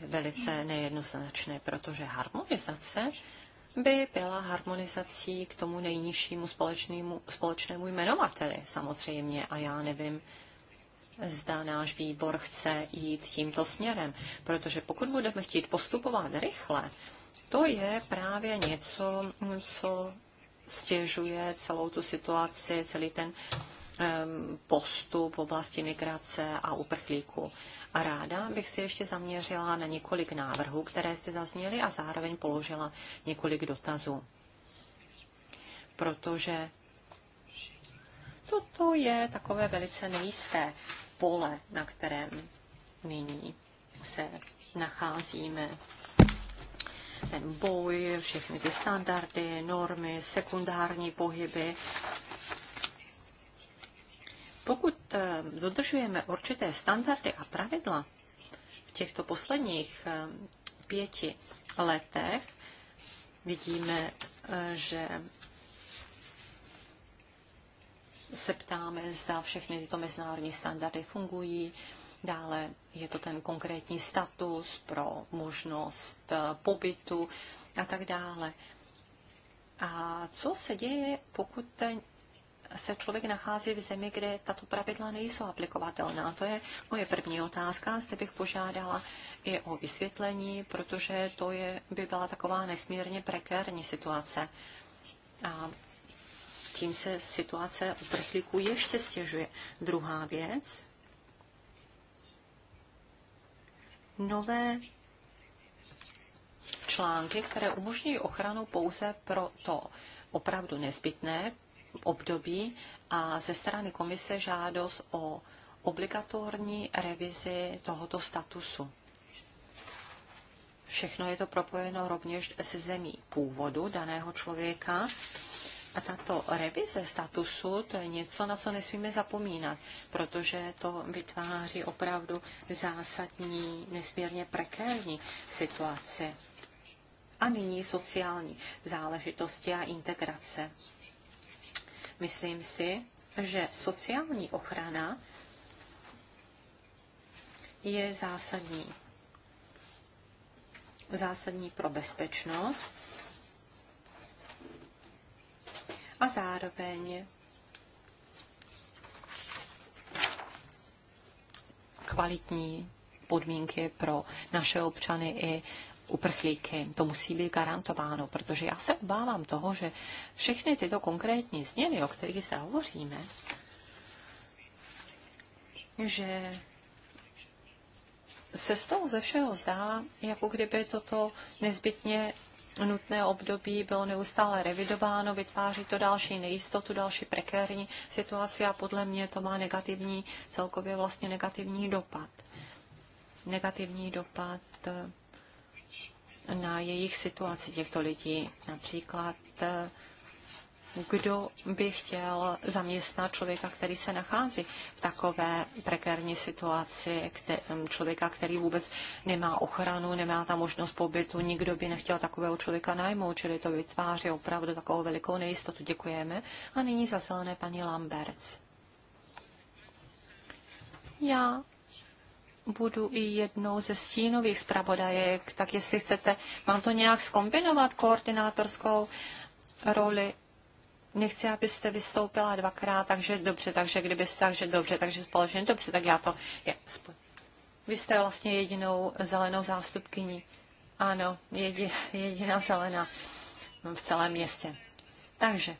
velice nejednoznačné, protože harmonizace by byla harmonizací k tomu nejnižšímu společnému, společnému jmenovateli samozřejmě a já nevím, zda náš výbor chce jít tímto směrem, protože pokud budeme chtít postupovat rychle, to je právě něco, co stěžuje celou tu situaci, celý ten postup v oblasti migrace a uprchlíků. A ráda bych se ještě zaměřila na několik návrhů, které jste zazněly a zároveň položila několik dotazů. Protože toto je takové velice nejisté pole, na kterém nyní se nacházíme. Ten boj, všechny ty standardy, normy, sekundární pohyby, pokud eh, dodržujeme určité standardy a pravidla v těchto posledních eh, pěti letech, vidíme, eh, že se ptáme, zda všechny tyto mezinárodní standardy fungují. Dále je to ten konkrétní status pro možnost pobytu a tak dále. A co se děje, pokud se člověk nachází v zemi, kde tato pravidla nejsou aplikovatelná? To je moje první otázka. Zde bych požádala i o vysvětlení, protože to je, by byla taková nesmírně prekérní situace. A tím se situace uprchlíků ještě stěžuje. Druhá věc. Nové články, které umožňují ochranu pouze pro to opravdu nezbytné, období a ze strany komise žádost o obligatorní revizi tohoto statusu. Všechno je to propojeno rovněž se zemí původu daného člověka. A tato revize statusu, to je něco, na co nesmíme zapomínat, protože to vytváří opravdu zásadní, nesmírně prekérní situace. A nyní sociální záležitosti a integrace. Myslím si, že sociální ochrana je zásadní. Zásadní pro bezpečnost a zároveň kvalitní podmínky pro naše občany i uprchlíky. To musí být garantováno, protože já se obávám toho, že všechny tyto konkrétní změny, o kterých se hovoříme, že se z toho ze všeho zdá, jako kdyby toto nezbytně nutné období bylo neustále revidováno, vytváří to další nejistotu, další prekérní situaci a podle mě to má negativní, celkově vlastně negativní dopad. Negativní dopad eh, na jejich situaci těchto lidí. Například, eh, kdo by chtěl zaměstnat člověka, který se nachází v takové prekérní situaci, kte, mm, člověka, který vůbec nemá ochranu, nemá tam možnost pobytu, nikdo by nechtěl takového člověka najmout, čili to vytváří opravdu takovou velikou nejistotu. Děkujeme. A nyní za zelené paní Lamberts. Já budu i jednou ze stínových zpravodajek, tak jestli chcete, mám to nějak skombinovat koordinátorskou roli. Nechci, abyste vystoupila dvakrát, takže dobře, takže kdybyste, takže dobře, takže společně dobře, tak já to je. Vy jste vlastně jedinou zelenou zástupkyní. Ano, jedi, jediná zelená v celém městě. Takže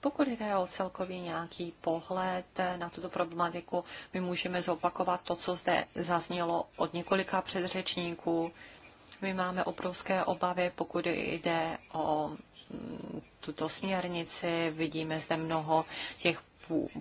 pokud jde o celkově nějaký pohled na tuto problematiku, my můžeme zopakovat to, co zde zaznělo od několika předřečníků. My máme obrovské obavy, pokud jde o mm, tuto směrnici. Vidíme zde mnoho těch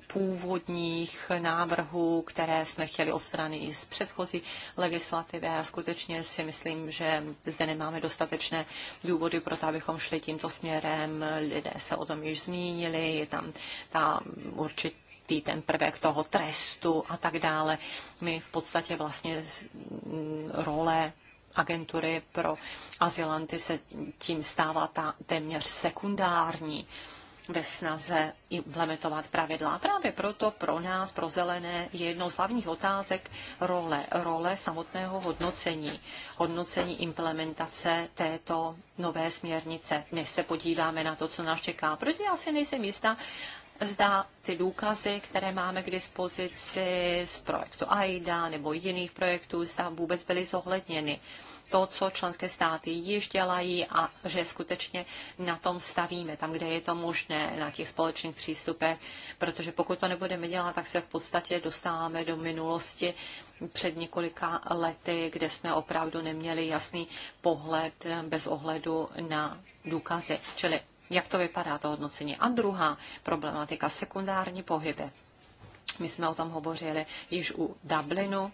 původních návrhů, které jsme chtěli odstranit z předchozí legislativy. Já skutečně si myslím, že zde nemáme dostatečné důvody pro to, abychom šli tímto směrem. Lidé se o tom již zmínili, je tam ta určitě ten prvek toho trestu a tak dále. My v podstatě vlastně mm, role agentury pro azylanty se tím stává ta téměř sekundární ve snaze implementovat pravidla. Právě proto pro nás, pro zelené, je jednou z hlavních otázek role, role samotného hodnocení, hodnocení implementace této nové směrnice, než se podíváme na to, co nás čeká. Proto já si nejsem jistá, zda ty důkazy, které máme k dispozici z projektu AIDA nebo jiných projektů, zda vůbec byly zohledněny to, co členské státy již dělají a že skutečně na tom stavíme, tam, kde je to možné, na těch společných přístupech, protože pokud to nebudeme dělat, tak se v podstatě dostáváme do minulosti před několika lety, kde jsme opravdu neměli jasný pohled bez ohledu na důkazy. Čili jak to vypadá, to hodnocení. A druhá problematika, sekundární pohyby. My jsme o tom hovořili již u Dublinu,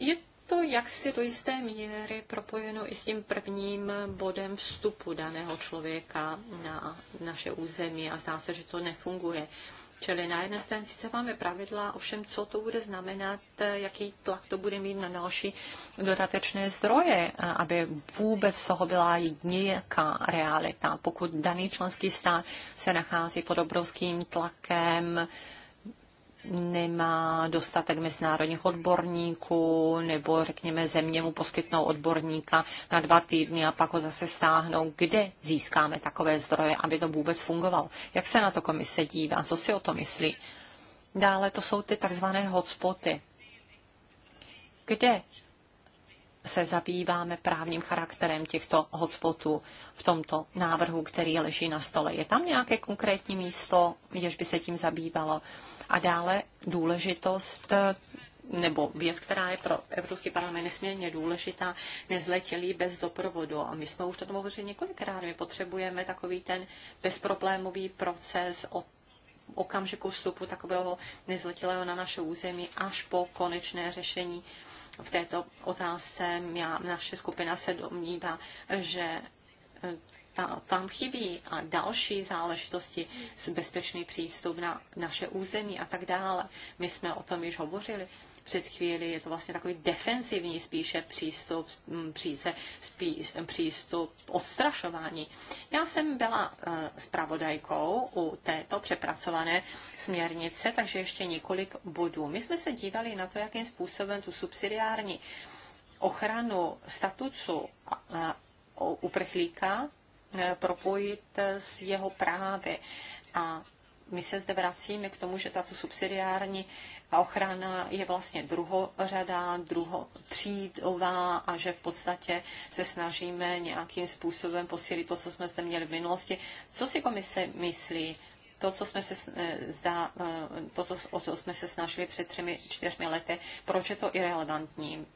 Je to jaksi do jisté míry propojeno i s tím prvním bodem vstupu daného člověka na naše území a zdá se, že to nefunguje. Čili na jedné straně sice máme pravidla, ovšem co to bude znamenat, jaký tlak to bude mít na další dodatečné zdroje, aby vůbec z toho byla nějaká realita. Pokud daný členský stát se nachází pod obrovským tlakem, nemá dostatek mezinárodních odborníků, nebo řekněme země mu poskytnou odborníka na dva týdny a pak ho zase stáhnou. Kde získáme takové zdroje, aby to vůbec fungovalo? Jak se na to komise dívá? Co si o to myslí? Dále to jsou ty takzvané hotspoty. Kde se zabýváme právním charakterem těchto hotspotů v tomto návrhu, který leží na stole. Je tam nějaké konkrétní místo, jež by se tím zabývalo? A dále důležitost nebo věc, která je pro Evropský parlament nesmírně důležitá, nezletělí bez doprovodu. A my jsme už to tom hovořili několikrát. My potřebujeme takový ten bezproblémový proces od okamžiku vstupu takového nezletilého na naše území až po konečné řešení v této otázce. Já, naše skupina se domnívá, že eh, ta, tam chybí a další záležitosti s bezpečný přístup na naše území a tak dále. My jsme o tom již hovořili před chvíli. Je to vlastně takový defensivní spíše přístup, mm, příze, spí, přístup ostrašování. Já jsem byla eh, zpravodajkou u této přepracované směrnice, takže ještě několik bodů. My jsme se dívali na to, jakým způsobem tu subsidiární ochranu statusu eh, uprchlíka eh, propojit s jeho právy. A my se zde vracíme k tomu, že tato subsidiární ta ochrana je vlastně druhořadá, druhotřídová a že v podstatě se snažíme nějakým způsobem posílit to, co jsme zde měli v minulosti. Co si komise myslí? To, co jsme se, eh, zdá, eh, to co, o co jsme se snažili před třemi, čtyřmi lety, proč je to irrelevantní?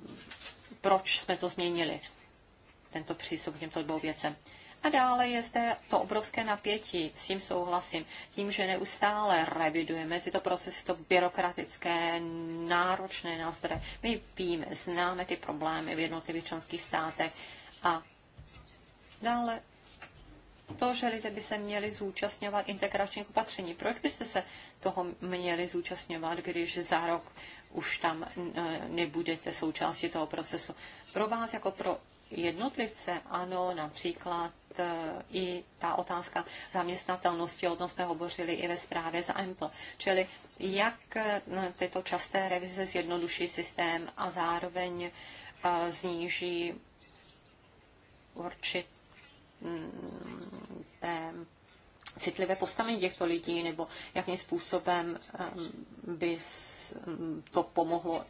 Proč jsme to změnili, tento přístup k těmto dvou věcem? A dále je zde to obrovské napětí, s tím souhlasím, tím, že neustále revidujeme tyto procesy, to byrokratické, náročné nástroje. My víme, známe ty problémy v jednotlivých členských státech a dále to, že lidé by se měli zúčastňovat integračních opatření. Proč byste se toho měli zúčastňovat, když za rok už tam e, nebudete součástí toho procesu? Pro vás jako pro jednotlivce, ano, například eh, i ta otázka zaměstnatelnosti, o tom jsme hovořili i ve zprávě za ample, Čili jak eh, tyto časté revize zjednoduší systém a zároveň zníží eh, určité citlivé postavení těchto lidí, nebo jakým způsobem by mm, to pomohlo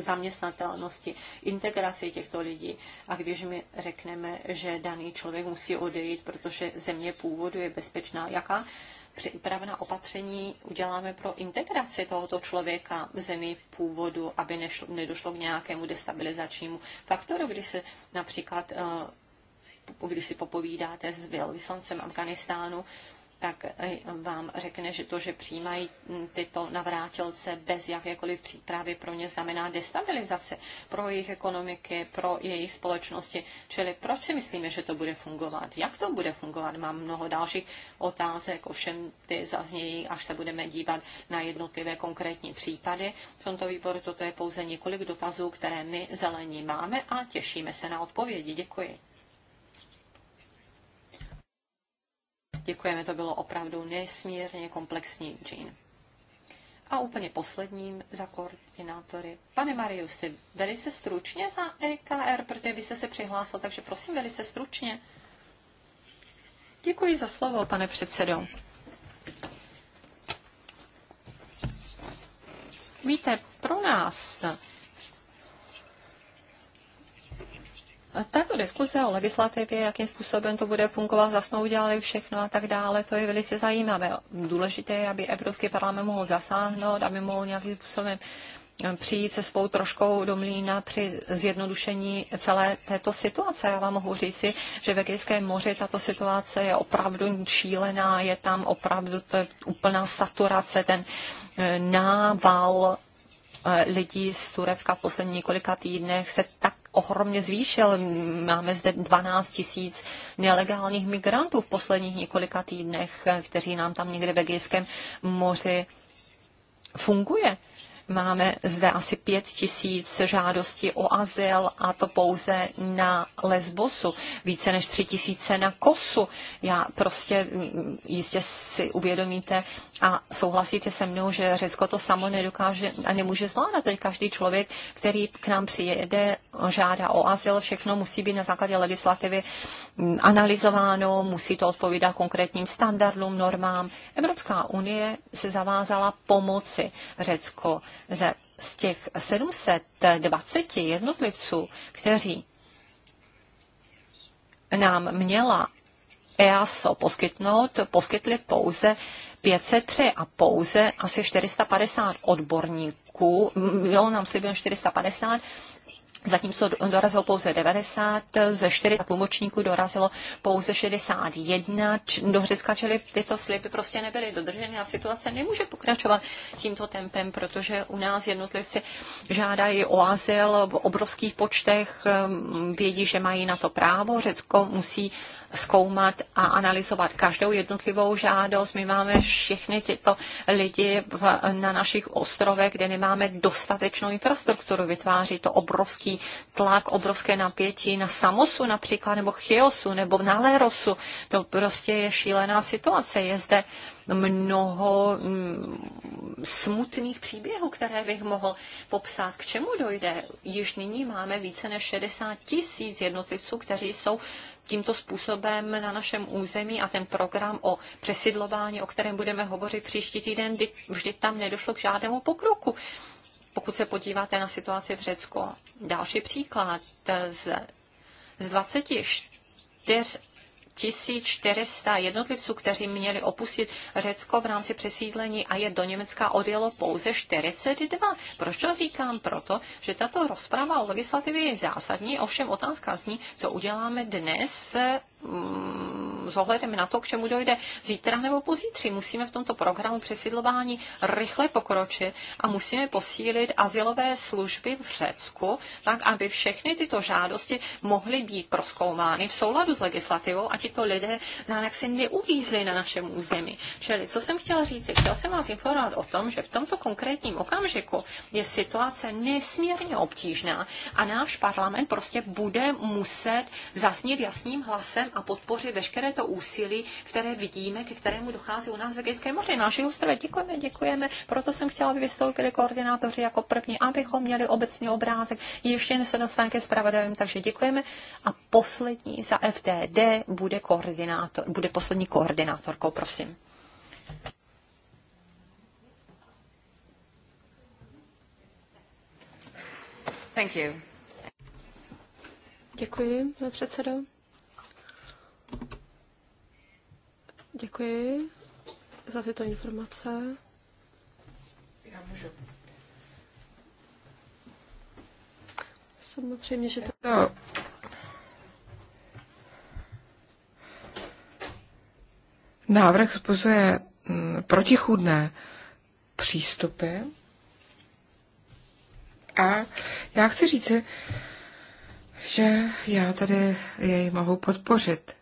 zaměstnatelnosti, integraci těchto lidí. A když mi řekneme, že daný člověk musí odejít, protože země původu je bezpečná, jaká připravená opatření uděláme pro integraci tohoto člověka v zemi původu, aby nešlo, nedošlo k nějakému destabilizačnímu faktoru, když se například, eh, když si popovídáte s vyslancem Afganistánu, tak eh, vám řekne, že to, že přijímají hm, tyto navrátilce bez jakékoliv přípravy pro ně znamená destabilizaci pro jejich ekonomiky, pro jejich společnosti. Čili proč si myslíme, že to bude fungovat? Jak to bude fungovat? Mám mnoho dalších otázek, ovšem ty zaznějí, až se budeme dívat na jednotlivé konkrétní případy. V tomto výboru toto je pouze několik dotazů, které my zelení máme a těšíme se na odpovědi. Děkuji. Děkujeme, to bylo opravdu nesmírně komplexní džín. A úplně posledním za koordinátory. Pane Mariu, jsi velice stručně za EKR, protože byste se přihlásil, takže prosím velice stručně. Děkuji za slovo, pane předsedo. Víte, pro nás Tato diskuse o legislativě, jakým způsobem to bude fungovat, zase jsme udělali všechno a tak dále, to je velice zajímavé. Důležité je, aby Evropský parlament mohl zasáhnout, aby mohl nějakým způsobem eh, přijít se svou troškou do mlína při zjednodušení celé této situace. Já vám mohu říci, že ve Kejské moři tato situace je opravdu šílená, je tam opravdu to je úplná saturace, ten eh, nával Eh, lidí z Turecka v posledních několika týdnech se tak ohromně zvýšil. Máme zde 12 tisíc nelegálních migrantů v posledních několika týdnech, eh, kteří nám tam někde v Egejském moři funguje. Máme zde asi pět tisíc žádostí o azyl a to pouze na Lesbosu. Více než tři tisíce na Kosu. Já prostě mm, mm, jistě si uvědomíte a souhlasíte se mnou, že Řecko to samo nedokáže a nemůže zvládat. Teď každý člověk, který k nám přijede, žádá o azyl, všechno musí být na základě legislativy analyzováno, musí to odpovídat konkrétním standardům, normám. Evropská unie se zavázala pomoci Řecko ze, z těch 720 jednotlivců, kteří nám měla EASO poskytnout, poskytli pouze 503 a pouze asi 450 odborníků, jo, nám slibeno 450 Zatímco dorazilo pouze 90, ze 4 tlumočníků dorazilo pouze 61 do Řecka, čili tyto sliby prostě nebyly dodrženy a situace nemůže pokračovat tímto tempem, protože u nás jednotlivci žádají o azyl v obrovských počtech, vědí, že mají na to právo, Řecko musí zkoumat a analyzovat každou jednotlivou žádost. My máme všechny tyto lidi v, na našich ostrovech, kde nemáme dostatečnou infrastrukturu. Vytváří to obrovský tlak, obrovské napětí na Samosu například, nebo Chiosu, nebo na Lerosu. To prostě je šílená situace. Je zde mnoho mm, smutných příběhů, které bych mohl popsat. K čemu dojde? Již nyní máme více než 60 tisíc jednotlivců, kteří jsou tímto způsobem na našem území a ten program o přesidlování, o kterém budeme hovořit příští týden, vždy tam nedošlo k žádnému pokroku. Pokud se podíváte na situaci v Řecku, další příklad z, z 24 1400 jednotlivců, kteří měli opustit Řecko v rámci přesídlení a je do Německa odjelo pouze 42. Proč to říkám? Proto, že tato rozprava o legislativě je zásadní, ovšem otázka zní, co uděláme dnes s ohledem na to, k čemu dojde zítra nebo pozítří. Musíme v tomto programu přesidlování rychle pokročit a musíme posílit asilové služby v Řecku, tak aby všechny tyto žádosti mohly být proskoumány v souladu s legislativou a tito lidé nám jaksi neuvízli na našem území. Čili, co jsem chtěla říct, chtěla jsem vás informovat o tom, že v tomto konkrétním okamžiku je situace nesmírně obtížná a náš parlament prostě bude muset zasnít jasným hlasem a podpořit veškeré to úsilí, které vidíme, ke kterému dochází u nás v Egejském moři. Naši ústrově děkujeme, děkujeme. Proto jsem chtěla, aby vystoupili koordinátoři jako první, abychom měli obecný obrázek. Ještě se stánky ke zpravodajům, takže děkujeme. A poslední za FDD bude, koordinátor, bude poslední koordinátorkou, prosím. Thank you. Děkuji, pane předsedo. Děkuji za tyto informace. Já můžu. Samozřejmě, že to... No. Návrh způsobuje mm, protichůdné přístupy. A já chci říci, že já tady jej mohu podpořit.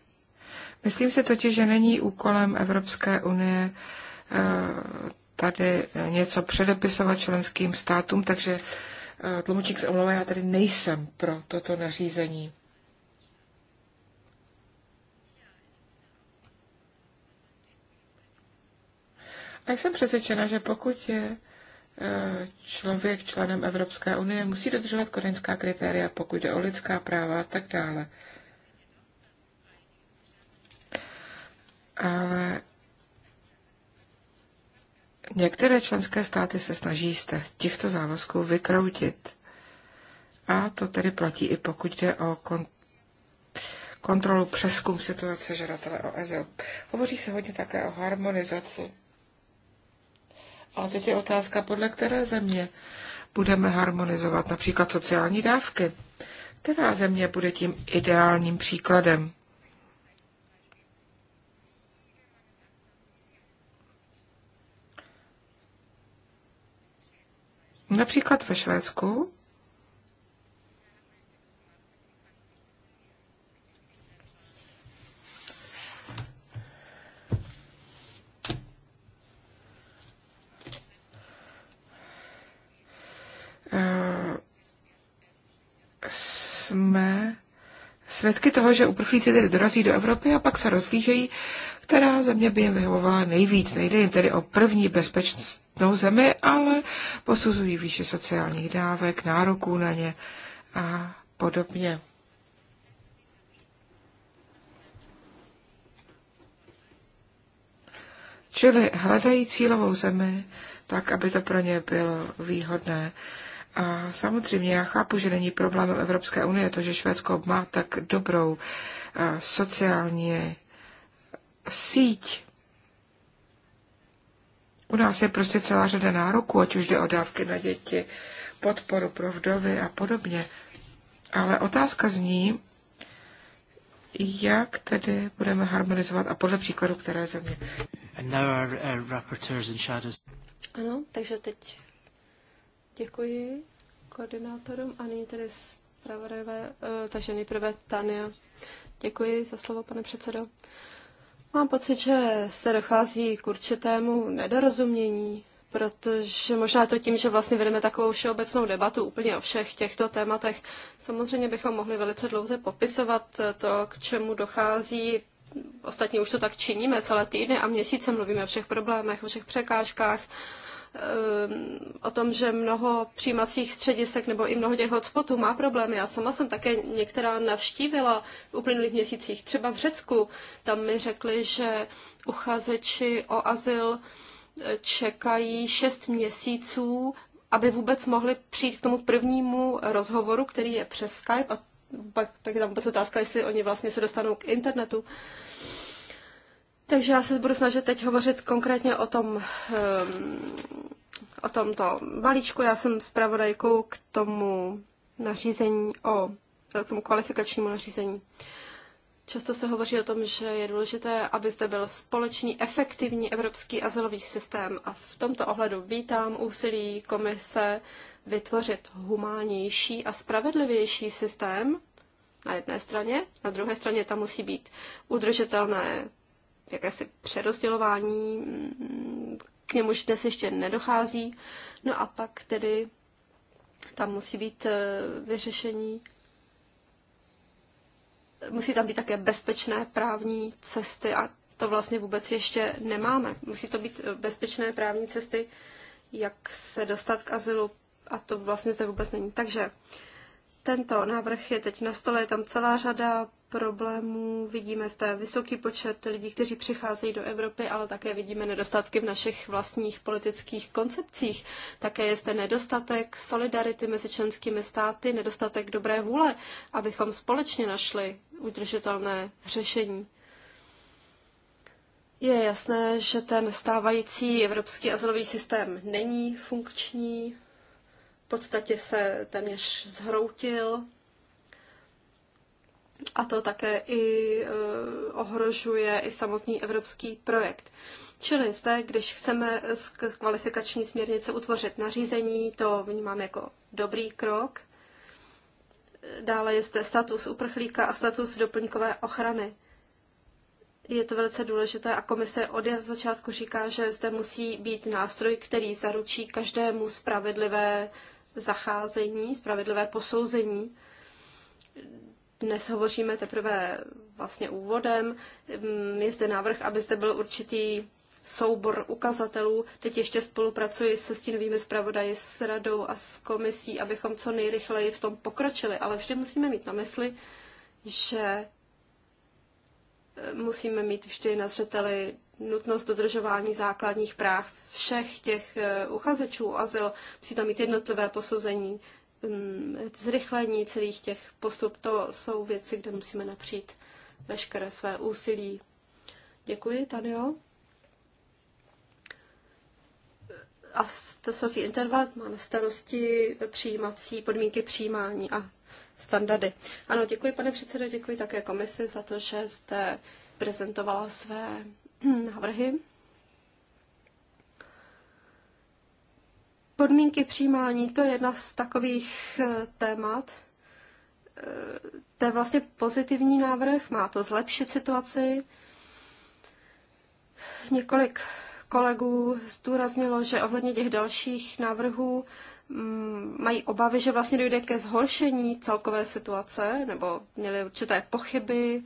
Myslím si totiž, že není úkolem Evropské unie eh, tady něco předepisovat členským státům, takže eh, tlumočník z omlouvá, já tady nejsem pro toto nařízení. A jsem přesvědčena, že pokud je eh, člověk členem Evropské unie, musí dodržovat kodaňská kritéria, pokud jde o lidská práva a tak dále. ale některé členské státy se snaží z těchto závazků vykroutit. A to tedy platí i pokud jde o kont- kontrolu přeskum situace žadatele o azyl. Hovoří se hodně také o harmonizaci. Ale teď je otázka, podle které země budeme harmonizovat například sociální dávky. Která země bude tím ideálním příkladem? Například ve Švédsku eh, jsme svědky toho, že uprchlíci tedy dorazí do Evropy a pak se rozlížejí, která země by jim vyhovovala nejvíc. Nejde jim tedy o první bezpečnost jednou zemi, ale posuzují výše sociálních dávek, nároků na ně a podobně. Čili hledají cílovou zemi tak, aby to pro ně bylo výhodné. A samozřejmě já chápu, že není problémem Evropské unie to, že Švédsko má tak dobrou eh, sociální eh, síť u nás je prostě celá řada nároků, ať už jde o dávky na děti, podporu pro vdovy a podobně. Ale otázka zní, jak tedy budeme harmonizovat a podle příkladu které země. Ano, takže teď děkuji koordinátorům a nyní tedy zpravodajové, eh, takže nejprve Tania. Děkuji za slovo, pane předsedo. Mám pocit, že se dochází k určitému nedorozumění, protože možná to tím, že vlastně vedeme takovou všeobecnou debatu úplně o všech těchto tématech. Samozřejmě bychom mohli velice dlouze popisovat to, k čemu dochází. Ostatně už to tak činíme celé týdny a měsíce mluvíme o všech problémech, o všech překážkách, Eh, o tom, že mnoho přijímacích středisek nebo i mnoho těch hotspotů má problémy. Já sama jsem také některá navštívila v uplynulých měsících, třeba v Řecku. Tam mi řekli, že uchazeči o azyl eh, čekají šest měsíců, aby vůbec mohli přijít k tomu prvnímu rozhovoru, který je přes Skype a pak, pak je tam vůbec otázka, jestli oni vlastně se dostanou k internetu. Uh, takže já se budu snažit teď hovořit konkrétně o tom, ehm, o tomto balíčku. Já jsem zpravodajkou k tomu nařízení o k tomu kvalifikačnímu nařízení. Často se hovoří o tom, že je důležité, aby zde byl společný, efektivní evropský azylový systém a v tomto ohledu vítám úsilí komise vytvořit humánnější a spravedlivější systém na jedné straně, na druhé straně tam musí být udržitelné jakési přerozdělování, k němuž dnes ještě nedochází. No a pak tedy tam musí být eh, vyřešení, musí tam být také bezpečné právní cesty a to vlastně vůbec ještě nemáme. Musí to být eh, bezpečné právní cesty, jak se dostat k azylu a to vlastně to vůbec není. Takže tento návrh je teď na stole, je tam celá řada problémů. Vidíme zde vysoký počet lidí, kteří přicházejí do Evropy, ale také vidíme nedostatky v našich vlastních politických koncepcích. Také je zde nedostatek solidarity mezi členskými státy, nedostatek dobré vůle, abychom společně našli udržitelné řešení. Je jasné, že ten stávající evropský azylový systém není funkční, v podstatě se téměř zhroutil a to také i e, ohrožuje i samotný evropský projekt. Čili zde, když chceme z kvalifikační směrnice utvořit nařízení, to vnímám jako dobrý krok. Dále je zde status uprchlíka a status doplňkové ochrany. Je to velice důležité a komise od začátku říká, že zde musí být nástroj, který zaručí každému spravedlivé zacházení, spravedlivé posouzení dnes hovoříme teprve vlastně úvodem. Mm, Je zde návrh, aby zde byl určitý soubor ukazatelů. Teď ještě spolupracuji se stínovými zpravodaji, s radou a s komisí, abychom co nejrychleji v tom pokročili. Ale vždy musíme mít na mysli, že eh, musíme mít vždy na zřeteli nutnost dodržování základních práv všech těch eh, uchazečů o azyl. Musí tam mít jednotlivé posouzení Mm, zrychlení celých těch postup, to jsou věci, kde musíme napřít veškeré své úsilí. Děkuji, Tadio. A to Sofie interval, má na starosti přijímací podmínky přijímání a standardy. Ano, děkuji, pane předsedo, děkuji také komisi za to, že jste prezentovala své návrhy Podmínky přijímání, to je jedna z takových eh, témat. Eh, to je vlastně pozitivní návrh, má to zlepšit situaci. Několik kolegů zdůraznilo, že ohledně těch dalších návrhů mm, mají obavy, že vlastně dojde ke zhoršení celkové situace, nebo měli určité pochyby,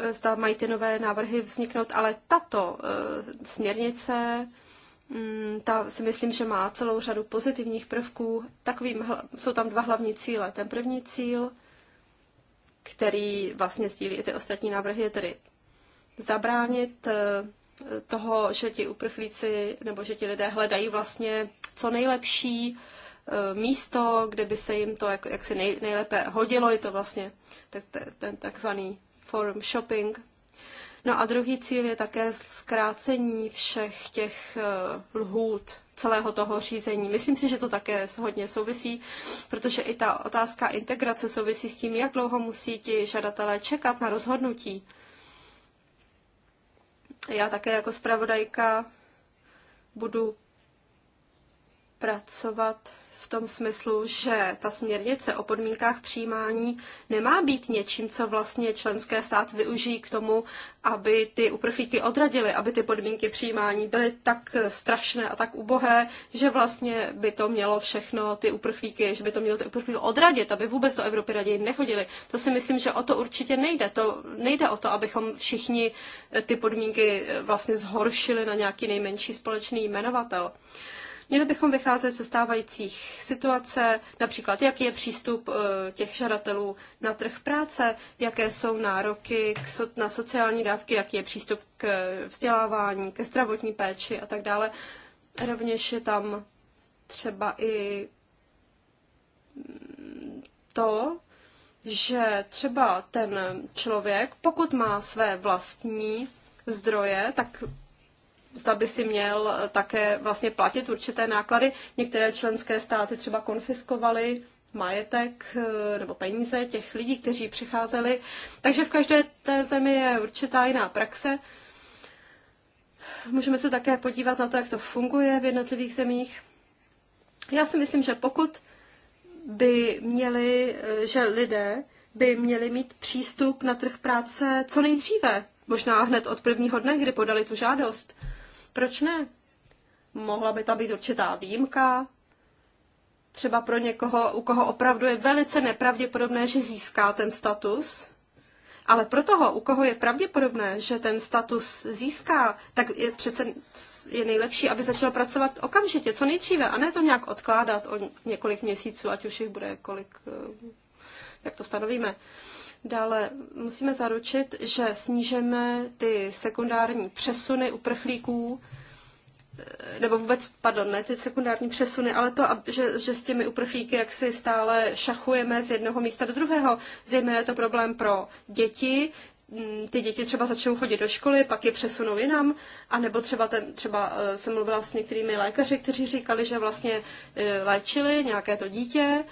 eh, zda mají ty nové návrhy vzniknout, ale tato směrnice Mm, ta si myslím, že má celou řadu pozitivních prvků. Takovým, jsou tam dva hlavní cíle. Ten první cíl, který vlastně sdílí i ty ostatní návrhy, je tedy zabránit eh, toho, že ti uprchlíci nebo že ti lidé hledají vlastně co nejlepší eh, místo, kde by se jim to jak, jaksi nej, nejlépe hodilo. Je to vlastně ten takzvaný forum shopping, No a druhý cíl je také zkrácení všech těch eh, lhůt celého toho řízení. Myslím si, že to také hodně souvisí, protože i ta otázka integrace souvisí s tím, jak dlouho musí ti žadatelé čekat na rozhodnutí. Já také jako zpravodajka budu pracovat tom smyslu, že ta směrnice o podmínkách přijímání nemá být něčím, co vlastně členské stát využijí k tomu, aby ty uprchlíky odradily, aby ty podmínky přijímání byly tak strašné a tak ubohé, že vlastně by to mělo všechno ty uprchlíky, že by to mělo ty uprchlíky odradit, aby vůbec do Evropy raději nechodili. To si myslím, že o to určitě nejde. To nejde o to, abychom všichni eh, ty podmínky eh, vlastně zhoršili na nějaký nejmenší společný jmenovatel. Měli bychom vycházet ze stávajících situace, například jaký je přístup eh, těch žadatelů na trh práce, jaké jsou nároky na sociální dávky, jaký je přístup k vzdělávání, ke zdravotní péči a tak dále. Rovněž je tam třeba i mm, to, že třeba ten člověk, pokud má své vlastní zdroje, tak zda by si měl eh, také vlastně platit určité náklady. Některé členské státy třeba konfiskovaly majetek eh, nebo peníze těch lidí, kteří přicházeli. Takže v každé té zemi je určitá jiná praxe. Můžeme se také podívat na to, jak to funguje v jednotlivých zemích. Já si myslím, že pokud by měli, eh, že lidé by měli mít přístup na trh práce co nejdříve, možná hned od prvního dne, kdy podali tu žádost. Proč ne? Mohla by to být určitá výjimka, třeba pro někoho, u koho opravdu je velice nepravděpodobné, že získá ten status, ale pro toho, u koho je pravděpodobné, že ten status získá, tak je přece je nejlepší, aby začal pracovat okamžitě, co nejdříve, a ne to nějak odkládat o několik měsíců, ať už jich bude kolik, eh, jak to stanovíme. Dále musíme zaručit, že snížíme ty sekundární přesuny uprchlíků, eh, nebo vůbec, pardon, ne ty sekundární přesuny, ale to, že, že s těmi uprchlíky jak si stále šachujeme z jednoho místa do druhého. Zejména je to problém pro děti, Mm, ty děti třeba začnou chodit do školy, pak je přesunou jinam, anebo třeba, ten, třeba eh, jsem mluvila s některými lékaři, kteří říkali, že vlastně eh, léčili nějaké to dítě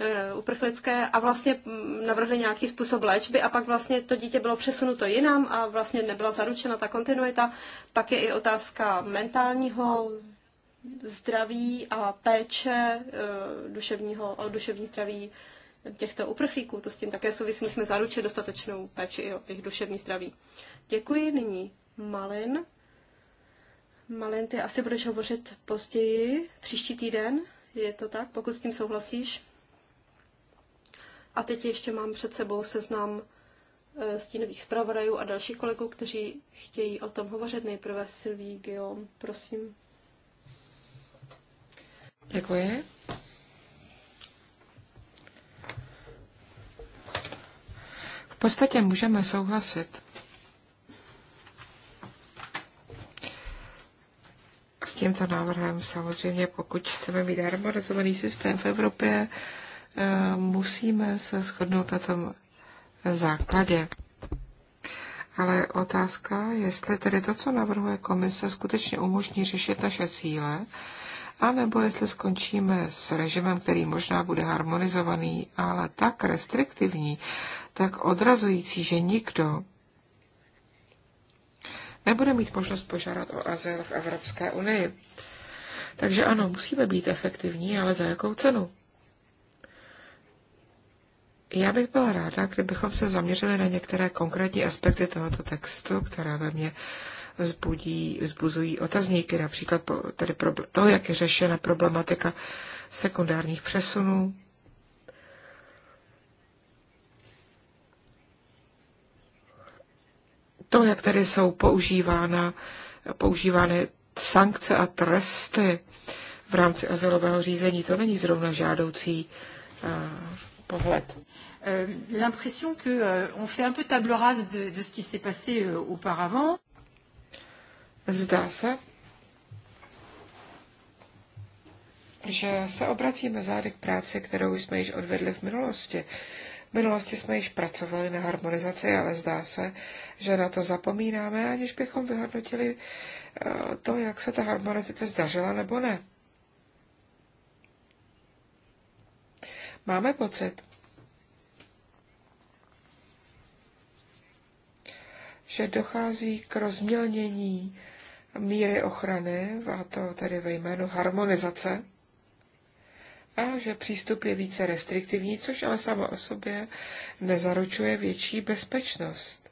eh, uprchlické a vlastně mm, navrhli nějaký způsob léčby a pak vlastně to dítě bylo přesunuto jinam a vlastně nebyla zaručena ta kontinuita. Pak je i otázka mentálního zdraví a péče duševního, o duševní zdraví těchto uprchlíků. To s tím také souvisí, musíme zaručit dostatečnou péči i o jejich duševní zdraví. Děkuji, nyní Malin. Malin, ty asi budeš hovořit později, příští týden, je to tak, pokud s tím souhlasíš. A teď ještě mám před sebou seznam eh, stínových zpravodajů a dalších kolegů, kteří chtějí o tom hovořit. Nejprve Silví Guillaume, prosím. Děkuji. podstatě můžeme souhlasit s tímto návrhem. Samozřejmě, pokud chceme mít harmonizovaný systém v Evropě, eh, musíme se shodnout na tom základě. Ale otázka, jestli tedy to, co navrhuje komise, skutečně umožní řešit naše cíle, anebo jestli skončíme s režimem, který možná bude harmonizovaný, ale tak restriktivní, tak odrazující, že nikdo nebude mít možnost požádat o azyl v Evropské unii. Takže ano, musíme být efektivní, ale za jakou cenu? Já bych byla ráda, kdybychom se zaměřili na některé konkrétní aspekty tohoto textu, které ve mně vzbudí, vzbuzují otazníky, například tedy to, jak je řešena problematika sekundárních přesunů, to, jak tady jsou používána, používány sankce a tresty v rámci azylového řízení, to není zrovna žádoucí uh, pohled. Euh, l'impression que euh, on fait un peu table rase de, de ce qui s'est passé euh, auparavant. Zdá se, že se obracíme zády k práci, kterou jsme již odvedli v minulosti. Uh, v minulosti jsme již pracovali na harmonizaci, ale zdá se, že na to zapomínáme, aniž bychom vyhodnotili eh, to, jak se ta harmonizace zdařila nebo ne. Máme pocit, že dochází k rozmělnění míry ochrany, a to tedy ve jménu harmonizace, a že přístup je více restriktivní, což ale samo o sobě nezaručuje větší bezpečnost.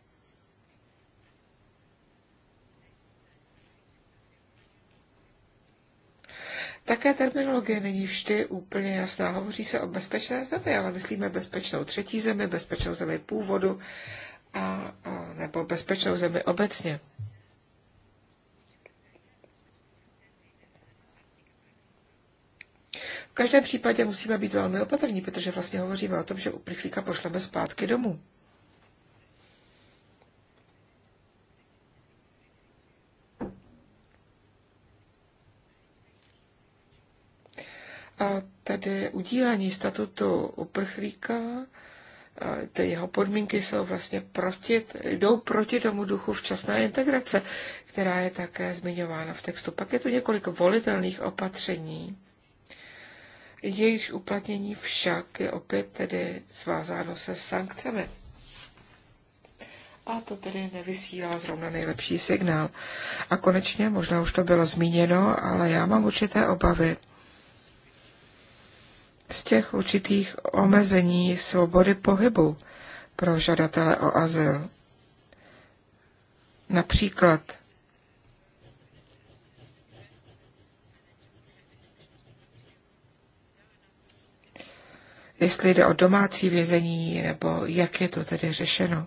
Také terminologie není vždy úplně jasná. Hovoří se o bezpečné zemi, ale myslíme bezpečnou třetí zemi, bezpečnou zemi původu a, a nebo bezpečnou zemi obecně. každém případě musíme být velmi opatrní, protože vlastně hovoříme o tom, že uprchlíka pošleme zpátky domů. A tedy udílení statutu uprchlíka, ty jeho podmínky jsou vlastně proti, jdou proti tomu duchu včasné integrace, která je také zmiňována v textu. Pak je tu několik volitelných opatření, jejich uplatnění však je opět tedy svázáno se sankcemi. A to tedy nevysílá zrovna nejlepší signál. A konečně, možná už to bylo zmíněno, ale já mám určité obavy z těch určitých omezení svobody pohybu pro žadatele o azyl. Například jestli jde o domácí vězení, nebo jak je to tedy řešeno.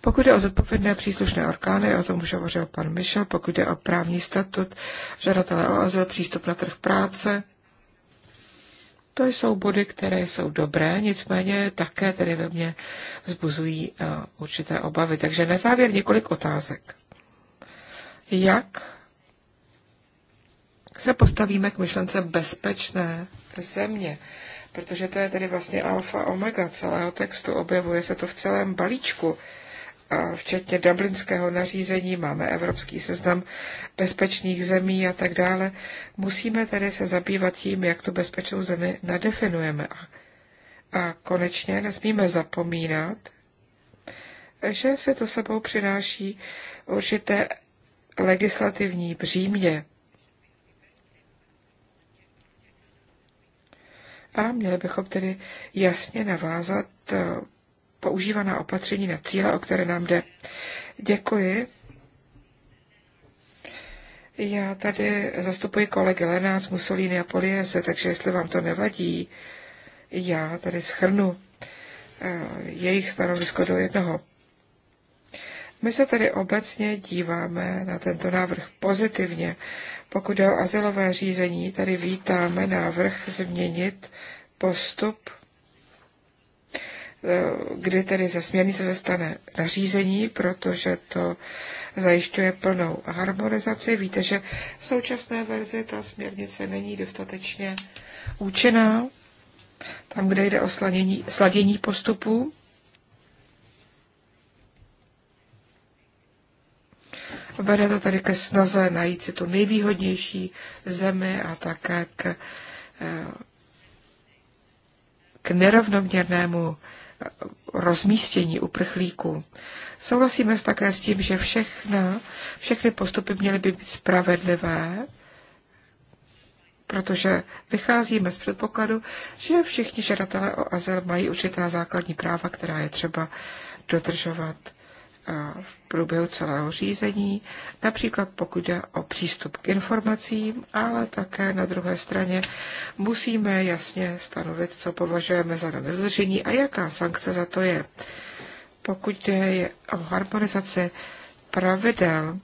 Pokud je o zodpovědné příslušné orgány, o tom už hovořil pan Michel, pokud je o právní statut, žadatele o azyl, přístup na trh práce, to jsou body, které jsou dobré, nicméně také tedy ve mně vzbuzují eh, určité obavy. Takže na závěr několik otázek. Jak se postavíme k myšlence bezpečné země, protože to je tedy vlastně alfa omega celého textu, objevuje se to v celém balíčku. A včetně dublinského nařízení máme evropský seznam bezpečných zemí a tak dále. Musíme tedy se zabývat tím, jak tu bezpečnou zemi nadefinujeme. A konečně nesmíme zapomínat, že se to sebou přináší určité legislativní břímě. A měli bychom tedy jasně navázat eh, používaná opatření na cíle, o které nám jde. Děkuji. Já tady zastupuji kolegy Lenác, Mussolini a Poliese, takže jestli vám to nevadí, já tady schrnu eh, jejich stanovisko do jednoho. My se tedy obecně díváme na tento návrh pozitivně. Pokud je o azylové řízení, tady vítáme návrh změnit postup, eh, kdy tedy ze směrnice se stane nařízení, protože to zajišťuje plnou harmonizaci. Víte, že v současné verzi ta směrnice není dostatečně účinná. Tam, kde jde o sladění, sladění postupů, Vede to tady ke snaze najít si tu nejvýhodnější zemi a také k, eh, k nerovnoměrnému eh, rozmístění uprchlíků. Souhlasíme také s tím, že všechna, všechny postupy měly by být spravedlivé, protože vycházíme z předpokladu, že všichni žadatelé o azyl mají určitá základní práva, která je třeba dodržovat v průběhu celého řízení, například pokud jde o přístup k informacím, ale také na druhé straně musíme jasně stanovit, co považujeme za nedodržení a jaká sankce za to je. Pokud jde o harmonizaci pravidel,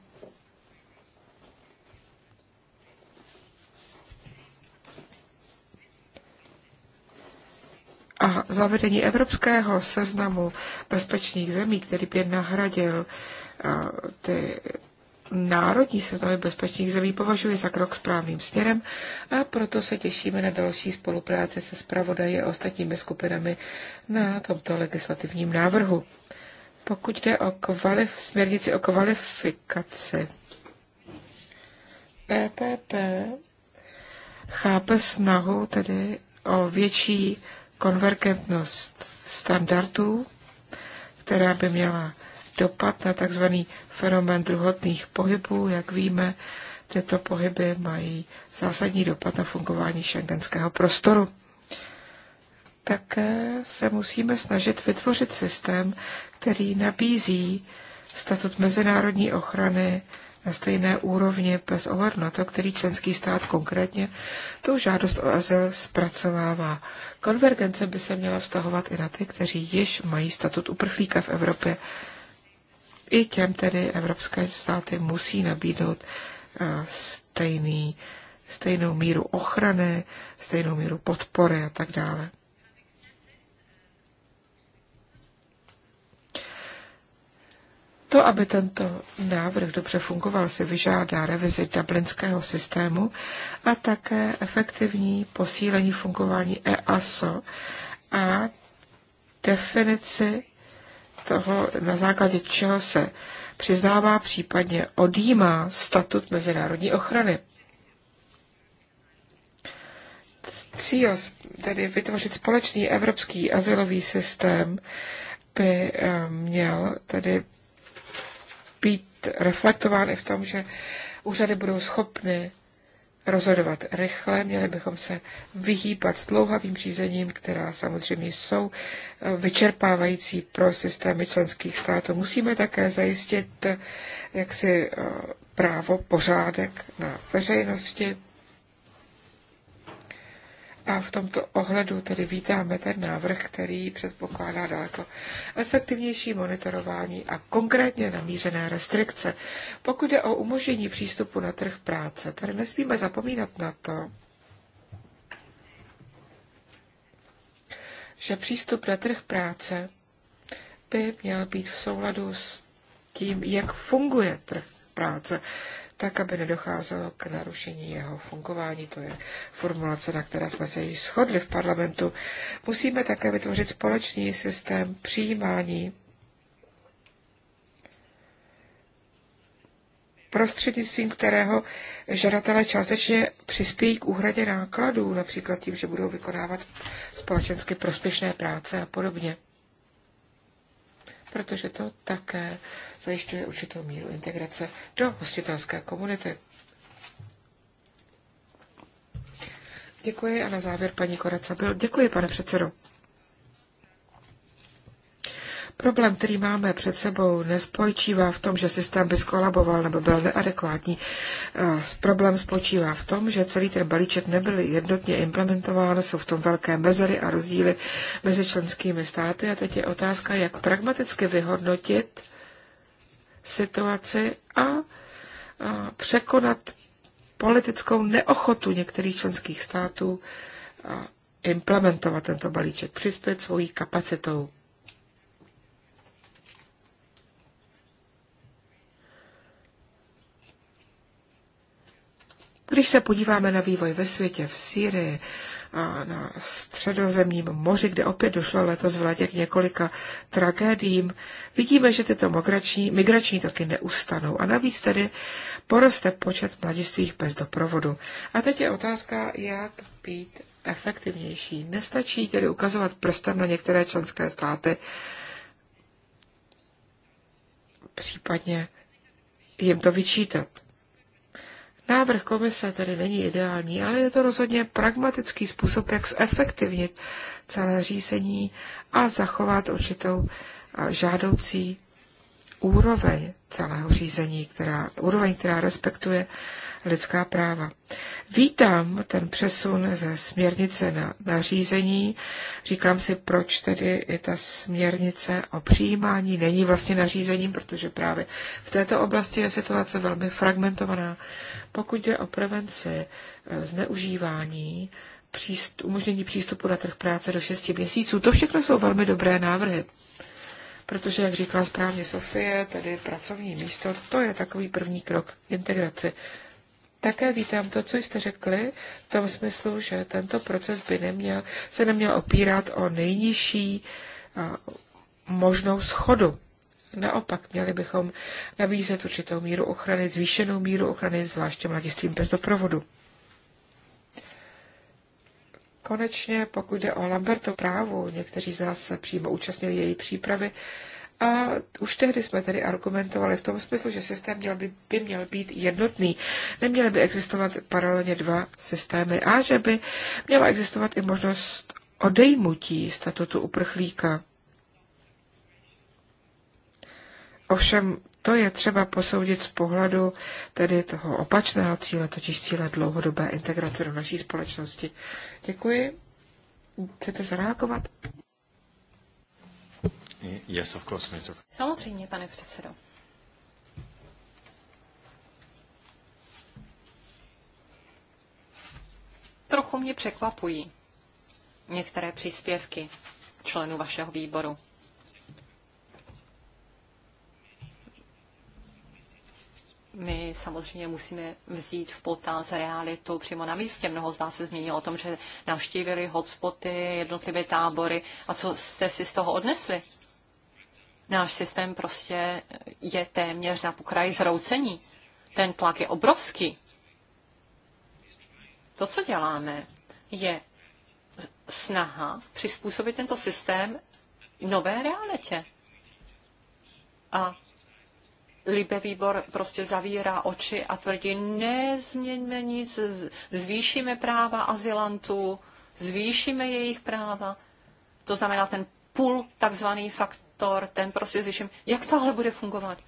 a zavedení evropského seznamu bezpečných zemí, který by nahradil eh, ty národní seznamy bezpečných zemí, považuji za krok správným směrem a proto se těšíme na další spolupráci se zpravodaji a ostatními skupinami na tomto legislativním návrhu. Pokud jde o kvalif- směrnici o kvalifikaci, EPP chápe snahu tedy o větší konvergentnost standardů, která by měla dopad na tzv. fenomén druhotných pohybů. Jak víme, tyto pohyby mají zásadní dopad na fungování šengenského prostoru. Také se musíme snažit vytvořit systém, který nabízí statut mezinárodní ochrany na stejné úrovni bez ohledu na to, který členský stát konkrétně tu žádost o azyl zpracovává. Konvergence by se měla vztahovat i na ty, kteří již mají statut uprchlíka v Evropě. I těm tedy evropské státy musí nabídnout eh, stejný, stejnou míru ochrany, stejnou míru podpory a tak dále. To, aby tento návrh dobře fungoval, si vyžádá revizi dublinského systému a také efektivní posílení fungování EASO a definici toho, na základě čeho se přiznává, případně odjímá statut mezinárodní ochrany. Cíl tedy vytvořit společný evropský azylový systém by eh, měl tedy být i v tom, že úřady budou schopny rozhodovat rychle, měli bychom se vyhýbat dlouhavým řízením, která samozřejmě jsou vyčerpávající pro systémy členských států. Musíme také zajistit jaksi eh, právo pořádek na veřejnosti. A v tomto ohledu tedy vítáme ten návrh, který předpokládá daleko efektivnější monitorování a konkrétně namířené restrikce. Pokud jde o umožnění přístupu na trh práce, tady nesmíme zapomínat na to, že přístup na trh práce by měl být v souladu s tím, jak funguje trh práce tak aby nedocházelo k narušení jeho fungování. To je formulace, na které jsme se již shodli v parlamentu. Musíme také vytvořit společný systém přijímání prostřednictvím kterého žadatelé částečně přispějí k úhradě nákladů, například tím, že budou vykonávat společensky prospěšné práce a podobně protože to také zajišťuje určitou míru integrace do hostitelské komunity. Děkuji a na závěr paní Koraca byl. Děkuji, pane předsedo. Problém, který máme před sebou, nespočívá v tom, že systém by skolaboval nebo byl neadekvátní. Problém spočívá v tom, že celý ten balíček nebyl jednotně implementován, jsou v tom velké mezery a rozdíly mezi členskými státy a teď je otázka, jak pragmaticky vyhodnotit situaci a překonat politickou neochotu některých členských států implementovat tento balíček, přispět svojí kapacitou. Když se podíváme na vývoj ve světě, v Syrii, a na středozemním moři, kde opět došlo letos v letě k několika tragédiím, vidíme, že tyto migrační, migrační toky neustanou a navíc tedy poroste počet mladistvých bez doprovodu. A teď je otázka, jak být efektivnější. Nestačí tedy ukazovat prstem na některé členské státy, případně jim to vyčítat. Návrh komise tedy není ideální, ale je to rozhodně pragmatický způsob, jak zefektivnit celé řízení a zachovat určitou žádoucí úroveň celého řízení, která, úroveň, která respektuje lidská práva. Vítám ten přesun ze směrnice na řízení. Říkám si, proč tedy i ta směrnice o přijímání není vlastně nařízením, protože právě v této oblasti je situace velmi fragmentovaná pokud jde o prevenci eh, zneužívání, příst, umožnění přístupu na trh práce do 6 měsíců, to všechno jsou velmi dobré návrhy. Protože, jak říkala správně Sofie, tedy pracovní místo, to je takový první krok k integraci. Také vítám to, co jste řekli, v tom smyslu, že tento proces by neměl, se neměl opírat o nejnižší eh, možnou schodu Naopak, měli bychom nabízet určitou míru ochrany, zvýšenou míru ochrany, zvláště mladistvím bez doprovodu. Konečně, pokud jde o Lamberto právu, někteří z nás se přímo účastnili její přípravy, a už tehdy jsme tedy argumentovali v tom smyslu, že systém měl by, by měl být jednotný. Neměly by existovat paralelně dva systémy a že by měla existovat i možnost odejmutí statutu uprchlíka. Ovšem to je třeba posoudit z pohledu tedy toho opačného cíle, totiž cíle dlouhodobé integrace do naší společnosti. Děkuji. Chcete zareagovat? Yes, of course, Mr. Samozřejmě, pane předsedo. Trochu mě překvapují některé příspěvky členů vašeho výboru. my samozřejmě musíme vzít v potaz realitu přímo na místě. Mnoho z vás se zmínilo o tom, že navštívili hotspoty, jednotlivé tábory a co jste si z toho odnesli. Náš systém prostě je téměř na pokraji zroucení. Ten tlak je obrovský. To, co děláme, je snaha přizpůsobit tento systém nové realitě. A Libe výbor prostě zavírá oči a tvrdí, nezměňme nic, zvýšíme práva azylantů, zvýšíme jejich práva. To znamená ten půl takzvaný faktor, ten prostě zvýším. Jak tohle bude fungovat?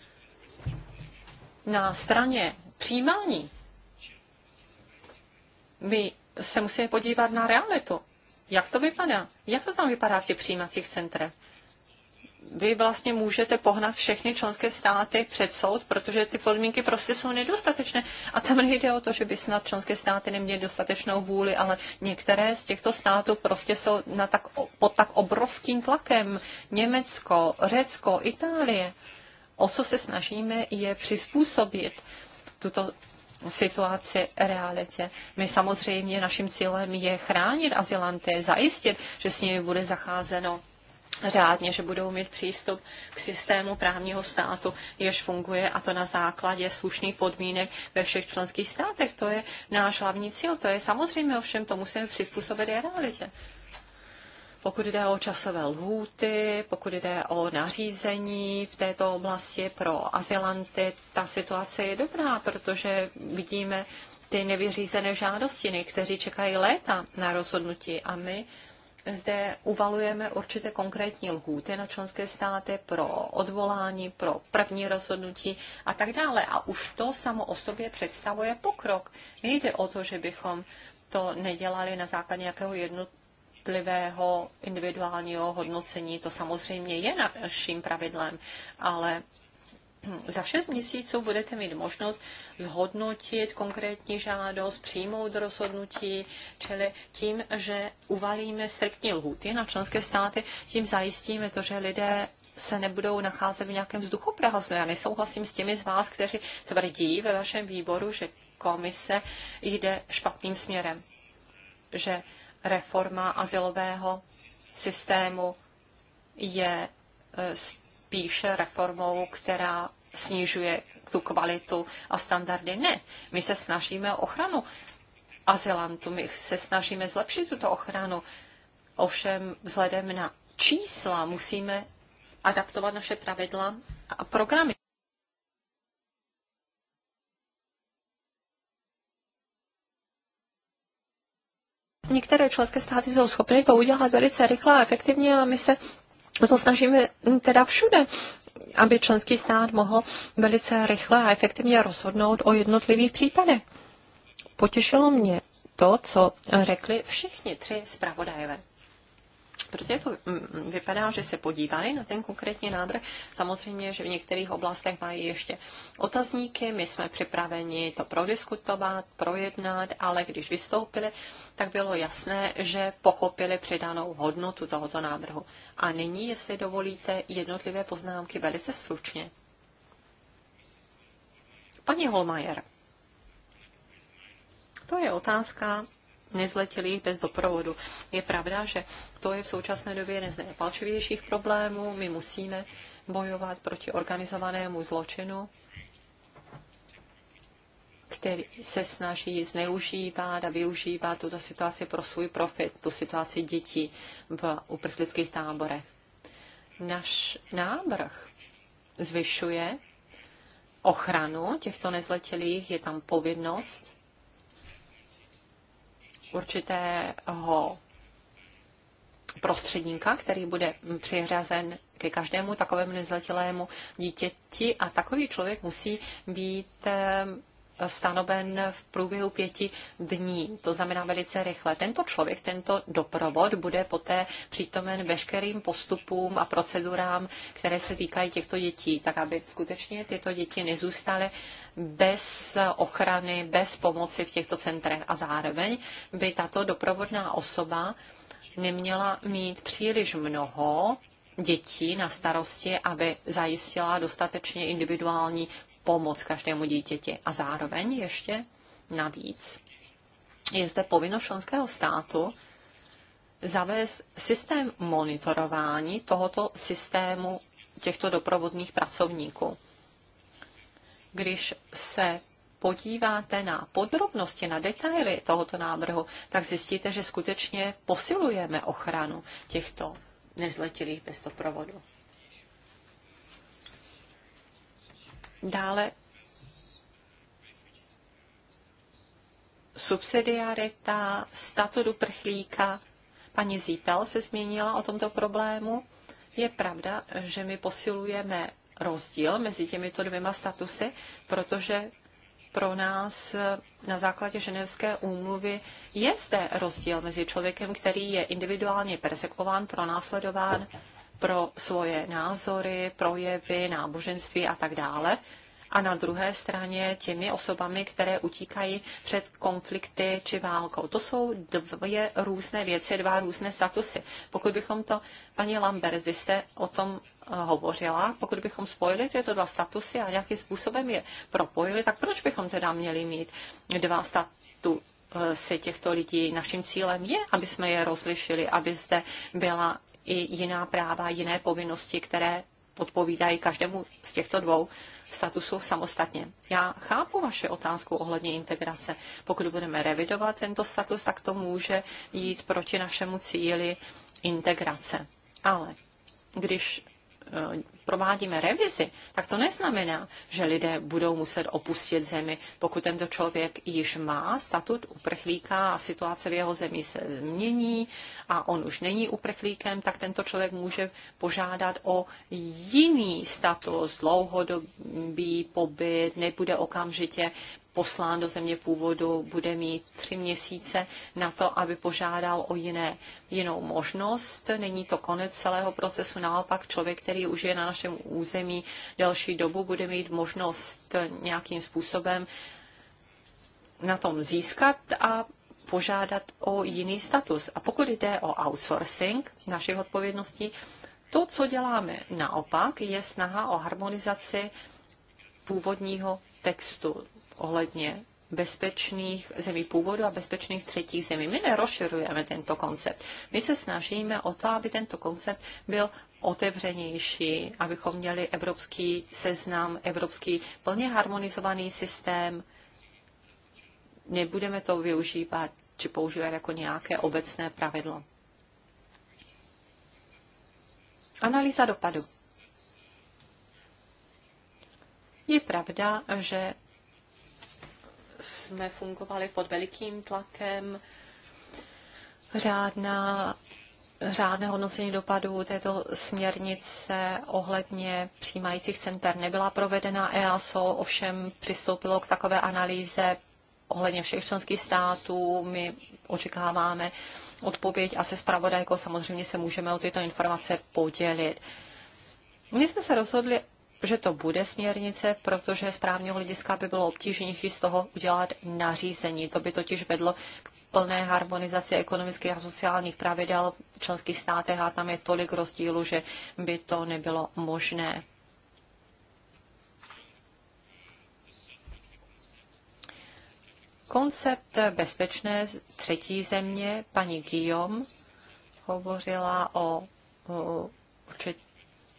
Na straně přijímání my se musíme podívat na realitu. Jak to vypadá? Jak to tam vypadá v těch přijímacích centrech? vy vlastně můžete pohnat všechny členské státy před soud, protože ty podmínky prostě jsou nedostatečné. A tam nejde o to, že by snad členské státy neměly dostatečnou vůli, ale některé z těchto států prostě jsou na tak, pod tak obrovským tlakem. Německo, Řecko, Itálie. O co se snažíme, je přizpůsobit tuto situaci realitě. My samozřejmě naším cílem je chránit azylanty, zajistit, že s nimi bude zacházeno řádně, že budou mít přístup k systému právního státu, jež funguje a to na základě slušných podmínek ve všech členských státech. To je náš hlavní cíl, to je samozřejmě ovšem, to musíme přizpůsobit i realitě. Pokud jde o časové lhůty, pokud jde o nařízení v této oblasti pro azylanty, ta situace je dobrá, protože vidíme ty nevyřízené žádosti, kteří čekají léta na rozhodnutí a my zde uvalujeme určité konkrétní lhůty na členské státy pro odvolání, pro první rozhodnutí a tak dále. A už to samo o sobě představuje pokrok. Nejde o to, že bychom to nedělali na základě nějakého jednotlivého individuálního hodnocení. To samozřejmě je naším pravidlem, ale za 6 měsíců budete mít možnost zhodnotit konkrétní žádost, přijmout rozhodnutí, čili tím, že uvalíme striktní lhuty na členské státy, tím zajistíme to, že lidé se nebudou nacházet v nějakém vzduchoprázdnu. Já nesouhlasím s těmi z vás, kteří tvrdí ve vašem výboru, že komise jde špatným směrem, že reforma asilového systému je e, spíše reformou, která snižuje tu kvalitu a standardy. Ne, my se snažíme o ochranu azylantů, my se snažíme zlepšit tuto ochranu. Ovšem vzhledem na čísla musíme adaptovat naše pravidla a programy. Některé členské státy jsou schopny to udělat velice rychle a efektivně a my se No to snažíme mm, teda všude aby členský stát mohl velice rychle a efektivně rozhodnout o jednotlivých případech. Potěšilo mě to, co řekli všichni tři zpravodajové. Protože to jako, mm, vypadá, že se podívali na ten konkrétní návrh. Samozřejmě, že v některých oblastech mají ještě otazníky. My jsme připraveni to prodiskutovat, projednat, ale když vystoupili, tak bylo jasné, že pochopili přidanou hodnotu tohoto návrhu. A nyní, jestli dovolíte, jednotlivé poznámky velice stručně. Paní Holmajer, to je otázka nezletilých bez doprovodu. Je pravda, že to je v současné době jeden z nejpalčivějších problémů. My musíme bojovat proti organizovanému zločinu, který se snaží zneužívat a využívat tuto situaci pro svůj profit, tu situaci dětí v uprchlických táborech. Náš návrh zvyšuje ochranu těchto nezletilých, je tam povinnost určitého prostředníka, který bude přiřazen ke každému takovému nezletilému dítěti a takový člověk musí být eh, stanoven v průběhu pěti dní, to znamená velice rychle. Tento člověk, tento doprovod bude poté přítomen veškerým postupům a procedurám, které se týkají těchto dětí, tak aby skutečně tyto děti nezůstaly bez ochrany, bez pomoci v těchto centrech. A zároveň by tato doprovodná osoba neměla mít příliš mnoho dětí na starosti, aby zajistila dostatečně individuální pomoc každému dítěti. A zároveň ještě navíc je zde povinnost členského státu zavést systém monitorování tohoto systému těchto doprovodných pracovníků. Když se podíváte na podrobnosti, na detaily tohoto návrhu, tak zjistíte, že skutečně posilujeme ochranu těchto nezletilých bez doprovodu. Dále subsidiarita, statut uprchlíka. Paní Zípel se změnila o tomto problému. Je pravda, že my posilujeme rozdíl mezi těmito dvěma statusy, protože pro nás na základě ženevské úmluvy je zde rozdíl mezi člověkem, který je individuálně persekován, pronásledován pro svoje názory, projevy, náboženství a tak dále. A na druhé straně těmi osobami, které utíkají před konflikty či válkou. To jsou dvě různé věci, dva různé statusy. Pokud bychom to, paní Lambert, vy jste o tom eh, hovořila, pokud bychom spojili tyto dva statusy a nějakým způsobem je propojili, tak proč bychom teda měli mít dva statusy těchto lidí. Naším cílem je, aby jsme je rozlišili, aby zde byla i jiná práva, jiné povinnosti, které odpovídají každému z těchto dvou statusu samostatně. Já chápu vaše otázku ohledně integrace. Pokud budeme revidovat tento status, tak to může jít proti našemu cíli integrace. Ale když Eh, provádíme revizi, tak to neznamená, že lidé budou muset opustit zemi. Pokud tento člověk již má statut uprchlíka a situace v jeho zemi se změní a on už není uprchlíkem, tak tento člověk může požádat o jiný status, dlouhodobý pobyt, nebude okamžitě poslán do země původu, bude mít tři měsíce na to, aby požádal o jiné, jinou možnost. Není to konec celého procesu, naopak člověk, který už je na našem území delší dobu, bude mít možnost nějakým způsobem na tom získat a požádat o jiný status. A pokud jde o outsourcing našich odpovědností, to, co děláme naopak, je snaha o harmonizaci původního textu ohledně bezpečných zemí původu a bezpečných třetích zemí. My nerozširujeme tento koncept. My se snažíme o to, aby tento koncept byl otevřenější, abychom měli evropský seznam, evropský plně harmonizovaný systém. Nebudeme to využívat či používat jako nějaké obecné pravidlo. Analýza dopadu. Je pravda, že jsme fungovali pod velikým tlakem řádná řádné hodnocení dopadů této směrnice ohledně přijímajících center nebyla provedena. EASO ovšem přistoupilo k takové analýze ohledně všech členských států. My očekáváme odpověď a se zpravodajkou samozřejmě se můžeme o tyto informace podělit. My jsme se rozhodli že to bude směrnice, protože z právního hlediska by bylo obtížnější z toho udělat nařízení. To by totiž vedlo k plné harmonizaci ekonomických a sociálních pravidel v členských státech a tam je tolik rozdílu, že by to nebylo možné. Koncept bezpečné třetí země, paní Guillaume hovořila o, o určitě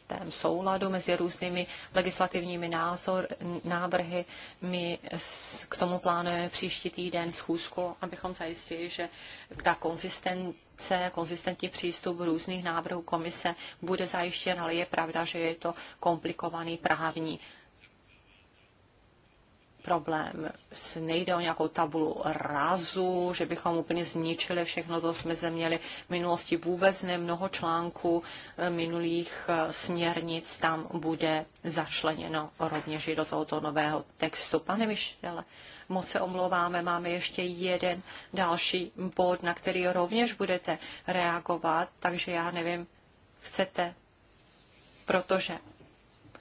určitém souladu mezi různými legislativními názor, návrhy. My k tomu plánujeme příští týden schůzku, abychom zajistili, že ta konzistence, konzistentní přístup různých návrhů komise bude zajištěn, ale je pravda, že je to komplikovaný právní problém. Nejde o nějakou tabulu razu, že bychom úplně zničili všechno, to jsme zde měli v minulosti vůbec ne. Mnoho článků eh, minulých eh, směrnic tam bude začleněno rovněž i do tohoto nového textu. Pane Mišele, moc se omlouváme, máme ještě jeden další bod, na který rovněž budete reagovat, takže já nevím, chcete, protože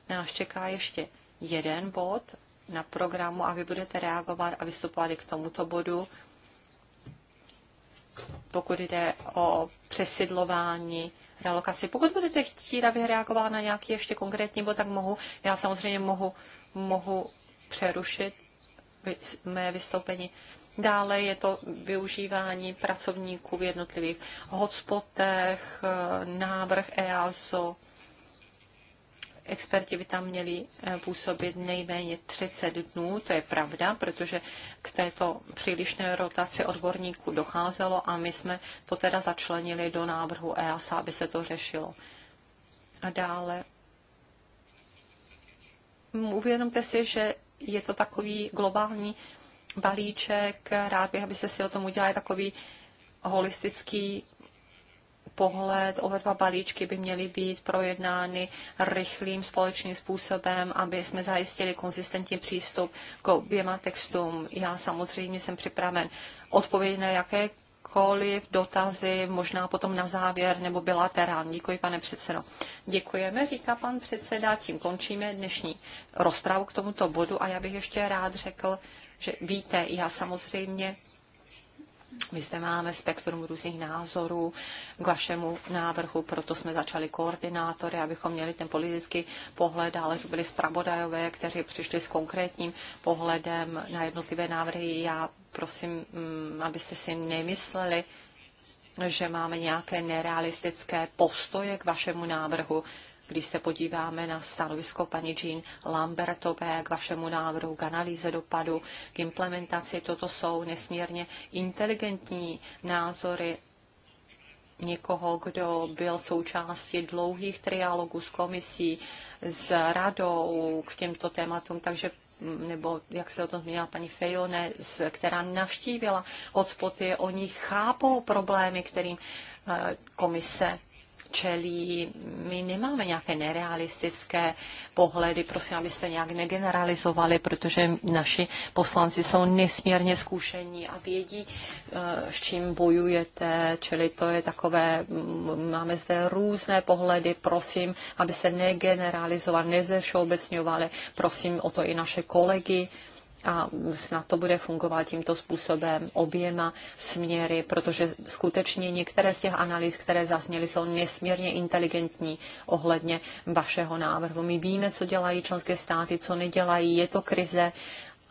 nás čeká ještě jeden bod na programu a vy budete reagovat a vystupovat i k tomuto bodu, pokud jde o přesidlování, relokaci. Pokud budete chtít, aby reagovala na nějaký ještě konkrétní bod, tak mohu, já samozřejmě mohu, mohu přerušit mé vystoupení. Dále je to využívání pracovníků v jednotlivých hotspotech, eh, návrh EASO, experti by tam měli eh, působit nejméně 30 dnů, to je pravda, protože k této přílišné rotaci odborníků docházelo a my jsme to teda začlenili do návrhu EASA, aby se to řešilo. A dále mm, uvědomte si, že je to takový globální balíček, rád bych, aby se si o tom udělali takový holistický pohled, oba dva balíčky by měly být projednány rychlým společným způsobem, aby jsme zajistili konzistentní přístup k oběma textům. Já samozřejmě jsem připraven odpovědět na jakékoliv dotazy, možná potom na závěr nebo bilaterálně. Děkuji, pane předsedo. Děkujeme, říká pan předseda. Tím končíme dnešní rozpravu k tomuto bodu a já bych ještě rád řekl, že víte, já samozřejmě my zde máme spektrum různých názorů k vašemu návrhu, proto jsme začali koordinátory, abychom měli ten politický pohled, ale to byli zpravodajové, kteří přišli s konkrétním pohledem na jednotlivé návrhy. Já prosím, mm, abyste si nemysleli, že máme nějaké nerealistické postoje k vašemu návrhu když se podíváme na stanovisko paní Jean Lambertové k vašemu návrhu, k analýze dopadu, k implementaci, toto jsou nesmírně inteligentní názory někoho, kdo byl součástí dlouhých trialogů s komisí, s radou k těmto tématům, takže nebo jak se o tom zmínila paní Fejone, která navštívila hotspoty, oni chápou problémy, kterým eh, komise čelí. My nemáme nějaké nerealistické pohledy, prosím, abyste nějak negeneralizovali, protože naši poslanci jsou nesmírně zkušení a vědí, s eh, čím bojujete, čili to je takové, mm, máme zde různé pohledy, prosím, abyste negeneralizovali, nezešobecňovali, prosím o to i naše kolegy, a snad to bude fungovat tímto způsobem oběma směry, protože skutečně některé z těch analýz, které zasněly, jsou nesmírně inteligentní ohledně vašeho návrhu. My víme, co dělají členské státy, co nedělají, je to krize,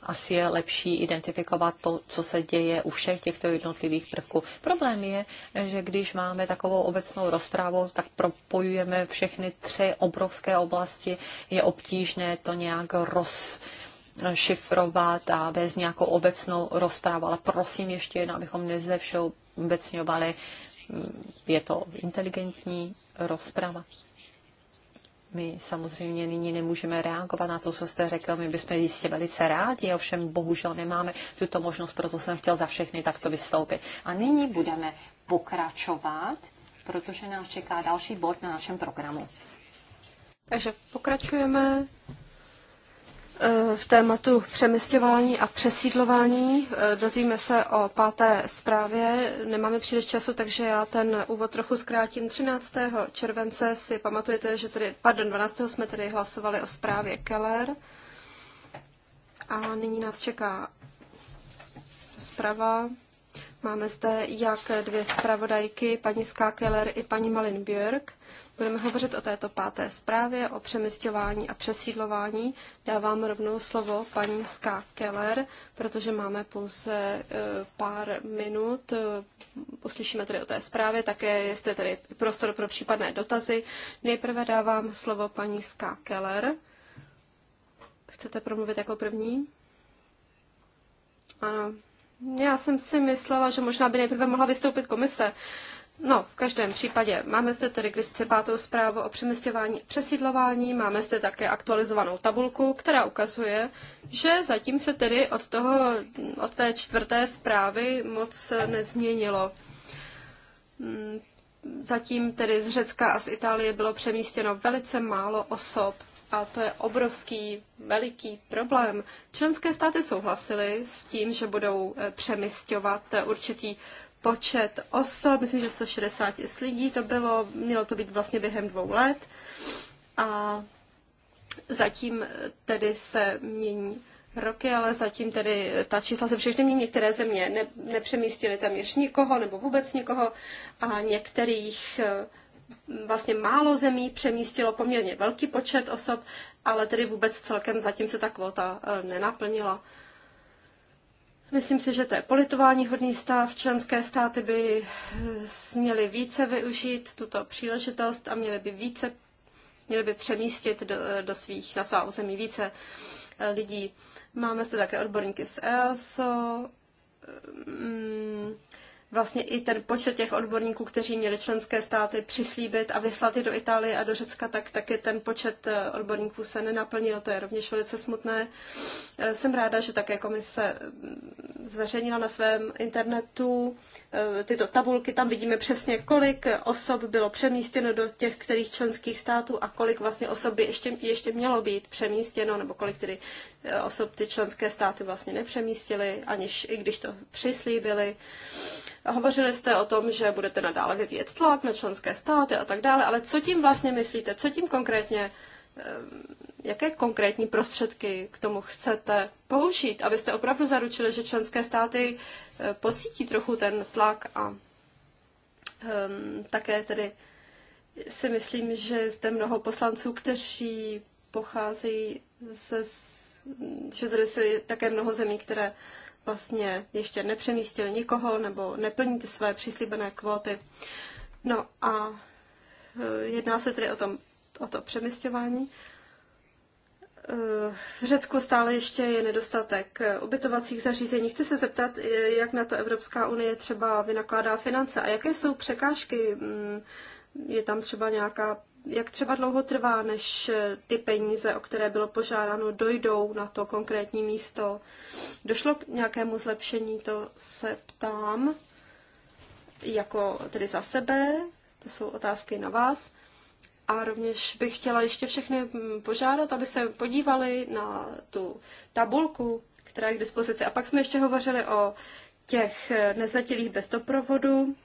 asi je lepší identifikovat to, co se děje u všech těchto jednotlivých prvků. Problém je, že když máme takovou obecnou rozprávu, tak propojujeme všechny tři obrovské oblasti. Je obtížné to nějak roz, uh, šifrovat a bez nějakou obecnou rozprávu, ale prosím ještě jedno, abychom obecňovali. Mm, je to inteligentní rozprava. My samozřejmě nyní nemůžeme reagovat na to, co jste řekl. My bychom jistě velice rádi, ovšem bohužel nemáme tuto možnost, proto jsem chtěl za všechny takto vystoupit. A nyní budeme pokračovat, protože nás čeká další bod na našem programu. Takže pokračujeme Eh, v tématu přemysťování a přesídlování. Eh, dozvíme se o páté zprávě. Nemáme příliš času, takže já ten úvod trochu zkrátím. 13. července si pamatujete, že tedy, pardon, 12. jsme tedy hlasovali o zprávě Keller. A nyní nás čeká zpráva Máme zde jak dvě zpravodajky, paní Skákeler i paní Malin Björk. Budeme hovořit o této páté zprávě, o přemysťování a přesídlování. Dávám rovnou slovo paní Skákeler, protože máme pouze eh, pár minut. Uslyšíme tedy o té zprávě, také jestli tedy prostor pro případné dotazy. Nejprve dávám slovo paní Skákeler. Chcete promluvit jako první? Ano. Já jsem si myslela, že možná by nejprve mohla vystoupit komise. No, v každém případě máme zde tedy k dispozici pátou zprávu o přemysťování přesídlování, máme zde také aktualizovanou tabulku, která ukazuje, že zatím se tedy od, toho, od té čtvrté zprávy moc nezměnilo. Hmm, zatím tedy z Řecka a z Itálie bylo přemístěno velice málo osob a to je obrovský, veliký problém. Členské státy souhlasily s tím, že budou eh, přemysťovat eh, určitý počet osob, myslím, že 160 lidí to bylo, mělo to být vlastně během dvou let. A zatím eh, tedy se mění roky, ale zatím tedy ta čísla se všechny mění. Některé země ne, nepřemístily téměř nikoho nebo vůbec nikoho a některých vlastně málo zemí přemístilo poměrně velký počet osob, ale tedy vůbec celkem zatím se ta kvota eh, nenaplnila. Myslím si, že to je politování hodný stav. Členské státy by eh, měly více využít tuto příležitost a měly by více měly by přemístit do, eh, do svých, na svá území více lidí. Máme se také odborníky z EASO, mm, vlastně i ten počet těch odborníků, kteří měli členské státy přislíbit a vyslat je do Itálie a do Řecka, tak taky ten počet eh, odborníků se nenaplnil. To je rovněž velice smutné. Eh, jsem ráda, že také komise mm, zveřejnila na svém internetu eh, tyto tabulky. Tam vidíme přesně, kolik osob bylo přemístěno do těch kterých členských států a kolik vlastně osob by ještě, ještě mělo být přemístěno, nebo kolik tedy osob ty členské státy vlastně nepřemístily, aniž i když to přislíbili. Hovořili jste o tom, že budete nadále vyvíjet tlak na členské státy a tak dále, ale co tím vlastně myslíte? Co tím konkrétně, eh, jaké konkrétní prostředky k tomu chcete použít, abyste opravdu zaručili, že členské státy eh, pocítí trochu ten tlak a ehm, také tedy si myslím, že zde mnoho poslanců, kteří pocházejí ze že tady je také mnoho zemí, které vlastně ještě nepřemístili nikoho nebo neplní ty své přislíbené kvóty. No a e, jedná se tedy o, tom, o to přemysťování. E, v Řecku stále ještě je nedostatek ubytovacích zařízení. Chci se zeptat, e, jak na to Evropská unie třeba vynakládá finance a jaké jsou překážky. Mm, je tam třeba nějaká jak třeba dlouho trvá, než eh, ty peníze, o které bylo požádáno, dojdou na to konkrétní místo. Došlo k nějakému zlepšení, to se ptám, jako tedy za sebe, to jsou otázky na vás. A rovněž bych chtěla ještě všechny mm, požádat, aby se podívali na tu tabulku, která je k dispozici. A pak jsme ještě hovořili o těch eh, nezletilých bez doprovodu,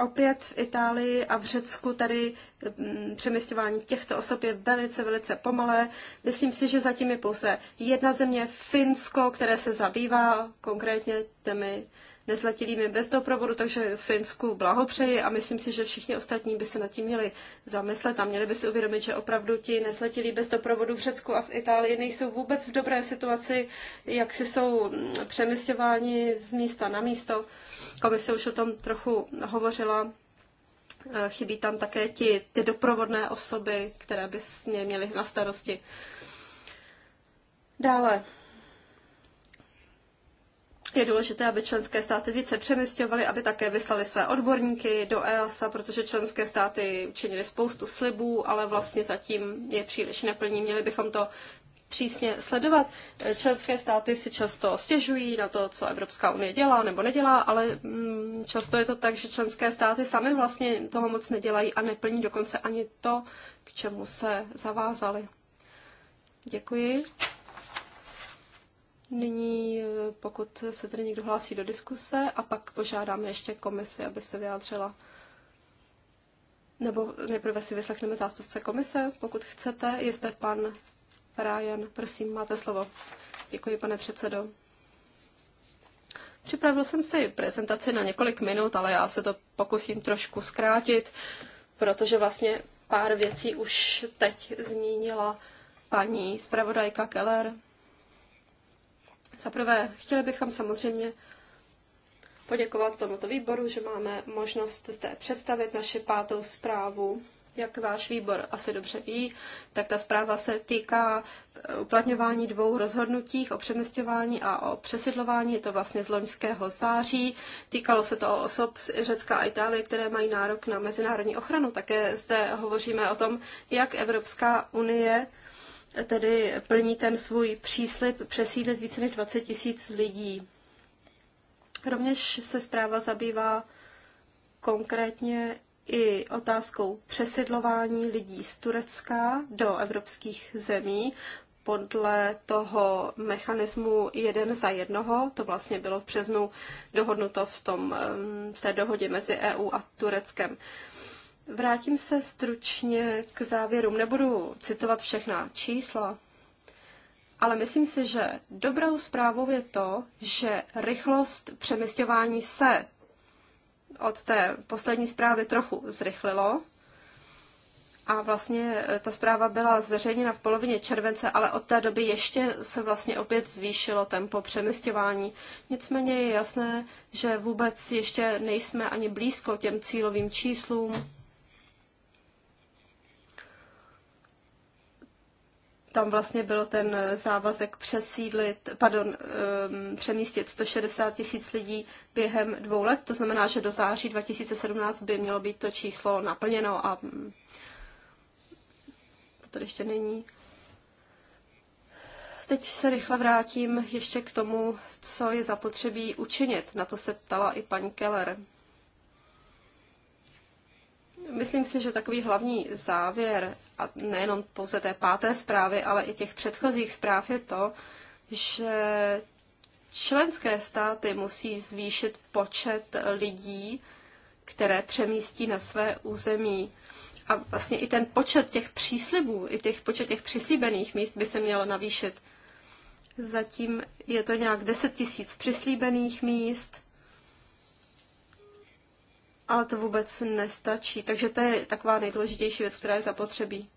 opět v Itálii a v Řecku tady mm, přeměstňování těchto osob je velice, velice pomalé. Myslím si, že zatím je pouze jedna země, Finsko, které se zabývá konkrétně dětmi, nezletilými bez doprovodu, takže Finsku blahopřeji a myslím si, že všichni ostatní by se nad tím měli zamyslet a měli by si uvědomit, že opravdu ti nezletilí bez doprovodu v Řecku a v Itálii nejsou vůbec v dobré situaci, jak si jsou mm, přemysťováni z místa na místo. Komise už o tom trochu hovořila. Eh, chybí tam také ti, ty doprovodné osoby, které by s ně měly na starosti. Dále, je důležité, aby členské státy více přemysťovaly, aby také vyslali své odborníky do EASA, protože členské státy učinili spoustu slibů, ale vlastně zatím je příliš neplní. Měli bychom to přísně sledovat. Členské státy si často stěžují na to, co Evropská unie dělá nebo nedělá, ale mm, často je to tak, že členské státy sami vlastně toho moc nedělají a neplní dokonce ani to, k čemu se zavázali. Děkuji. Nyní, eh, pokud se tedy někdo hlásí do diskuse, a pak požádáme ještě komisi, aby se vyjádřila. Nebo nejprve si vyslechneme zástupce komise, pokud chcete. Je zde pan Ryan, prosím, máte slovo. Děkuji, pane předsedo. Připravil jsem si prezentaci na několik minut, ale já se to pokusím trošku zkrátit, protože vlastně pár věcí už teď zmínila paní zpravodajka Keller. Zaprvé, chtěli bychom samozřejmě poděkovat tomuto výboru, že máme možnost zde představit naši pátou zprávu. Jak váš výbor asi dobře ví, tak ta zpráva se týká eh, uplatňování dvou rozhodnutích o přeměstňování a o přesidlování. Je to vlastně z loňského září. Týkalo se to o osob z Řecka a Itálie, které mají nárok na mezinárodní ochranu. Také zde hovoříme o tom, jak Evropská unie tedy plní ten svůj příslip přesídlit více než 20 tisíc lidí. Rovněž se zpráva zabývá konkrétně i otázkou přesidlování lidí z Turecka do evropských zemí podle toho mechanismu jeden za jednoho. To vlastně bylo v březnu dohodnuto v, tom, v té dohodě mezi EU a Tureckem. Vrátím se stručně k závěrům. Nebudu citovat všechna čísla, ale myslím si, že dobrou zprávou je to, že rychlost přemysťování se od té poslední zprávy trochu zrychlilo. A vlastně eh, ta zpráva byla zveřejněna v polovině července, ale od té doby ještě se vlastně opět zvýšilo tempo přemysťování. Nicméně je jasné, že vůbec ještě nejsme ani blízko těm cílovým číslům, tam vlastně byl ten závazek přesídlit, pardon, ehm, přemístit 160 tisíc lidí během dvou let. To znamená, že do září 2017 by mělo být to číslo naplněno a mm, to tady ještě není. Teď se rychle vrátím ještě k tomu, co je zapotřebí učinit. Na to se ptala i paní Keller. Myslím si, že takový hlavní závěr, a nejenom pouze té páté zprávy, ale i těch předchozích zpráv je to, že členské státy musí zvýšit počet lidí, které přemístí na své území. A vlastně i ten počet těch příslibů, i těch počet těch přislíbených míst by se měl navýšit. Zatím je to nějak 10 tisíc přislíbených míst, ale to vůbec nestačí. Takže to je taková nejdůležitější věc, která je zapotřebí.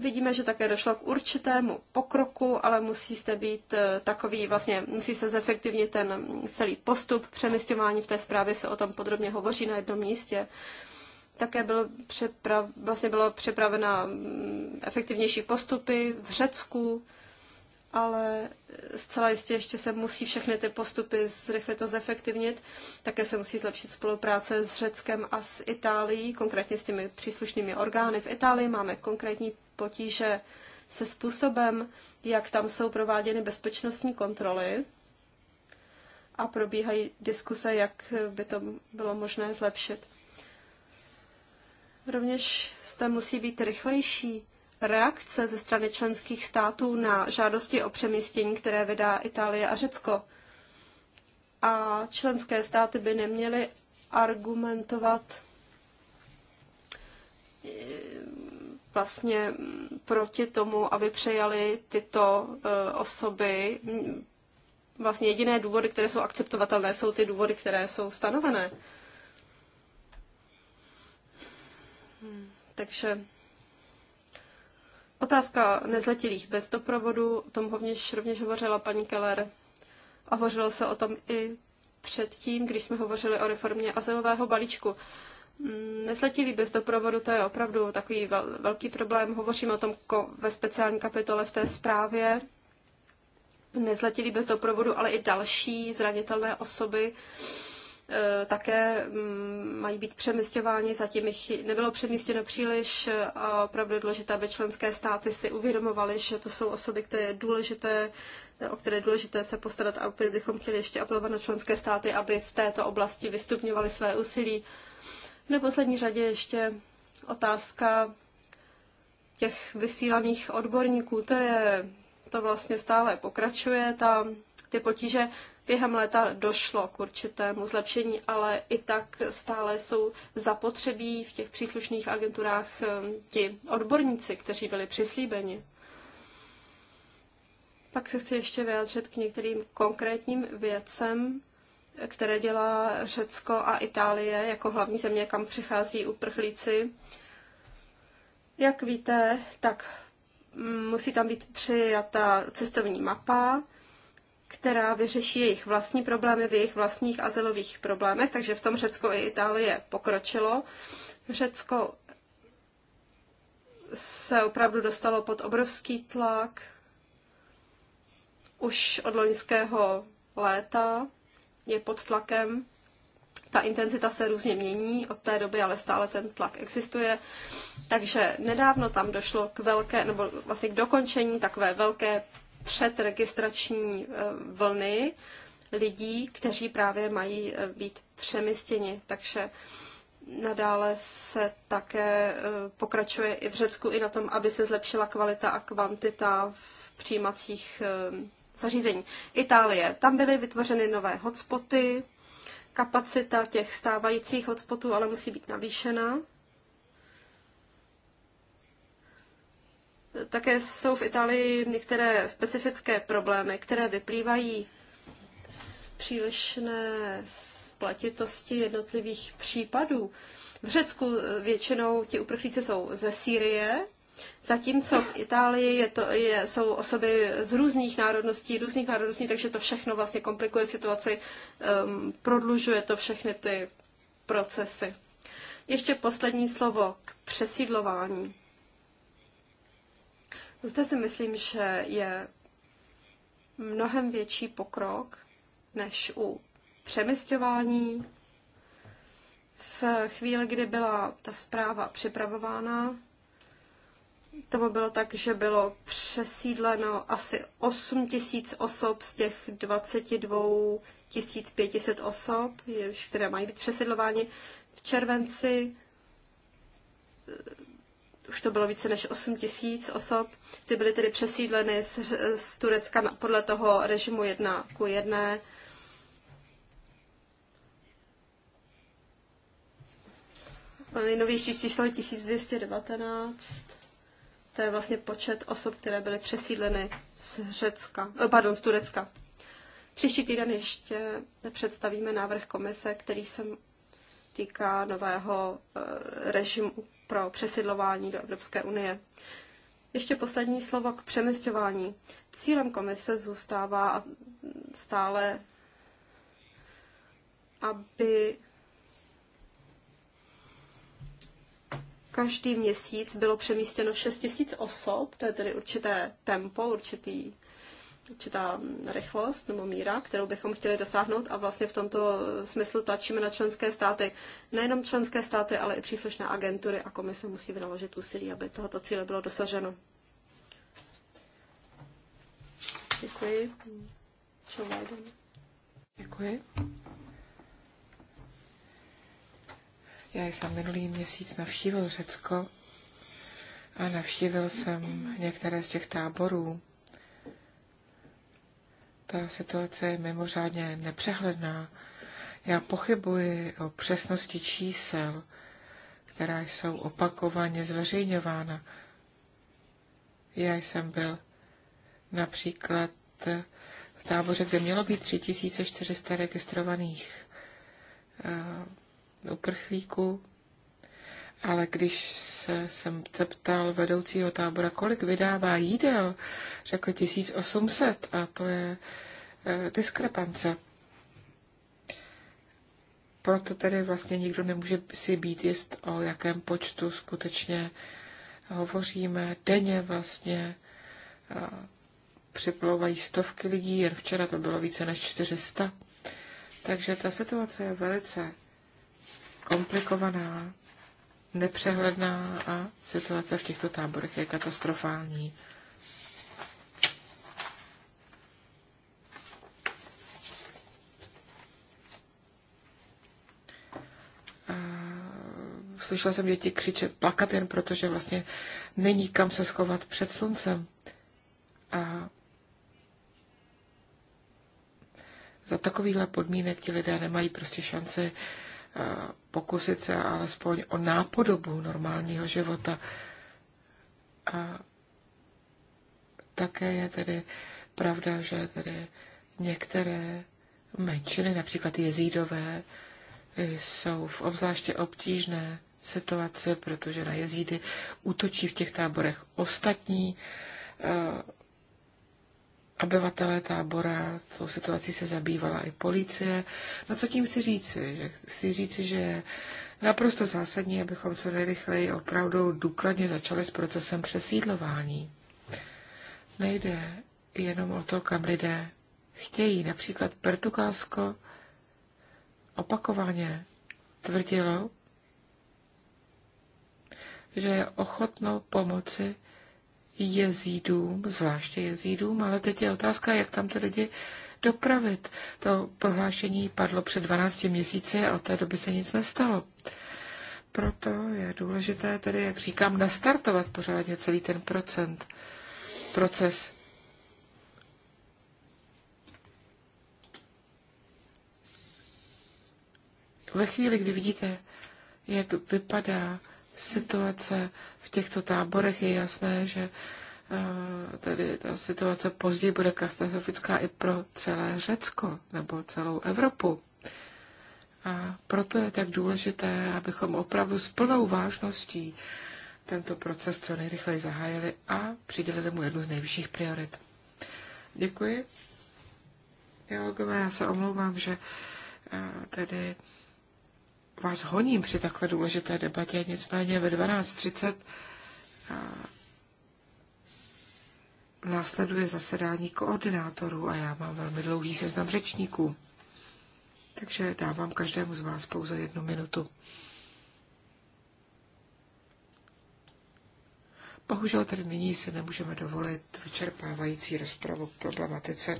Vidíme, že také došlo k určitému pokroku, ale musí zde být eh, takový, vlastně musí se zefektivnit ten celý postup přemysťování. V té zprávě se o tom podrobně hovoří na jednom místě. Také bylo, přeprav, vlastně bylo přepravena mm, efektivnější postupy v Řecku, ale zcela jistě ještě se musí všechny ty postupy zrychlit a zefektivnit. Také se musí zlepšit spolupráce s Řeckem a s Itálií, konkrétně s těmi příslušnými orgány. V Itálii máme konkrétní potíže se způsobem, jak tam jsou prováděny bezpečnostní kontroly a probíhají diskuse, jak by to bylo možné zlepšit. Rovněž zde musí být rychlejší reakce ze strany členských států na žádosti o přemístění, které vydá Itálie a Řecko. A členské státy by neměly argumentovat eh, vlastně proti tomu, aby přejali tyto eh, osoby. Vlastně jediné důvody, které jsou akceptovatelné, jsou ty důvody, které jsou stanovené. Hmm. Takže Otázka nezletilých bez doprovodu, o tom rovněž, rovněž hovořila paní Keller a hovořilo se o tom i předtím, když jsme hovořili o reformě azylového balíčku. Mm, nezletilí bez doprovodu, to je opravdu takový vel, velký problém. Hovořím o tom ve speciální kapitole v té zprávě. Nezletilí bez doprovodu, ale i další zranitelné osoby. Eh, také mm, mají být přemysťováni, zatím jich nebylo přemístěno příliš eh, a opravdu je důležité, aby členské státy si uvědomovaly, že to jsou osoby, které je důležité, eh, o které je důležité se postarat a opět bychom chtěli ještě apelovat na členské státy, aby v této oblasti vystupňovaly své úsilí. V neposlední řadě ještě otázka těch vysílaných odborníků, to je, to vlastně stále pokračuje, ta, ty potíže Během léta došlo k určitému zlepšení, ale i tak stále jsou zapotřebí v těch příslušných agenturách eh, ti odborníci, kteří byli přislíbeni. Pak se chci ještě vyjádřit k některým konkrétním věcem, které dělá Řecko a Itálie jako hlavní země, kam přichází uprchlíci. Jak víte, tak mm, musí tam být přijata cestovní mapa, která vyřeší jejich vlastní problémy v jejich vlastních azylových problémech, takže v tom Řecko i Itálie pokročilo. Řecko se opravdu dostalo pod obrovský tlak už od loňského léta, je pod tlakem. Ta intenzita se různě mění od té doby, ale stále ten tlak existuje. Takže nedávno tam došlo k velké, nebo vlastně k dokončení takové velké předregistrační eh, vlny lidí, kteří právě mají eh, být přemístěni, Takže nadále se také eh, pokračuje i v Řecku i na tom, aby se zlepšila kvalita a kvantita v přijímacích zařízení. Itálie. Tam byly vytvořeny nové hotspoty, kapacita těch stávajících hotspotů ale musí být navýšena. Také jsou v Itálii některé specifické problémy, které vyplývají z přílišné splatitosti jednotlivých případů. V Řecku eh, většinou ti uprchlíci jsou ze Sýrie, zatímco v Itálii je to, je, jsou osoby z různých národností, různých národností, takže to všechno vlastně komplikuje situaci, um, prodlužuje to všechny ty procesy. Ještě poslední slovo k přesídlování. Zde si myslím, že je mnohem větší pokrok než u přemysťování. V chvíli, kdy byla ta zpráva připravována, tomu bylo tak, že bylo přesídleno asi 8 tisíc osob z těch 22 500 osob, které mají být přesídlovány v červenci už to bylo více než 8 tisíc osob. Ty byly tedy přesídleny z, z Turecka podle toho režimu 1 ku 1. Nejnovější číslo je 1219. To je vlastně počet osob, které byly přesídleny z, Řecka, eh, pardon, z Turecka. Příští týden ještě představíme návrh komise, který se týká nového eh, režimu pro přesidlování do Evropské unie. Ještě poslední slovo k přemysťování. Cílem komise zůstává stále, aby každý měsíc bylo přemístěno 6 000 osob, to je tedy určité tempo, určitý určitá rychlost nebo míra, kterou bychom chtěli dosáhnout a vlastně v tomto smyslu tlačíme na členské státy. Nejenom členské státy, ale i příslušné agentury a komise musí vynaložit úsilí, aby tohoto cíle bylo dosaženo. Děkuji. Děkuji. Já jsem minulý měsíc navštívil Řecko a navštívil jsem některé z těch táborů, ta situace je mimořádně nepřehledná. Já pochybuji o přesnosti čísel, která jsou opakovaně zveřejňována. Já jsem byl například v táboře, kde mělo být 3400 registrovaných eh, uprchlíků, ale když se jsem zeptal vedoucího tábora, kolik vydává jídel, řekl 1800 a to je eh, diskrepance. Proto tedy vlastně nikdo nemůže si být jist, o jakém počtu skutečně hovoříme. Denně vlastně eh, připlouvají stovky lidí, jen včera to bylo více než 400. Takže ta situace je velice komplikovaná nepřehledná a situace v těchto táborech je katastrofální. slyšela jsem děti křičet, plakat jen protože vlastně není kam se schovat před sluncem. A za takovýchhle podmínek ti lidé nemají prostě šanci pokusit se alespoň o nápodobu normálního života. A také je tedy pravda, že tedy některé menšiny, například jezídové, jsou v obzvláště obtížné situaci, protože na jezídy útočí v těch táborech ostatní obyvatelé tábora, tou situací se zabývala i policie. No co tím chci říci? Že chci říci, že naprosto zásadní, abychom co nejrychleji opravdu důkladně začali s procesem přesídlování. Nejde jenom o to, kam lidé chtějí. Například Portugalsko opakovaně tvrdilo, že je ochotno pomoci jezídům, zvláště jezídům, ale teď je otázka, jak tam ty lidi dopravit. To prohlášení padlo před 12 měsíci a od té doby se nic nestalo. Proto je důležité tedy, jak říkám, nastartovat pořádně celý ten procent, proces. Ve chvíli, kdy vidíte, jak vypadá situace v těchto táborech, je jasné, že eh, tedy ta situace později bude katastrofická i pro celé Řecko nebo celou Evropu. A proto je tak důležité, abychom opravdu s plnou vážností tento proces co nejrychleji zahájili a přidělili mu jednu z nejvyšších priorit. Děkuji. Jo, já se omlouvám, že eh, tedy vás honím při takhle důležité debatě, nicméně ve 12.30 následuje zasedání koordinátorů a já mám velmi dlouhý seznam řečníků. Takže dávám každému z vás pouze jednu minutu. Bohužel tedy nyní si nemůžeme dovolit vyčerpávající rozpravu k problematice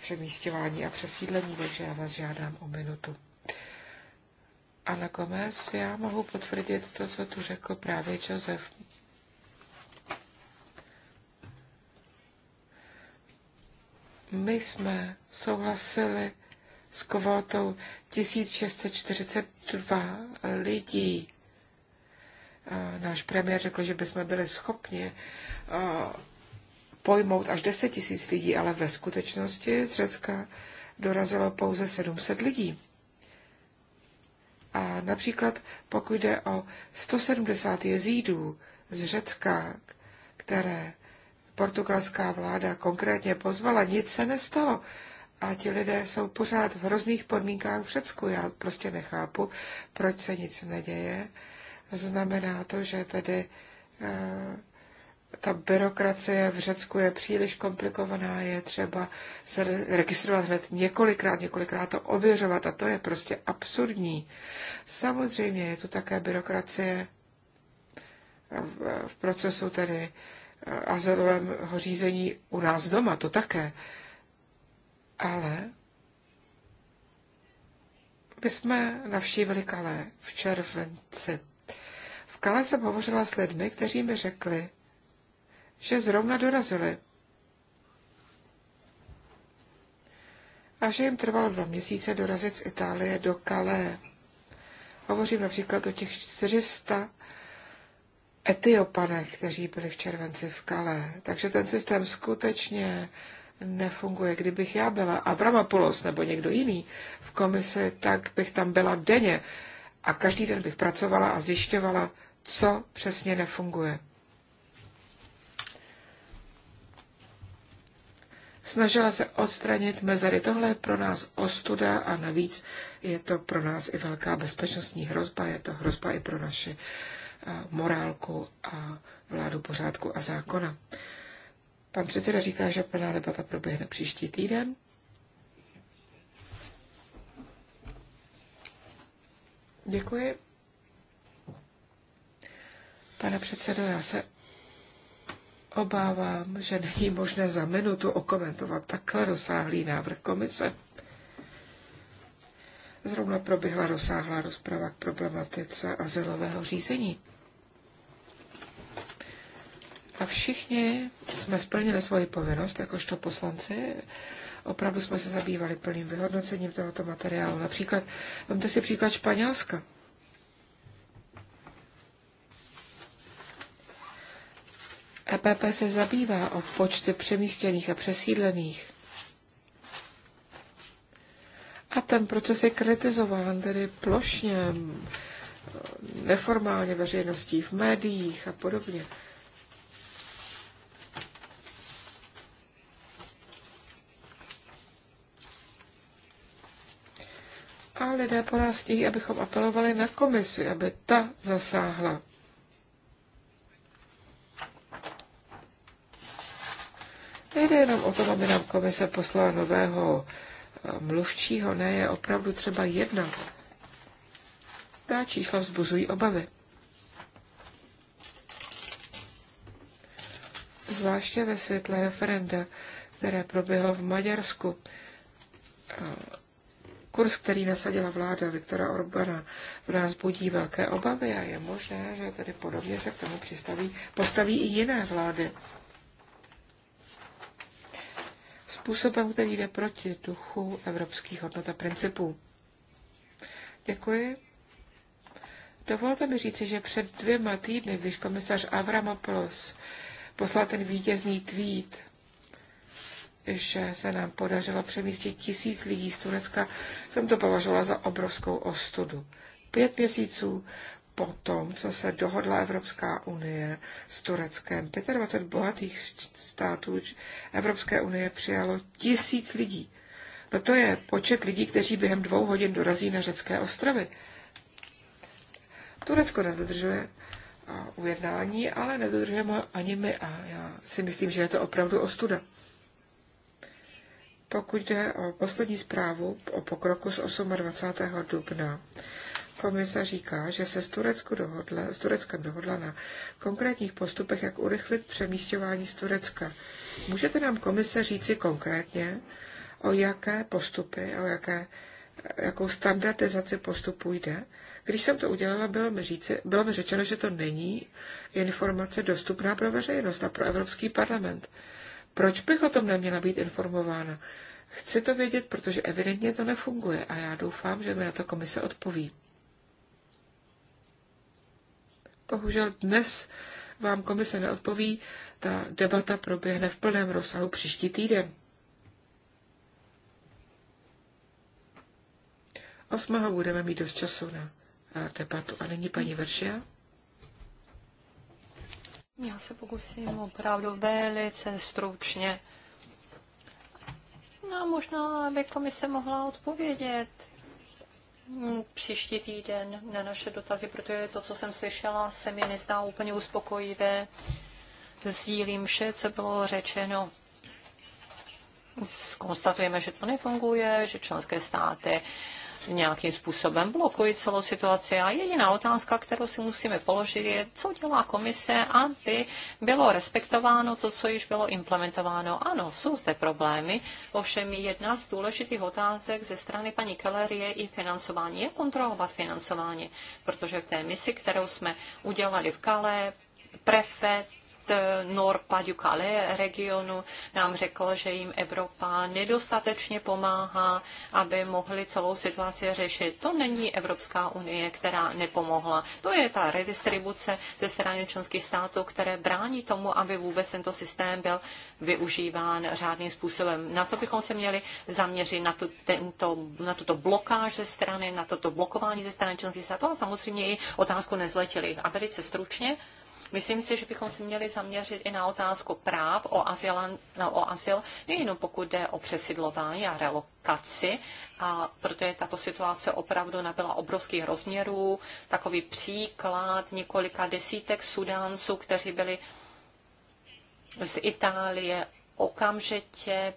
přemístěvání a přesídlení, takže já vás žádám o minutu. Ale Gomez, já mohu potvrdit to, co tu řekl právě Josef. My jsme souhlasili s kvótou 1642 lidí. Náš premiér řekl, že bychom byli schopni pojmout až 10 tisíc lidí, ale ve skutečnosti z Řecka dorazilo pouze 700 lidí. A například pokud jde o 170 jezídů z Řecka, které portugalská vláda konkrétně pozvala, nic se nestalo. A ti lidé jsou pořád v hrozných podmínkách v Řecku. Já prostě nechápu, proč se nic neděje. Znamená to, že tedy eh, ta byrokracie v Řecku je příliš komplikovaná, je třeba se registrovat hned několikrát, několikrát to ověřovat a to je prostě absurdní. Samozřejmě je tu také byrokracie v procesu tedy eh, azylového řízení u nás doma, to také. Ale my jsme navštívili Kalé v červenci. V Kalé jsem hovořila s lidmi, kteří mi řekli, že zrovna dorazili. A že jim trvalo dva měsíce dorazit z Itálie do Calais. Hovořím například o těch 400 etiopanech, kteří byli v červenci v Kale. Takže ten systém skutečně nefunguje. Kdybych já byla Abramopoulos nebo někdo jiný v komisi, tak bych tam byla denně a každý den bych pracovala a zjišťovala, co přesně nefunguje. snažila se odstranit mezery. Tohle je pro nás ostuda a navíc je to pro nás i velká bezpečnostní hrozba, je to hrozba i pro naši eh, morálku a vládu pořádku a zákona. Pan předseda říká, že plná debata proběhne příští týden. Děkuji. Pane předsedo, já se obávám, že není možné za minutu okomentovat takhle rozsáhlý návrh komise. Zrovna proběhla rozsáhlá rozprava k problematice azylového řízení. A všichni jsme splnili svoji povinnost, jakožto poslanci. Opravdu jsme se zabývali plným vyhodnocením tohoto materiálu. Například, vemte si příklad Španělska. EPP se zabývá o počty přemístěných a přesídlených. A ten proces je kritizován tedy plošně, neformálně veřejností, v médiích a podobně. A lidé po nás chtějí, abychom apelovali na komisi, aby ta zasáhla. Nejde jenom o to, aby nám komise poslala nového eh, mluvčího, ne, je opravdu třeba jedna Ta čísla vzbuzují obavy. Zvláště ve světle referenda, které proběhlo v Maďarsku. Eh, Kurs, který nasadila vláda Viktora Orbana, v nás budí velké obavy a je možné, že tedy podobně se k tomu přistaví, postaví i jiné vlády způsobem, který jde proti duchu evropských hodnot a principů. Děkuji. Dovolte mi říci, že před dvěma týdny, když komisař Avramopoulos poslal ten vítězný tweet, že se nám podařilo přemístit tisíc lidí z Turecka, jsem to považovala za obrovskou ostudu. Pět měsíců po tom, co se dohodla Evropská unie s Tureckem. 25 bohatých států Evropské unie přijalo tisíc lidí. No to je počet lidí, kteří během dvou hodin dorazí na řecké ostrovy. Turecko nedodržuje ujednání, ale nedodržujeme ani my a já si myslím, že je to opravdu ostuda. Pokud jde o poslední zprávu o pokroku z 28. dubna, Komise říká, že se s, Turecku dohodla, s Tureckem dohodla na konkrétních postupech, jak urychlit přemístěvání z Turecka. Můžete nám komise říci konkrétně, o jaké postupy, o jaké, jakou standardizaci postupů jde? Když jsem to udělala, bylo mi, říci, bylo mi řečeno, že to není informace dostupná pro veřejnost a pro Evropský parlament. Proč bych o tom neměla být informována? Chci to vědět, protože evidentně to nefunguje a já doufám, že mi na to komise odpoví. Bohužel dnes vám komise neodpoví, ta debata proběhne v plném rozsahu příští týden. 8. budeme mít dost času na debatu. A nyní paní Veršia? Já se pokusím opravdu velice stručně. No a možná by komise mohla odpovědět Mm, příští týden na naše dotazy, protože to, co jsem slyšela, se mi nezdá úplně uspokojivé. Sdílím vše, co bylo řečeno. Konstatujeme, že to nefunguje, že členské státy uh, nějakým způsobem blokují celou situaci. A jediná otázka, kterou si musíme položit, je, co dělá komise, aby bylo respektováno to, co již bylo implementováno. Ano, jsou zde problémy, ovšem jedna z důležitých otázek ze strany paní Keller je i financování. Je kontrolovat financování, protože v té misi, kterou jsme udělali v Kale, prefet Norpa Dukale regionu nám řekl, že jim Evropa nedostatečně pomáhá, aby mohli celou situaci řešit. To není Evropská unie, která nepomohla. To je ta redistribuce ze strany členských států, které brání tomu, aby vůbec tento systém byl využíván řádným způsobem. Na to bychom se měli zaměřit, na, tu, tento, na tuto blokáž ze strany, na toto blokování ze strany členských států a samozřejmě i otázku nezletili. A velice stručně, Myslím si, že bychom se měli zaměřit i na otázku práv o, azylan, o azyl, nejenom pokud jde o přesidlování a relokaci, a protože tato situace opravdu nabyla obrovských rozměrů. Takový příklad několika desítek sudánců, kteří byli z Itálie okamžitě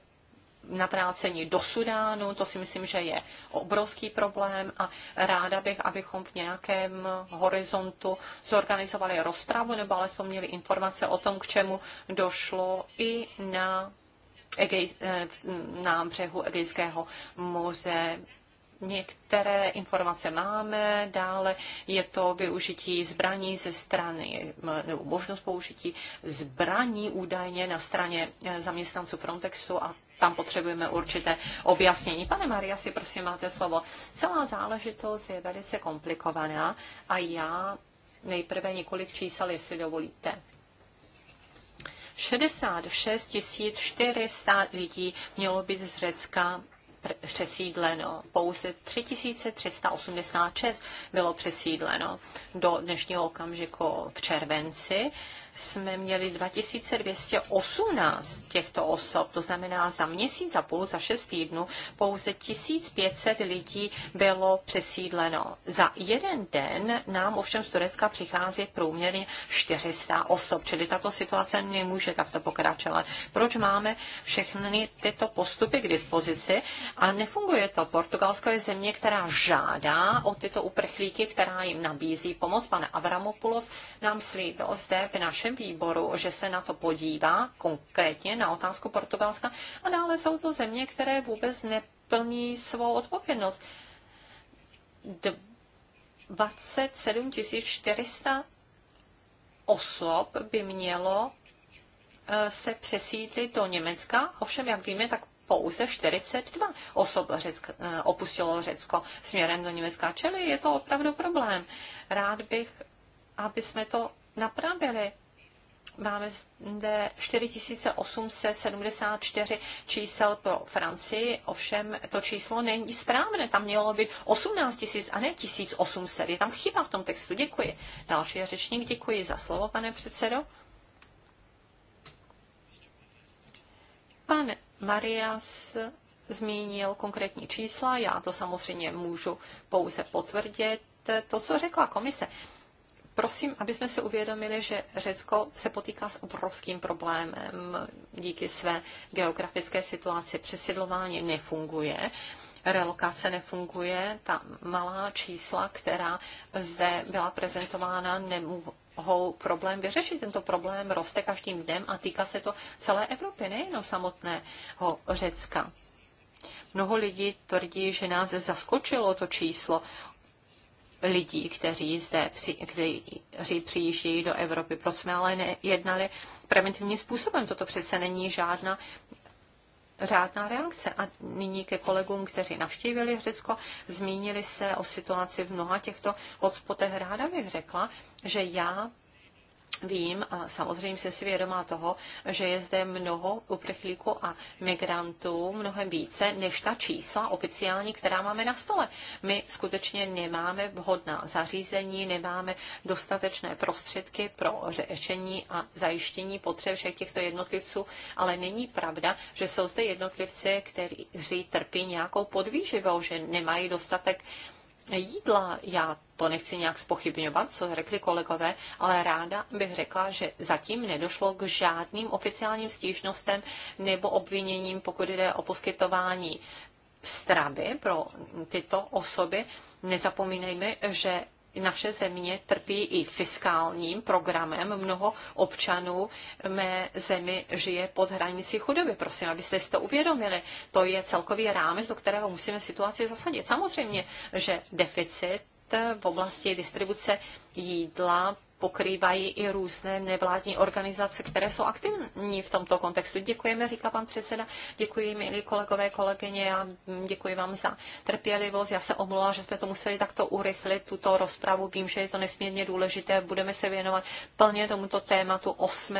navrácení do Sudánu, to si myslím, že je obrovský problém a ráda bych, abychom v nějakém horizontu zorganizovali rozpravu nebo alespoň měli informace o tom, k čemu došlo i na, Egej, eh, na břehu Egejského moře. Některé informace máme, dále je to využití zbraní ze strany, nebo možnost použití zbraní údajně na straně eh, zaměstnanců Frontexu a tam potřebujeme určité objasnění. Pane Maria, si prosím máte slovo. Celá záležitost je velice komplikovaná a já nejprve několik čísel, jestli dovolíte. 66 400 lidí mělo být z Řecka přesídleno. Pouze 3386 bylo přesídleno do dnešního okamžiku v červenci jsme měli 2218 těchto osob, to znamená za měsíc, za půl, za šest týdnů pouze 1500 lidí bylo přesídleno. Za jeden den nám ovšem z Turecka přichází průměrně 400 osob, čili tato situace nemůže takto pokračovat. Proč máme všechny tyto postupy k dispozici a nefunguje to? Portugalsko je země, která žádá o tyto uprchlíky, která jim nabízí pomoc. Pan Avramopoulos nám slíbil zde v naší našem výboru, že se na to podívá konkrétně na otázku Portugalska a dále jsou to země, které vůbec neplní svou odpovědnost. 27 400 osob by mělo eh, se přesídlit do Německa, ovšem, jak víme, tak pouze 42 osob Řecko, eh, opustilo Řecko směrem do Německa, čili je to opravdu problém. Rád bych, aby jsme to napravili máme zde 4874 čísel pro Francii, ovšem to číslo není správné, tam mělo být 18 000 a ne 1800, je tam chyba v tom textu, děkuji. Další řečník, děkuji za slovo, pane předsedo. Pan Marias zmínil konkrétní čísla, já to samozřejmě můžu pouze potvrdit, to, co řekla komise. Prosím, aby jsme si uvědomili, že Řecko se potýká s obrovským problémem díky své geografické situaci. Přesidlování nefunguje, relokace nefunguje, ta malá čísla, která zde byla prezentována, nemohou problém vyřešit. Tento problém roste každým dnem a týká se to celé Evropy, nejenom samotného Řecka. Mnoho lidí tvrdí, že nás zaskočilo to číslo lidí, kteří zde při, kteří přijíždějí do Evropy. Proč jsme ale nejednali preventivním způsobem? Toto přece není žádná řádná reakce. A nyní ke kolegům, kteří navštívili Řecko, zmínili se o situaci v mnoha těchto hotspotech. Ráda bych řekla, že já Vím a samozřejmě se si vědomá toho, že je zde mnoho uprchlíků a migrantů, mnohem více než ta čísla oficiální, která máme na stole. My skutečně nemáme vhodná zařízení, nemáme dostatečné prostředky pro řešení a zajištění potřeb všech těchto jednotlivců, ale není pravda, že jsou zde jednotlivci, kteří trpí nějakou podvýživou, že nemají dostatek jídla. Já to nechci nějak spochybňovat, co řekli kolegové, ale ráda bych řekla, že zatím nedošlo k žádným oficiálním stížnostem nebo obviněním, pokud jde o poskytování stravy pro tyto osoby. Nezapomínejme, že naše země trpí i fiskálním programem. Mnoho občanů mé zemi žije pod hranicí chudoby. Prosím, abyste si to uvědomili. To je celkový rámec, do kterého musíme situaci zasadit. Samozřejmě, že deficit v oblasti distribuce jídla pokrývají i různé nevládní organizace, které jsou aktivní v tomto kontextu. Děkujeme, říká pan předseda, děkuji, milí kolegové, kolegyně, a děkuji vám za trpělivost. Já se omlouvám, že jsme to museli takto urychlit, tuto rozpravu. Vím, že je to nesmírně důležité. Budeme se věnovat plně tomuto tématu 8.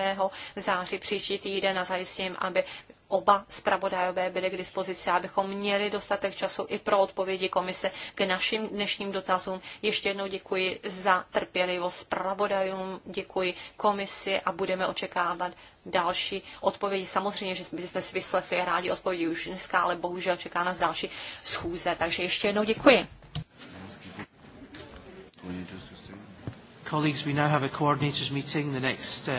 září příští týden a zajistím, aby oba zpravodajové byli k dispozici, abychom měli dostatek času i pro odpovědi komise k našim dnešním dotazům. Ještě jednou děkuji za trpělivost zpravodajům, děkuji komisi a budeme očekávat další odpovědi. Samozřejmě, že jsme si vyslechli rádi odpovědi už dneska, ale bohužel čeká nás další schůze, takže ještě jednou děkuji. Colleagues, we now have a coordinators meeting. The next uh,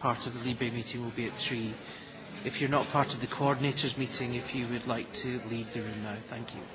part of the Libe meeting will be at 3 if you're not part of the coordinators meeting, if you would like to leave the room now. Thank you.